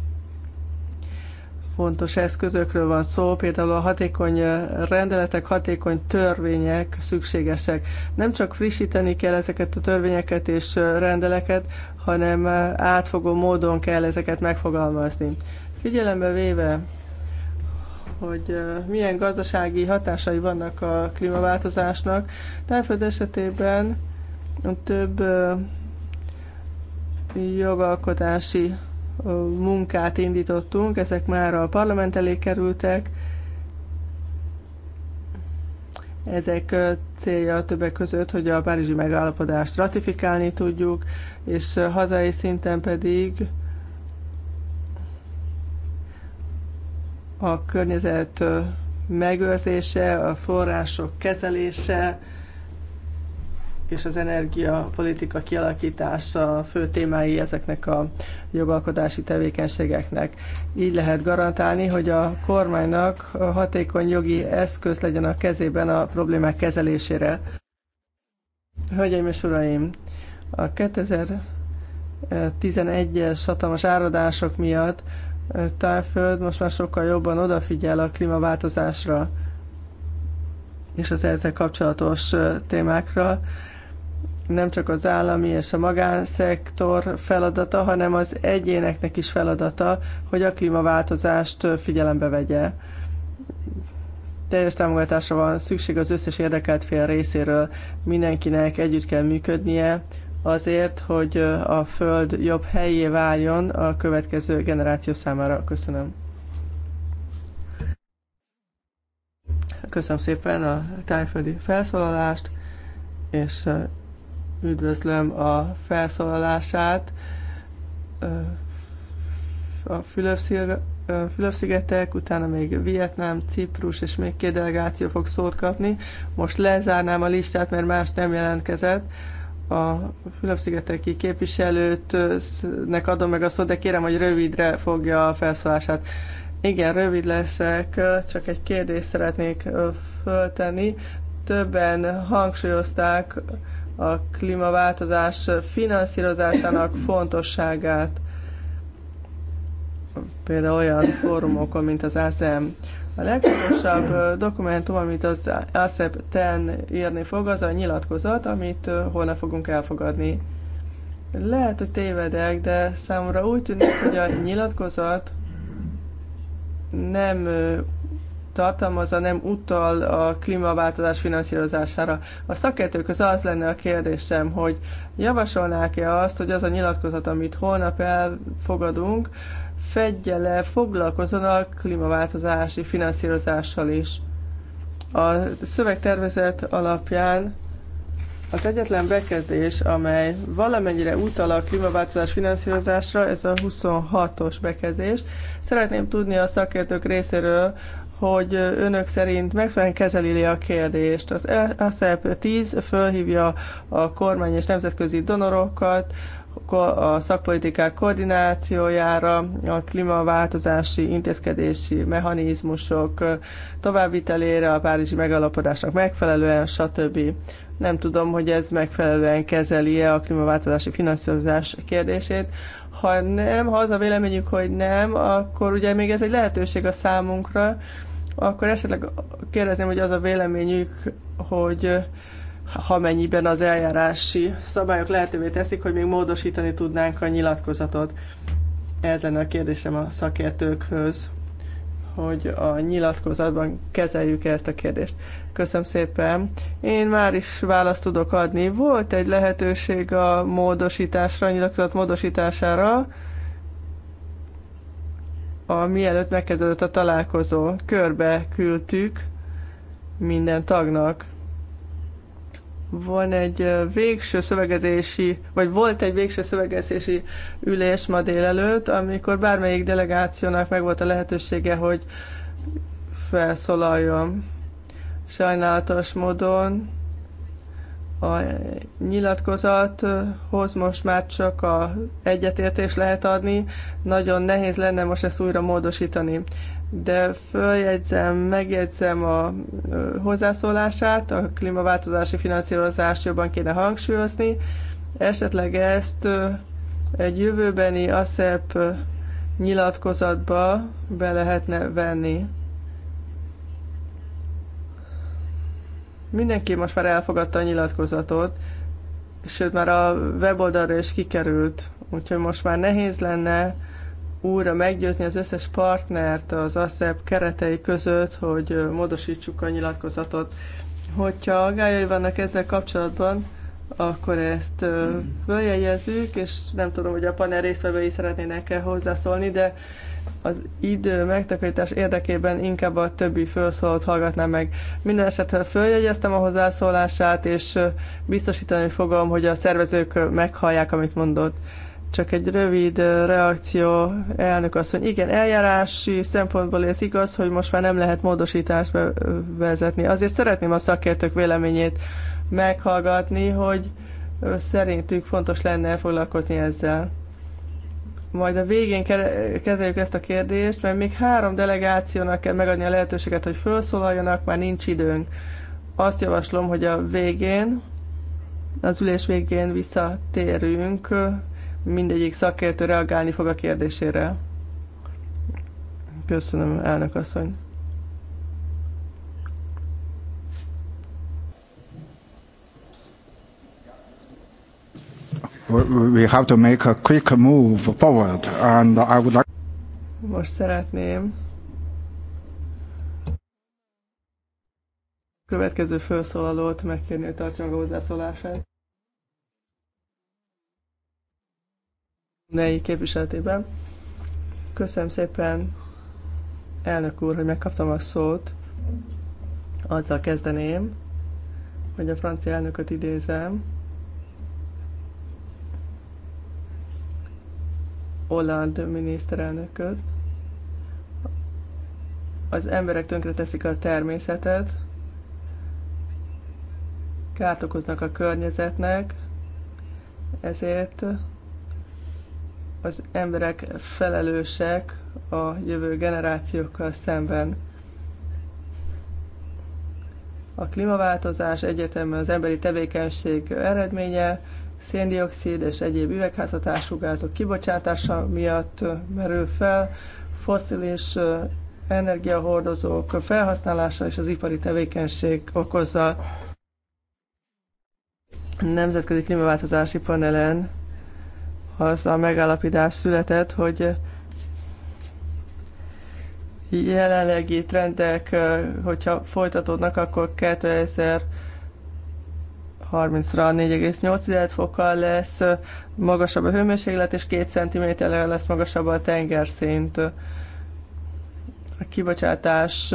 fontos eszközökről van szó, például a hatékony eh, rendeletek, hatékony törvények szükségesek. Nem csak frissíteni kell ezeket a törvényeket és eh, rendeleket, hanem eh, átfogó módon kell ezeket megfogalmazni. Figyelembe véve, hogy milyen gazdasági hatásai vannak a klímaváltozásnak, Tájföld esetében több jogalkotási munkát indítottunk, ezek már a parlament elé kerültek. Ezek célja többek között, hogy a Párizsi megállapodást ratifikálni tudjuk, és hazai szinten pedig a környezet megőrzése, a források kezelése, és az energiapolitika kialakítása fő témái ezeknek a jogalkotási tevékenységeknek. Így lehet garantálni, hogy a kormánynak hatékony jogi eszköz legyen a kezében a problémák kezelésére. Hölgyeim és Uraim, a 2011-es hatalmas áradások miatt Tájföld most már sokkal jobban odafigyel a klímaváltozásra és az ezzel kapcsolatos témákra, nem csak az állami és a magánszektor feladata, hanem az egyéneknek is feladata, hogy a klímaváltozást figyelembe vegye. Teljes támogatásra van szükség az összes érdekelt fél részéről. Mindenkinek együtt kell működnie azért, hogy a Föld jobb helyé váljon a következő generáció számára. Köszönöm. Köszönöm szépen a tájföldi felszólalást és Üdvözlöm a felszólalását. A Fülöp-szigetek, utána még Vietnám, Ciprus és még két delegáció fog szót kapni. Most lezárnám a listát, mert más nem jelentkezett a Fülöp-szigeteki képviselőtnek adom meg a szót, de kérem, hogy rövidre fogja a felszólását. Igen, rövid leszek, csak egy kérdést szeretnék föltenni. Többen hangsúlyozták a klímaváltozás finanszírozásának fontosságát, például olyan fórumokon, mint az ASEM. A legfontosabb dokumentum, amit az ASEP ten írni fog, az a nyilatkozat, amit holnap fogunk elfogadni. Lehet, hogy tévedek, de számomra úgy tűnik, hogy a nyilatkozat nem tartalmazza, nem utal a klímaváltozás finanszírozására. A szakértőköz az lenne a kérdésem, hogy javasolnák-e azt, hogy az a nyilatkozat, amit holnap elfogadunk, fedje le, foglalkozzon a klímaváltozási finanszírozással is. A szövegtervezet alapján az egyetlen bekezdés, amely valamennyire utal a klímaváltozás finanszírozásra, ez a 26-os bekezdés. Szeretném tudni a szakértők részéről, hogy önök szerint megfelelően kezeli a kérdést. Az e- ASZEP 10 fölhívja a kormány és nemzetközi donorokat, a szakpolitikák koordinációjára, a klímaváltozási intézkedési mechanizmusok továbbvitelére, a Párizsi megalapodásnak megfelelően, stb. Nem tudom, hogy ez megfelelően kezeli-e a klímaváltozási finanszírozás kérdését. Ha nem, ha az a véleményük, hogy nem, akkor ugye még ez egy lehetőség a számunkra, akkor esetleg kérdezném, hogy az a véleményük, hogy ha mennyiben az eljárási szabályok lehetővé teszik, hogy még módosítani tudnánk a nyilatkozatot. Ez lenne a kérdésem a szakértőkhöz, hogy a nyilatkozatban kezeljük -e ezt a kérdést. Köszönöm szépen. Én már is választ tudok adni. Volt egy lehetőség a módosításra, a nyilatkozat módosítására, a mielőtt megkezdődött a találkozó. Körbe küldtük minden tagnak. Van egy végső szövegezési, vagy volt egy végső szövegezési ülés ma délelőtt, amikor bármelyik delegációnak meg volt a lehetősége, hogy felszólaljon. Sajnálatos módon a nyilatkozathoz most már csak a egyetértés lehet adni, nagyon nehéz lenne most ezt újra módosítani. De följegyzem, megjegyzem a hozzászólását, a klímaváltozási finanszírozást jobban kéne hangsúlyozni, esetleg ezt egy jövőbeni ASZEP nyilatkozatba be lehetne venni. Mindenki most már elfogadta a nyilatkozatot, sőt már a weboldalra is kikerült, úgyhogy most már nehéz lenne újra meggyőzni az összes partnert az ASZEP keretei között, hogy módosítsuk a nyilatkozatot. Hogyha aggályai vannak ezzel kapcsolatban, akkor ezt följegyezzük, és nem tudom, hogy a panel részvevői szeretnének-e hozzászólni, de az idő megtakarítás érdekében inkább a többi felszólalt hallgatnám meg. Minden esetre följegyeztem a hozzászólását, és biztosítani fogom, hogy a szervezők meghallják, amit mondott. Csak egy rövid reakció, elnök asszony. Igen, eljárási szempontból ez igaz, hogy most már nem lehet módosítást vezetni. Azért szeretném a szakértők véleményét meghallgatni, hogy szerintük fontos lenne foglalkozni ezzel majd a végén kezeljük ezt a kérdést, mert még három delegációnak kell megadni a lehetőséget, hogy felszólaljanak, már nincs időnk. Azt javaslom, hogy a végén, az ülés végén visszatérünk, mindegyik szakértő reagálni fog a kérdésére. Köszönöm, elnök asszony. we have to make a quick move forward, and I would like. Most szeretném következő felszólalót megkérni, hogy tartsa a hozzászólását. Nei képviseletében. Köszönöm szépen, elnök úr, hogy megkaptam a szót. Azzal kezdeném, hogy a francia elnököt idézem, Holland miniszterelnököt. Az emberek tönkreteszik a természetet, kárt okoznak a környezetnek, ezért az emberek felelősek a jövő generációkkal szemben. A klímaváltozás egyértelműen az emberi tevékenység eredménye, széndiokszid és egyéb üvegházhatású gázok kibocsátása miatt merül fel, foszilis energiahordozók felhasználása és az ipari tevékenység okozza. A Nemzetközi Klímaváltozási Panelen az a megállapítás született, hogy jelenlegi trendek, hogyha folytatódnak, akkor 2000 30-ra 4,8 fokkal lesz magasabb a hőmérséklet, és 2 cm lesz magasabb a tengerszint. A kibocsátás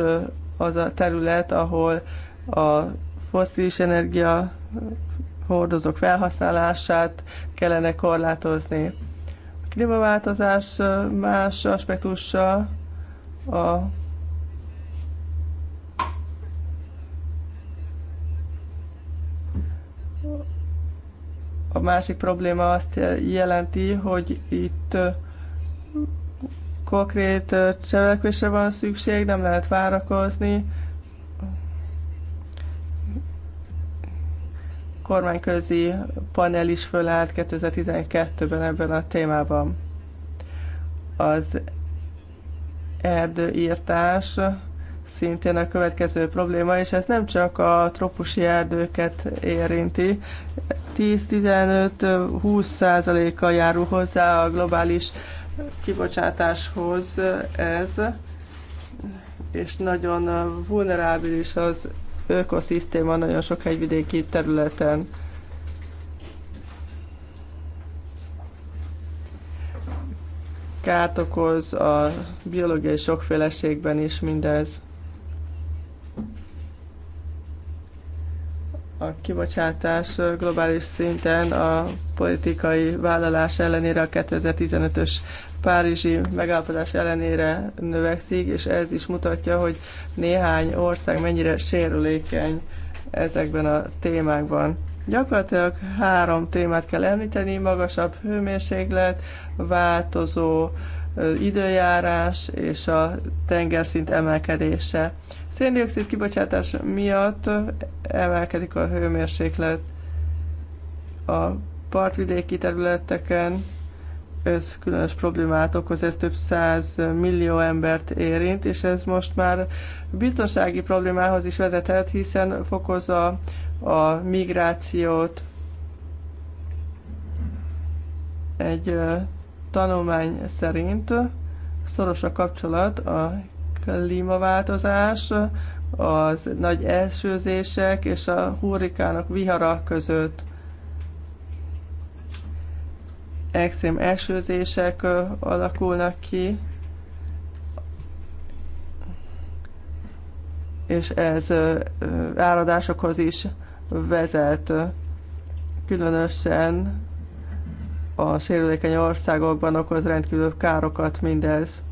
az a terület, ahol a foszilis energia hordozók felhasználását kellene korlátozni. A klímaváltozás más aspektusa a A másik probléma azt jelenti, hogy itt konkrét cselekvésre van szükség, nem lehet várakozni. Kormányközi panel is fölállt 2012-ben ebben a témában. Az erdőírtás szintén a következő probléma, és ez nem csak a tropusi erdőket érinti. 10-15-20 százaléka járul hozzá a globális kibocsátáshoz ez, és nagyon vulnerábilis az ökoszisztéma nagyon sok hegyvidéki területen. Kárt okoz a biológiai sokféleségben is mindez. a kibocsátás globális szinten a politikai vállalás ellenére a 2015-ös Párizsi megállapodás ellenére növekszik, és ez is mutatja, hogy néhány ország mennyire sérülékeny ezekben a témákban. Gyakorlatilag három témát kell említeni, magasabb hőmérséklet, változó időjárás és a tengerszint emelkedése. Széndiokszid kibocsátás miatt emelkedik a hőmérséklet a partvidéki területeken, ez különös problémát okoz, ez több száz millió embert érint, és ez most már biztonsági problémához is vezethet, hiszen fokozza a migrációt. Egy tanulmány szerint szoros a kapcsolat a klímaváltozás, az nagy elsőzések és a hurrikánok viharak között extrém elsőzések alakulnak ki, és ez áradásokhoz is vezet. Különösen a sérülékeny országokban okoz rendkívül károkat mindez.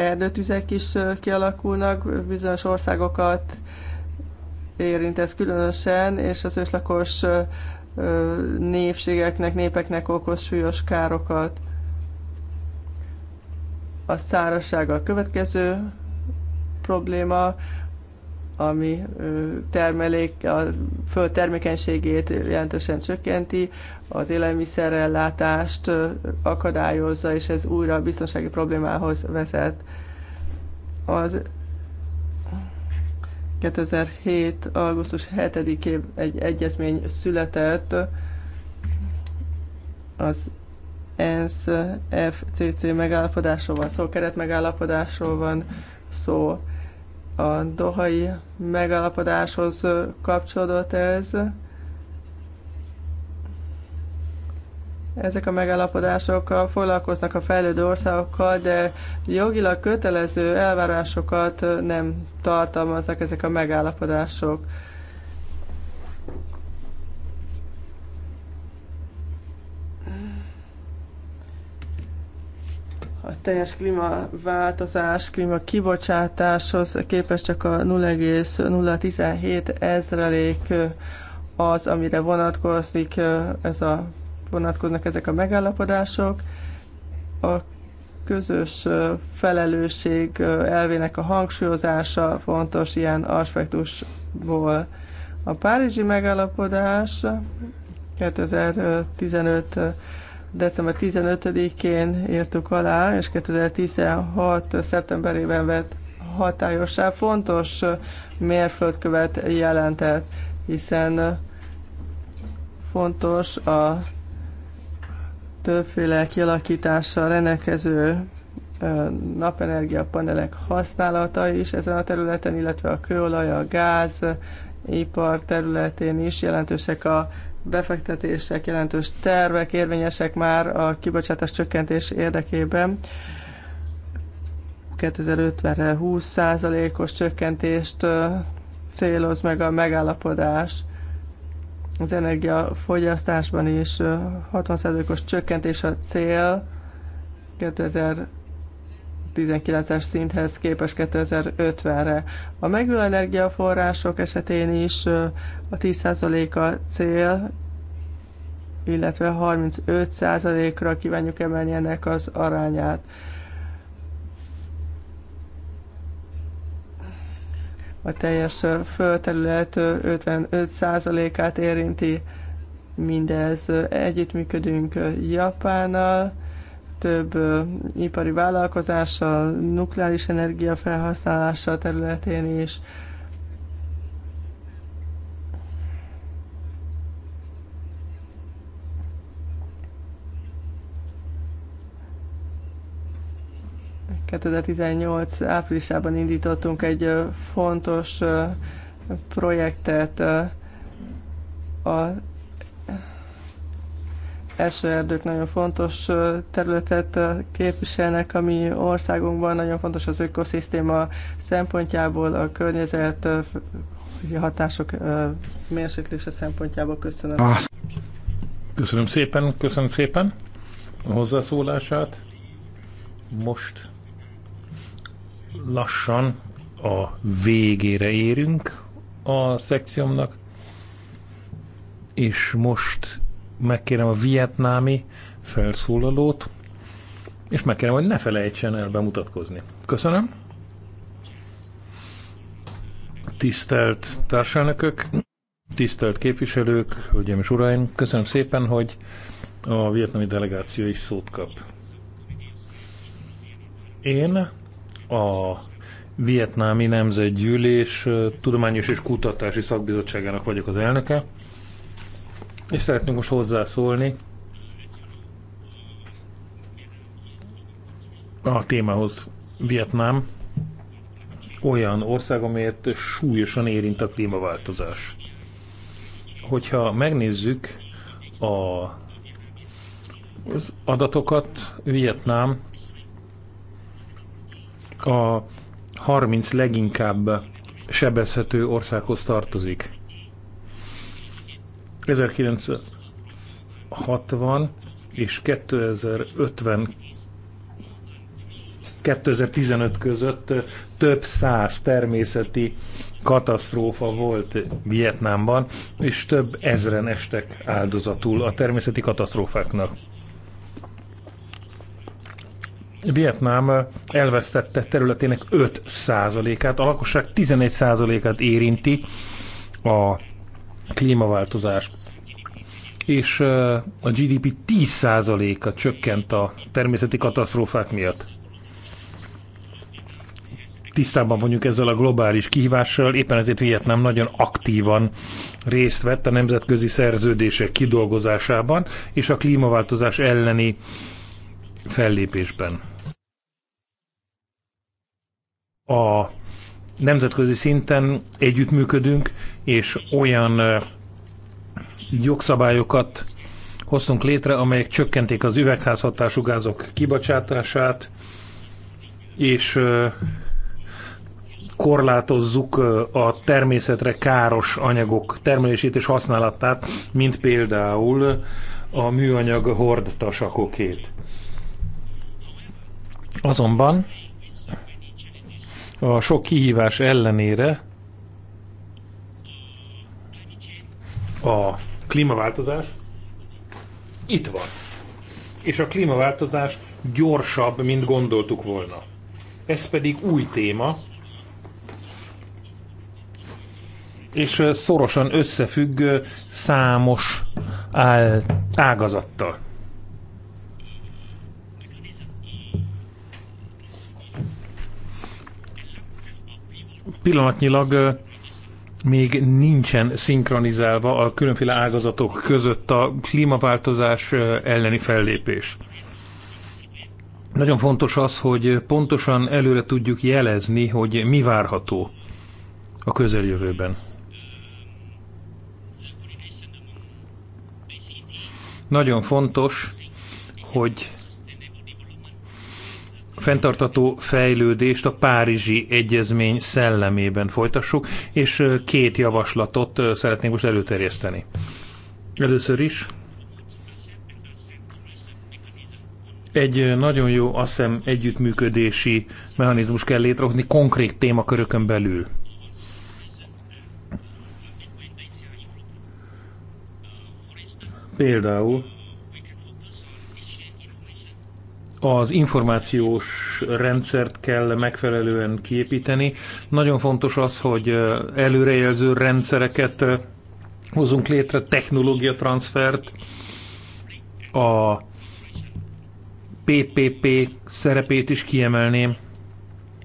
erdőtüzek is kialakulnak, bizonyos országokat érint ez különösen, és az őslakos népségeknek, népeknek okoz súlyos károkat. A szárazság a következő probléma, ami termelék, a föld termékenységét jelentősen csökkenti, az élelmiszerellátást akadályozza, és ez újra biztonsági problémához vezet. Az 2007. augusztus 7-én egy egyezmény született az ENSZ FCC megállapodásról van szó, keretmegállapodásról van szó a dohai megalapodáshoz kapcsolódott ez. Ezek a megállapodások foglalkoznak a fejlődő országokkal, de jogilag kötelező elvárásokat nem tartalmaznak ezek a megállapodások. a teljes klímaváltozás, klímakibocsátáshoz képest csak a 0,017 ezrelék az, amire vonatkozik ez a, vonatkoznak ezek a megállapodások. A közös felelősség elvének a hangsúlyozása fontos ilyen aspektusból. A Párizsi megállapodás 2015 december 15-én írtuk alá, és 2016. szeptemberében vett hatályossá fontos mérföldkövet jelentett, hiszen fontos a többféle kialakítással rendelkező napenergia panelek használata is ezen a területen, illetve a kőolaj, a gáz, ipar területén is jelentősek a befektetések, jelentős tervek érvényesek már a kibocsátás csökkentés érdekében. 2050-re 20%-os csökkentést céloz meg a megállapodás. Az energiafogyasztásban is 60%-os csökkentés a cél 2000 19-es szinthez képest 2050-re. A megújuló energiaforrások esetén is a 10%-a cél, illetve 35%-ra kívánjuk emelni ennek az arányát. A teljes földterület 55%-át érinti mindez. Együttműködünk Japánnal, több ipari vállalkozás, a nukleáris energia felhasználása területén is. ...2018 áprilisában indítottunk egy fontos projektet a esőerdők nagyon fontos területet képviselnek a mi országunkban, nagyon fontos az ökoszisztéma szempontjából, a környezet hatások mérséklése szempontjából. Köszönöm. Ah. Köszönöm szépen, köszönöm szépen a hozzászólását. Most lassan a végére érünk a szekciómnak, és most megkérem a vietnámi felszólalót, és megkérem, hogy ne felejtsen el bemutatkozni. Köszönöm. Tisztelt társelnökök, tisztelt képviselők, hölgyeim és uraim, köszönöm szépen, hogy a vietnami delegáció is szót kap. Én a Vietnámi Nemzetgyűlés eh, Tudományos és Kutatási Szakbizottságának vagyok az elnöke, és szeretnénk most hozzászólni a témához Vietnám olyan ország, amelyet súlyosan érint a klímaváltozás. Hogyha megnézzük a, az adatokat, Vietnám a 30 leginkább sebezhető országhoz tartozik. 1960 és 2050 2015 között több száz természeti katasztrófa volt Vietnámban, és több ezren estek áldozatul a természeti katasztrófáknak. Vietnám elvesztette területének 5%-át, a lakosság 11%-át érinti a klímaváltozás, és a GDP 10%-a csökkent a természeti katasztrófák miatt. Tisztában vagyunk ezzel a globális kihívással, éppen ezért Vietnám nagyon aktívan részt vett a nemzetközi szerződések kidolgozásában és a klímaváltozás elleni fellépésben. A nemzetközi szinten együttműködünk, és olyan jogszabályokat hoztunk létre, amelyek csökkentik az üvegházhatású gázok kibocsátását, és korlátozzuk a természetre káros anyagok termelését és használatát, mint például a műanyag hordtasakokét. Azonban a sok kihívás ellenére a klímaváltozás itt van. És a klímaváltozás gyorsabb, mint gondoltuk volna. Ez pedig új téma, és szorosan összefügg számos ágazattal. Pillanatnyilag még nincsen szinkronizálva a különféle ágazatok között a klímaváltozás elleni fellépés. Nagyon fontos az, hogy pontosan előre tudjuk jelezni, hogy mi várható a közeljövőben. Nagyon fontos, hogy fenntartató fejlődést a Párizsi Egyezmény szellemében folytassuk, és két javaslatot szeretnénk most előterjeszteni. Először is egy nagyon jó ASZEM együttműködési mechanizmus kell létrehozni konkrét témakörökön belül. Például az információs rendszert kell megfelelően kiépíteni. Nagyon fontos az, hogy előrejelző rendszereket hozunk létre, technológia transfert, a PPP szerepét is kiemelném.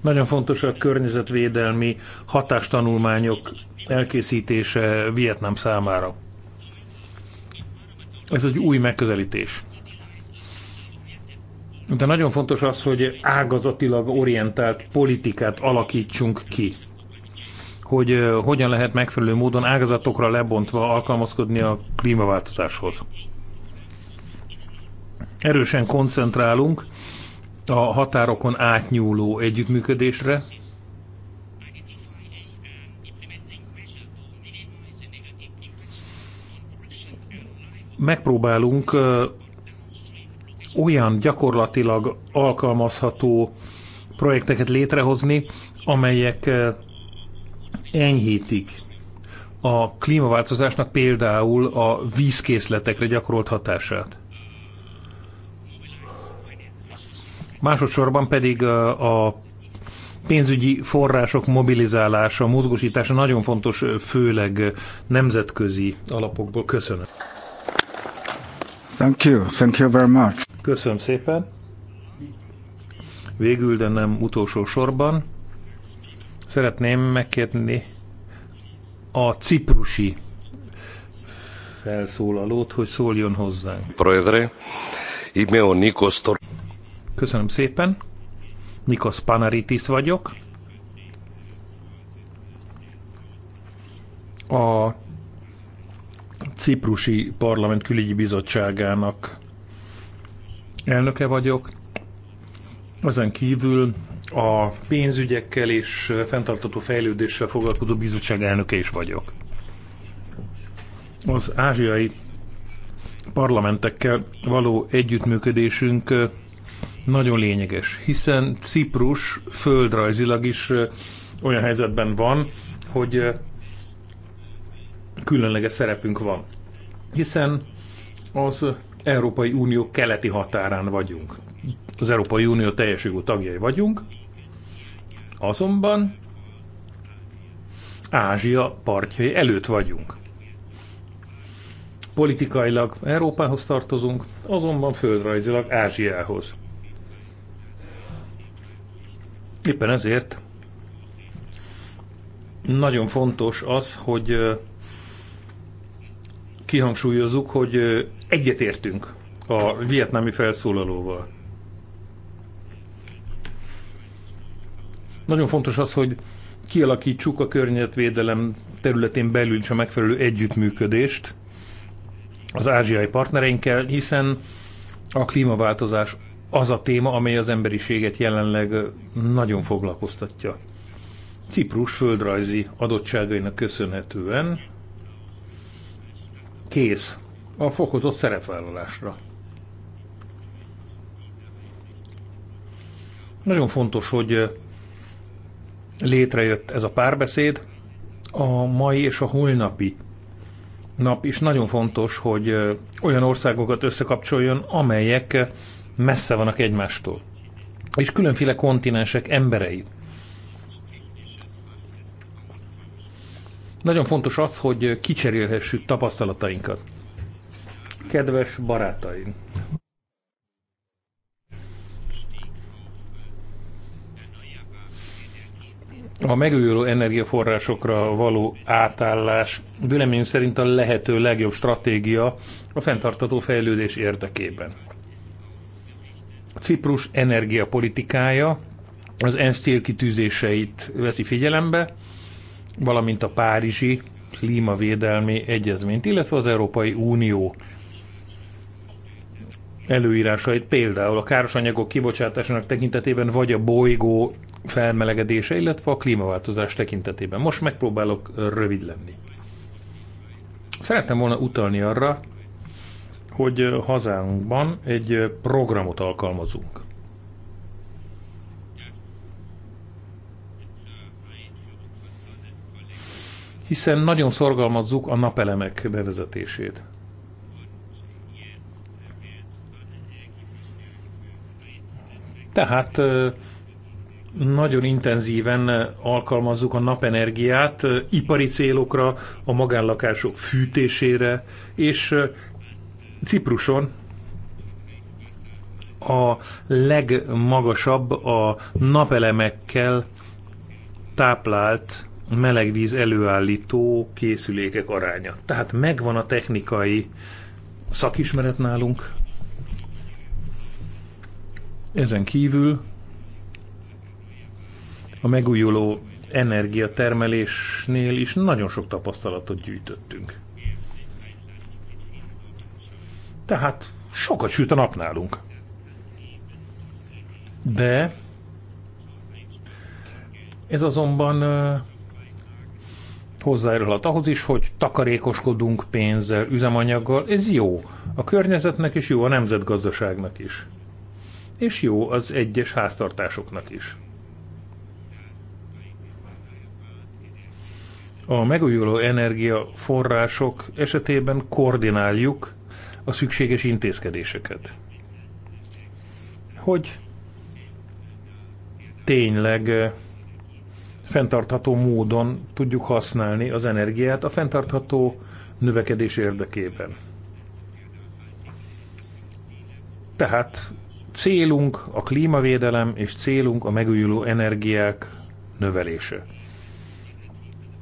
Nagyon fontos a környezetvédelmi hatástanulmányok elkészítése Vietnám számára. Ez egy új megközelítés. De nagyon fontos az, hogy ágazatilag orientált politikát alakítsunk ki hogy hogyan lehet megfelelő módon ágazatokra lebontva alkalmazkodni a klímaváltozáshoz. Erősen koncentrálunk a határokon átnyúló együttműködésre, megpróbálunk olyan gyakorlatilag alkalmazható projekteket létrehozni, amelyek eh, enyhítik a klímaváltozásnak például a vízkészletekre gyakorolt hatását. Másodszorban pedig eh, a pénzügyi források mobilizálása, mozgósítása nagyon fontos, eh, főleg nemzetközi alapokból. Köszönöm. Thank you. Thank you very much. Köszönöm szépen. Végül, de nem utolsó sorban, szeretném megkérni a ciprusi felszólalót, hogy szóljon hozzánk. Proedre, ime Nikos Köszönöm szépen. Nikos Panaritis vagyok. A Ciprusi Parlament Külügyi Bizottságának elnöke vagyok. Ezen kívül a pénzügyekkel és fenntartató fejlődéssel foglalkozó bizottság elnöke is vagyok. Az ázsiai parlamentekkel való együttműködésünk nagyon lényeges, hiszen Ciprus földrajzilag is olyan helyzetben van, hogy különleges szerepünk van. Hiszen az Európai Unió keleti határán vagyunk. Az Európai Unió teljes jogú tagjai vagyunk, azonban Ázsia partjai előtt vagyunk. Politikailag Európához tartozunk, azonban földrajzilag Ázsiához. Éppen ezért nagyon fontos az, hogy kihangsúlyozzuk, hogy egyetértünk a vietnámi felszólalóval. Nagyon fontos az, hogy kialakítsuk a környezetvédelem területén belül is a megfelelő együttműködést az ázsiai partnereinkkel, hiszen a klímaváltozás az a téma, amely az emberiséget jelenleg nagyon foglalkoztatja. Ciprus földrajzi adottságainak köszönhetően kész a fokozott szerepvállalásra. Nagyon fontos, hogy létrejött ez a párbeszéd. A mai és a holnapi nap is nagyon fontos, hogy olyan országokat összekapcsoljon, amelyek messze vannak egymástól. És különféle kontinensek emberei Nagyon fontos az, hogy kicserélhessük tapasztalatainkat. Kedves barátaim! A megújuló energiaforrásokra való átállás vélemény szerint a lehető legjobb stratégia a fenntartató fejlődés érdekében. A Ciprus energiapolitikája az ENSZ célkitűzéseit veszi figyelembe, valamint a Párizsi klímavédelmi egyezményt, illetve az Európai Unió előírásait, például a káros anyagok kibocsátásának tekintetében, vagy a bolygó felmelegedése, illetve a klímaváltozás tekintetében. Most megpróbálok rövid lenni. Szerettem volna utalni arra, hogy hazánkban egy programot alkalmazunk. hiszen nagyon szorgalmazzuk a napelemek bevezetését. Tehát nagyon intenzíven alkalmazzuk a napenergiát ipari célokra, a magánlakások fűtésére, és Cipruson a legmagasabb a napelemekkel táplált melegvíz előállító készülékek aránya. Tehát megvan a technikai szakismeret nálunk. Ezen kívül a megújuló energiatermelésnél is nagyon sok tapasztalatot gyűjtöttünk. Tehát sokat süt a nap nálunk. De ez azonban hozzájárulhat ahhoz is, hogy takarékoskodunk pénzzel, üzemanyaggal. Ez jó a környezetnek, és jó a nemzetgazdaságnak is. És jó az egyes háztartásoknak is. A megújuló energiaforrások esetében koordináljuk a szükséges intézkedéseket. Hogy tényleg fenntartható módon tudjuk használni az energiát a fenntartható növekedés érdekében. Tehát célunk a klímavédelem és célunk a megújuló energiák növelése.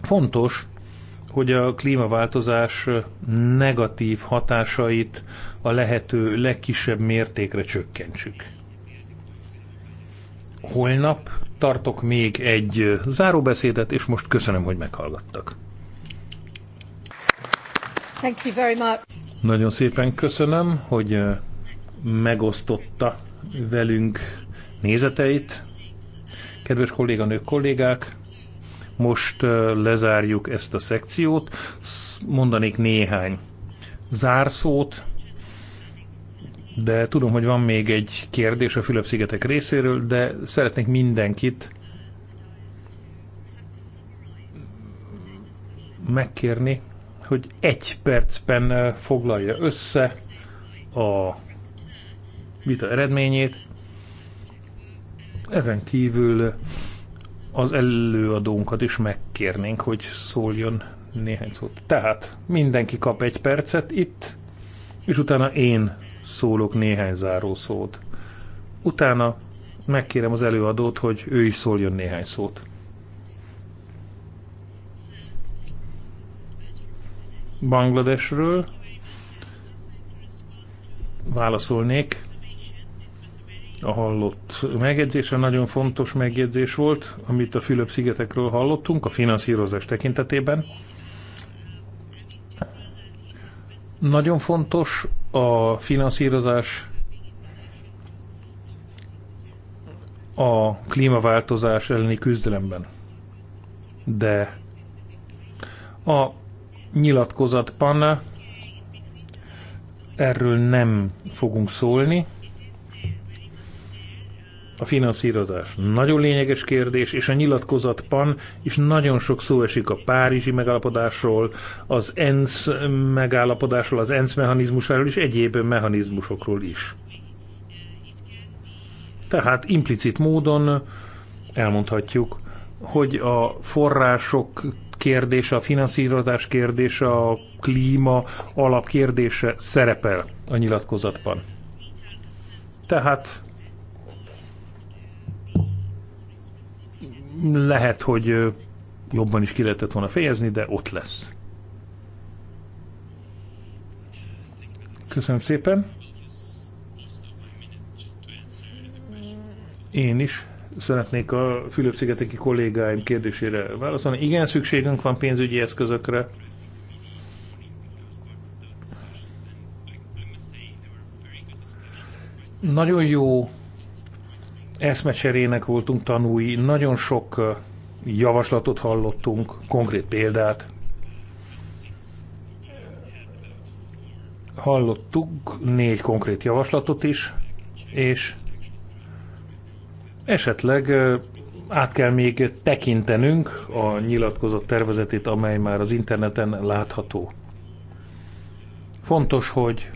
Fontos, hogy a klímaváltozás negatív hatásait a lehető legkisebb mértékre csökkentsük. Holnap tartok még egy záróbeszédet, és most köszönöm, hogy meghallgattak. Thank you very much. Nagyon szépen köszönöm, hogy megosztotta velünk nézeteit. Kedves kolléganők, kollégák, most lezárjuk ezt a szekciót. Mondanék néhány zárszót, de tudom, hogy van még egy kérdés a Fülöp-szigetek részéről, de szeretnék mindenkit megkérni, hogy egy percben foglalja össze a vita eredményét. Ezen kívül az előadónkat is megkérnénk, hogy szóljon néhány szót. Tehát mindenki kap egy percet itt, és utána én szólok néhány záró szót. Utána megkérem az előadót, hogy ő is szóljon néhány szót. Bangladesről válaszolnék. A hallott megjegyzése nagyon fontos megjegyzés volt, amit a Fülöp-szigetekről hallottunk a finanszírozás tekintetében. Nagyon fontos a finanszírozás, a klímaváltozás elleni küzdelemben. De a nyilatkozatban erről nem fogunk szólni, a finanszírozás nagyon lényeges kérdés, és a nyilatkozatban is nagyon sok szó esik a Párizsi megállapodásról, az ENSZ megállapodásról, az ENSZ mechanizmusáról és egyéb mechanizmusokról is. Tehát implicit módon elmondhatjuk, hogy a források kérdése, a finanszírozás kérdése, a klíma alapkérdése szerepel a nyilatkozatban. Tehát lehet, hogy jobban is ki lehetett volna fejezni, de ott lesz. Köszönöm szépen. Én is szeretnék a Fülöp-szigeteki kollégáim kérdésére válaszolni. Igen, szükségünk van pénzügyi eszközökre. Nagyon jó eszmecserének voltunk tanúi, nagyon sok javaslatot hallottunk, konkrét példát. Hallottuk négy konkrét javaslatot is, és esetleg át kell még tekintenünk a nyilatkozat tervezetét, amely már az interneten látható. Fontos, hogy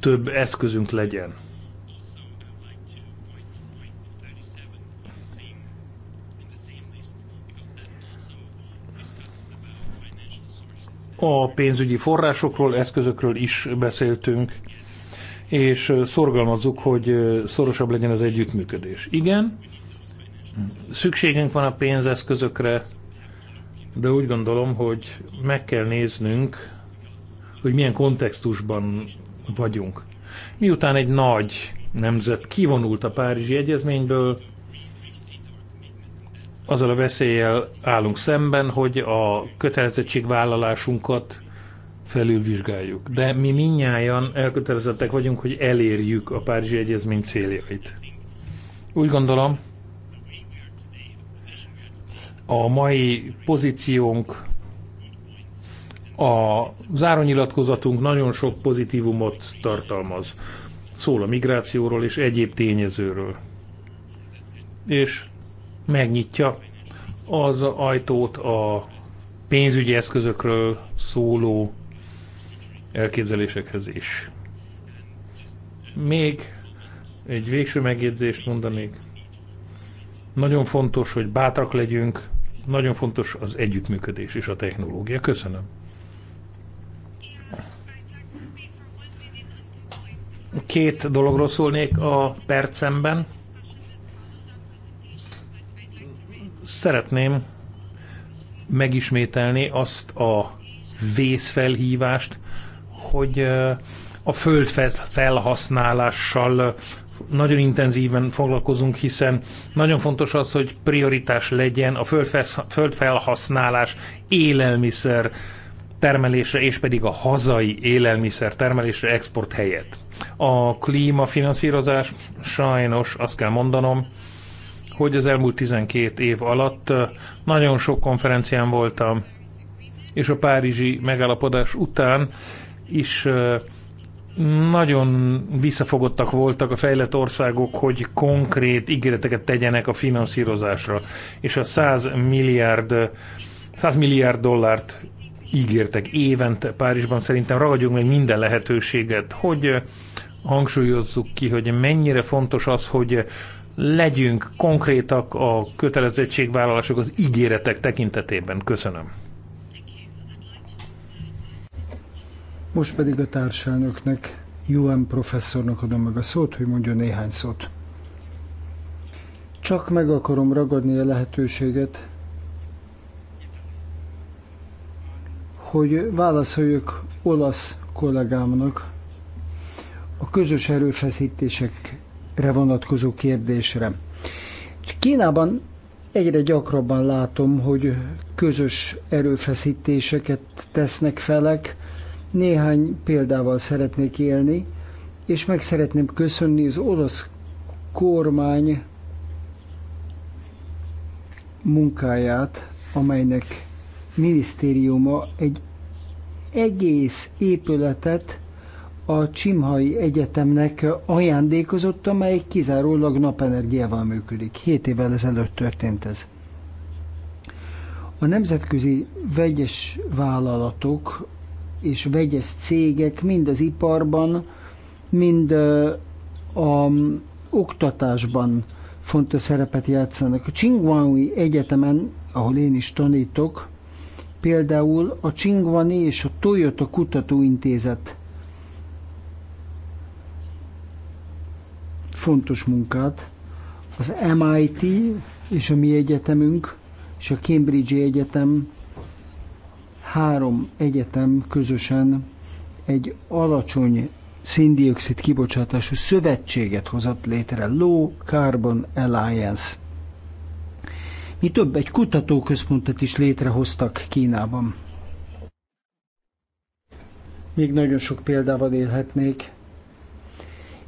több eszközünk legyen a pénzügyi forrásokról, eszközökről is beszéltünk, és szorgalmazzuk, hogy szorosabb legyen az együttműködés. Igen, szükségünk van a pénzeszközökre, de úgy gondolom, hogy meg kell néznünk, hogy milyen kontextusban vagyunk. Miután egy nagy nemzet kivonult a Párizsi Egyezményből, azzal a veszéllyel állunk szemben, hogy a kötelezettségvállalásunkat felülvizsgáljuk. De mi minnyáján elkötelezettek vagyunk, hogy elérjük a Párizsi Egyezmény céljait. Úgy gondolom, a mai pozíciónk, a zárónyilatkozatunk nagyon sok pozitívumot tartalmaz. Szól a migrációról és egyéb tényezőről. És megnyitja az ajtót a pénzügyi eszközökről szóló elképzelésekhez is. Még egy végső megjegyzést mondanék. Nagyon fontos, hogy bátrak legyünk, nagyon fontos az együttműködés és a technológia. Köszönöm. Két dologról szólnék a percemben. szeretném megismételni azt a vészfelhívást, hogy a föld felhasználással nagyon intenzíven foglalkozunk, hiszen nagyon fontos az, hogy prioritás legyen a felhasználás élelmiszer termelésre, és pedig a hazai élelmiszer termelésre export helyett. A klímafinanszírozás sajnos azt kell mondanom, hogy az elmúlt 12 év alatt eh, nagyon sok konferencián voltam, és a párizsi megállapodás után is eh, nagyon visszafogottak voltak a fejlett országok, hogy konkrét ígéreteket tegyenek a finanszírozásra, és a 100 milliárd, 100 eh, milliárd dollárt ígértek évente Párizsban. Szerintem ragadjunk meg minden lehetőséget, hogy hangsúlyozzuk ki, hogy mennyire fontos az, hogy legyünk konkrétak a kötelezettségvállalások, az ígéretek tekintetében. Köszönöm. Most pedig a társelnöknek, UN professzornak adom meg a szót, hogy mondjon néhány szót. Csak meg akarom ragadni a lehetőséget, hogy válaszoljuk olasz kollégámnak a közös erőfeszítések vonatkozó kérdésre. Kínában egyre gyakrabban látom, hogy közös erőfeszítéseket tesznek felek. Néhány példával szeretnék élni, és meg szeretném köszönni az orosz kormány munkáját, amelynek minisztériuma egy egész épületet a Csimhai Egyetemnek ajándékozott, amely kizárólag napenergiával működik. Hét évvel ezelőtt történt ez. A nemzetközi vegyes vállalatok és vegyes cégek mind az iparban, mind a oktatásban fontos szerepet játszanak. A Csingvani Egyetemen, ahol én is tanítok, például a Csingvani és a Toyota Kutatóintézet fontos munkát. Az MIT és a mi egyetemünk és a Cambridge Egyetem három egyetem közösen egy alacsony széndiokszid kibocsátású szövetséget hozott létre, Low Carbon Alliance. Mi több egy kutatóközpontot is létrehoztak Kínában. Még nagyon sok példával élhetnék.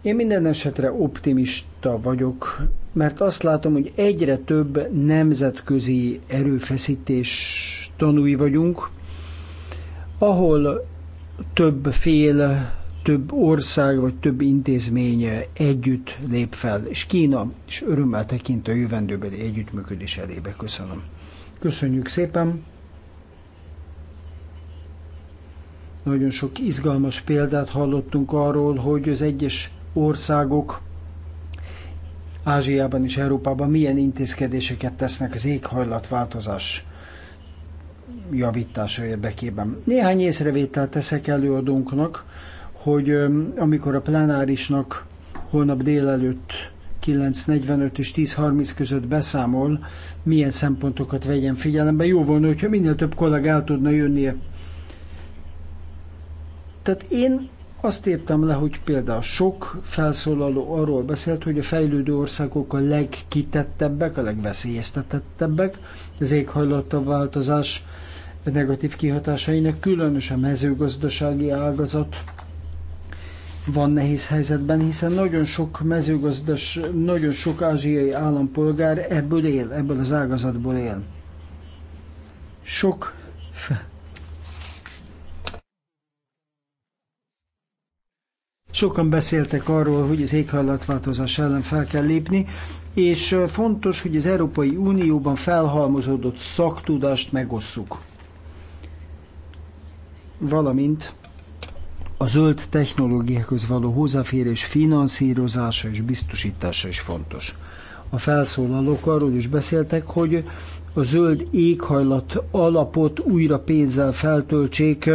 Én minden esetre optimista vagyok, mert azt látom, hogy egyre több nemzetközi erőfeszítés tanúi vagyunk, ahol több fél, több ország vagy több intézmény együtt lép fel, és Kína és örömmel tekint a jövendőbeli együttműködés elébe. Köszönöm. Köszönjük szépen! Nagyon sok izgalmas példát hallottunk arról, hogy az egyes országok Ázsiában és Európában milyen intézkedéseket tesznek az éghajlatváltozás javítása érdekében. Néhány észrevételt teszek előadónknak, hogy amikor a plenárisnak holnap délelőtt 9.45 és 10.30 között beszámol, milyen szempontokat vegyen figyelembe. Jó volna, hogyha minél több kollega el tudna jönnie. Tehát én azt írtam le, hogy például sok felszólaló arról beszélt, hogy a fejlődő országok a legkitettebbek, a legveszélyeztetettebbek az változás negatív kihatásainak, különösen a mezőgazdasági ágazat van nehéz helyzetben, hiszen nagyon sok mezőgazdas, nagyon sok ázsiai állampolgár ebből él, ebből az ágazatból él. Sok Sokan beszéltek arról, hogy az éghajlatváltozás ellen fel kell lépni, és fontos, hogy az Európai Unióban felhalmozódott szaktudást megosszuk. Valamint a zöld technológiákhoz való hozzáférés finanszírozása és biztosítása is fontos. A felszólalók arról is beszéltek, hogy a zöld éghajlat alapot újra pénzzel feltöltsék,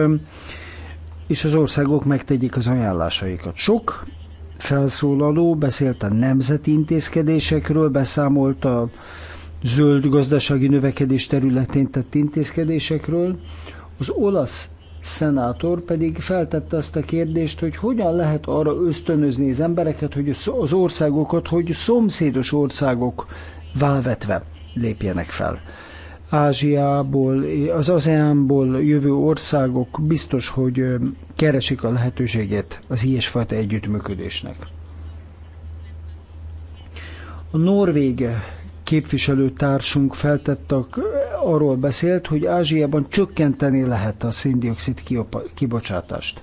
és az országok megtegyék az ajánlásaikat. Sok felszólaló beszélt a nemzeti intézkedésekről, beszámolt a zöld gazdasági növekedés területén tett intézkedésekről, az olasz szenátor pedig feltette azt a kérdést, hogy hogyan lehet arra ösztönözni az embereket, hogy az országokat, hogy szomszédos országok válvetve lépjenek fel. Ázsiából, az ASEAN-ból jövő országok biztos, hogy keresik a lehetőséget az ilyesfajta együttműködésnek. A norvég képviselőtársunk feltett arról beszélt, hogy Ázsiában csökkenteni lehet a széndiokszid kibocsátást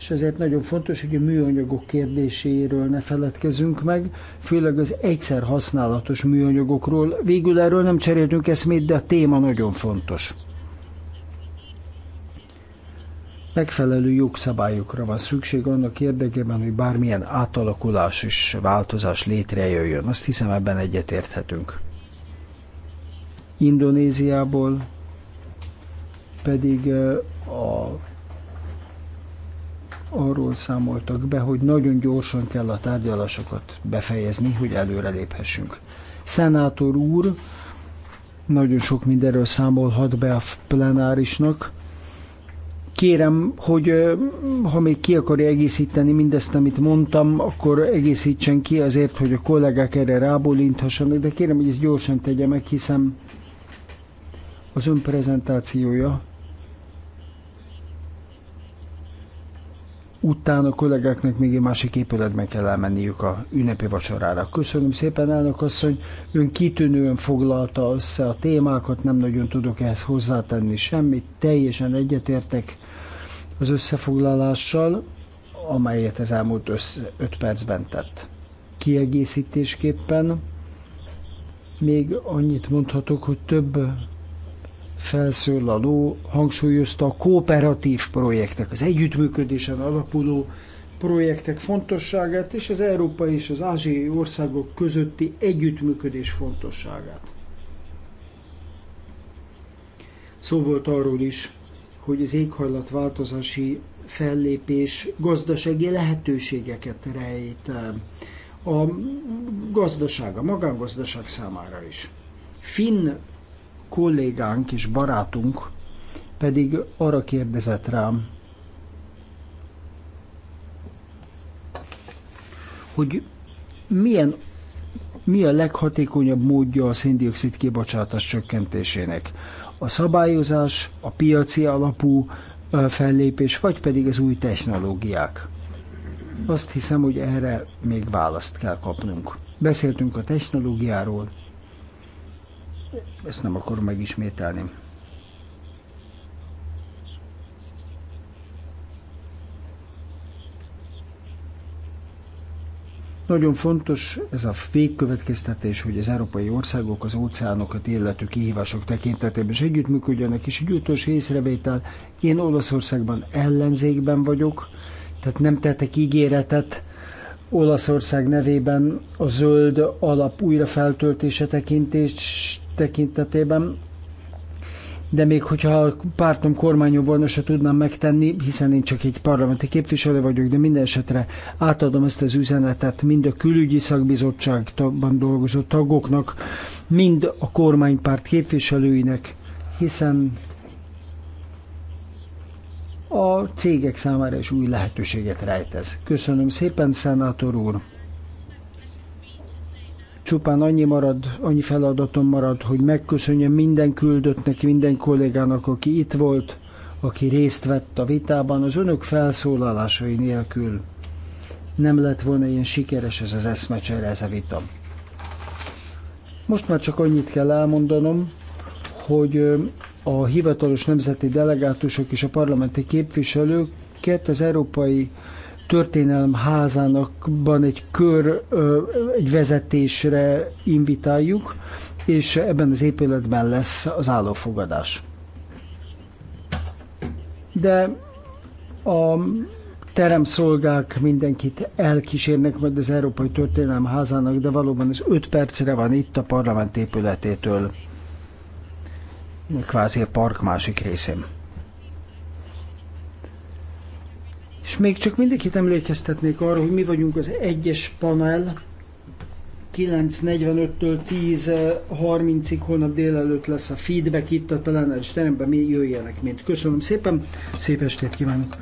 és ezért nagyon fontos, hogy a műanyagok kérdéséről ne feledkezünk meg, főleg az egyszer használatos műanyagokról. Végül erről nem cseréltünk eszmét, de a téma nagyon fontos. Megfelelő jogszabályokra van szükség annak érdekében, hogy bármilyen átalakulás és változás létrejöjjön. Azt hiszem ebben egyetérthetünk. Indonéziából pedig a arról számoltak be, hogy nagyon gyorsan kell a tárgyalásokat befejezni, hogy előreléphessünk. Szenátor úr nagyon sok mindenről számolhat be a plenárisnak. Kérem, hogy ha még ki akarja egészíteni mindezt, amit mondtam, akkor egészítsen ki azért, hogy a kollégák erre rábólinthassanak, de kérem, hogy ezt gyorsan tegye meg, hiszen az ön prezentációja Utána a kollégáknak még egy másik épületben kell elmenniük a ünnepi vacsorára. Köszönöm szépen, elnök asszony, ön kitűnően foglalta össze a témákat, nem nagyon tudok ehhez hozzátenni semmit, teljesen egyetértek az összefoglalással, amelyet az elmúlt 5 percben tett. Kiegészítésképpen még annyit mondhatok, hogy több ló, hangsúlyozta a kooperatív projektek, az együttműködésen alapuló projektek fontosságát és az európai és az ázsiai országok közötti együttműködés fontosságát. Szó volt arról is, hogy az éghajlatváltozási fellépés gazdasági lehetőségeket rejt a gazdaság, a magángazdaság számára is. Finn kollégánk és barátunk pedig arra kérdezett rám, hogy milyen mi a leghatékonyabb módja a széndiokszid kibocsátás csökkentésének? A szabályozás, a piaci alapú fellépés, vagy pedig az új technológiák? Azt hiszem, hogy erre még választ kell kapnunk. Beszéltünk a technológiáról, ezt nem akarom megismételni. Nagyon fontos ez a végkövetkeztetés, hogy az európai országok az óceánokat illető kihívások tekintetében is együttműködjenek, és egy utolsó észrevétel, én Olaszországban ellenzékben vagyok, tehát nem tettek ígéretet Olaszország nevében a zöld alap újrafeltöltése tekintést tekintetében, de még hogyha a pártom kormányon volna, se tudnám megtenni, hiszen én csak egy parlamenti képviselő vagyok, de minden esetre átadom ezt az üzenetet mind a külügyi szakbizottságban dolgozó tagoknak, mind a kormánypárt képviselőinek, hiszen a cégek számára is új lehetőséget rejtez. Köszönöm szépen, szenátor úr! Csupán annyi, marad, annyi feladatom marad, hogy megköszönjem minden küldöttnek, minden kollégának, aki itt volt, aki részt vett a vitában, az önök felszólalásai nélkül nem lett volna ilyen sikeres ez az eszmecsere, ez a vita. Most már csak annyit kell elmondanom, hogy a hivatalos nemzeti delegátusok és a parlamenti képviselők az Európai történelem házánakban egy kör, egy vezetésre invitáljuk, és ebben az épületben lesz az állófogadás. De a teremszolgák mindenkit elkísérnek majd az Európai Történelem házának, de valóban ez 5 percre van itt a parlament épületétől, kvázi a park másik részén. És még csak mindenkit emlékeztetnék arra, hogy mi vagyunk az egyes panel, 9.45-től 10.30-ig holnap délelőtt lesz a feedback itt a plenáris teremben, mi jöjjenek mint. Köszönöm szépen, szép estét kívánok!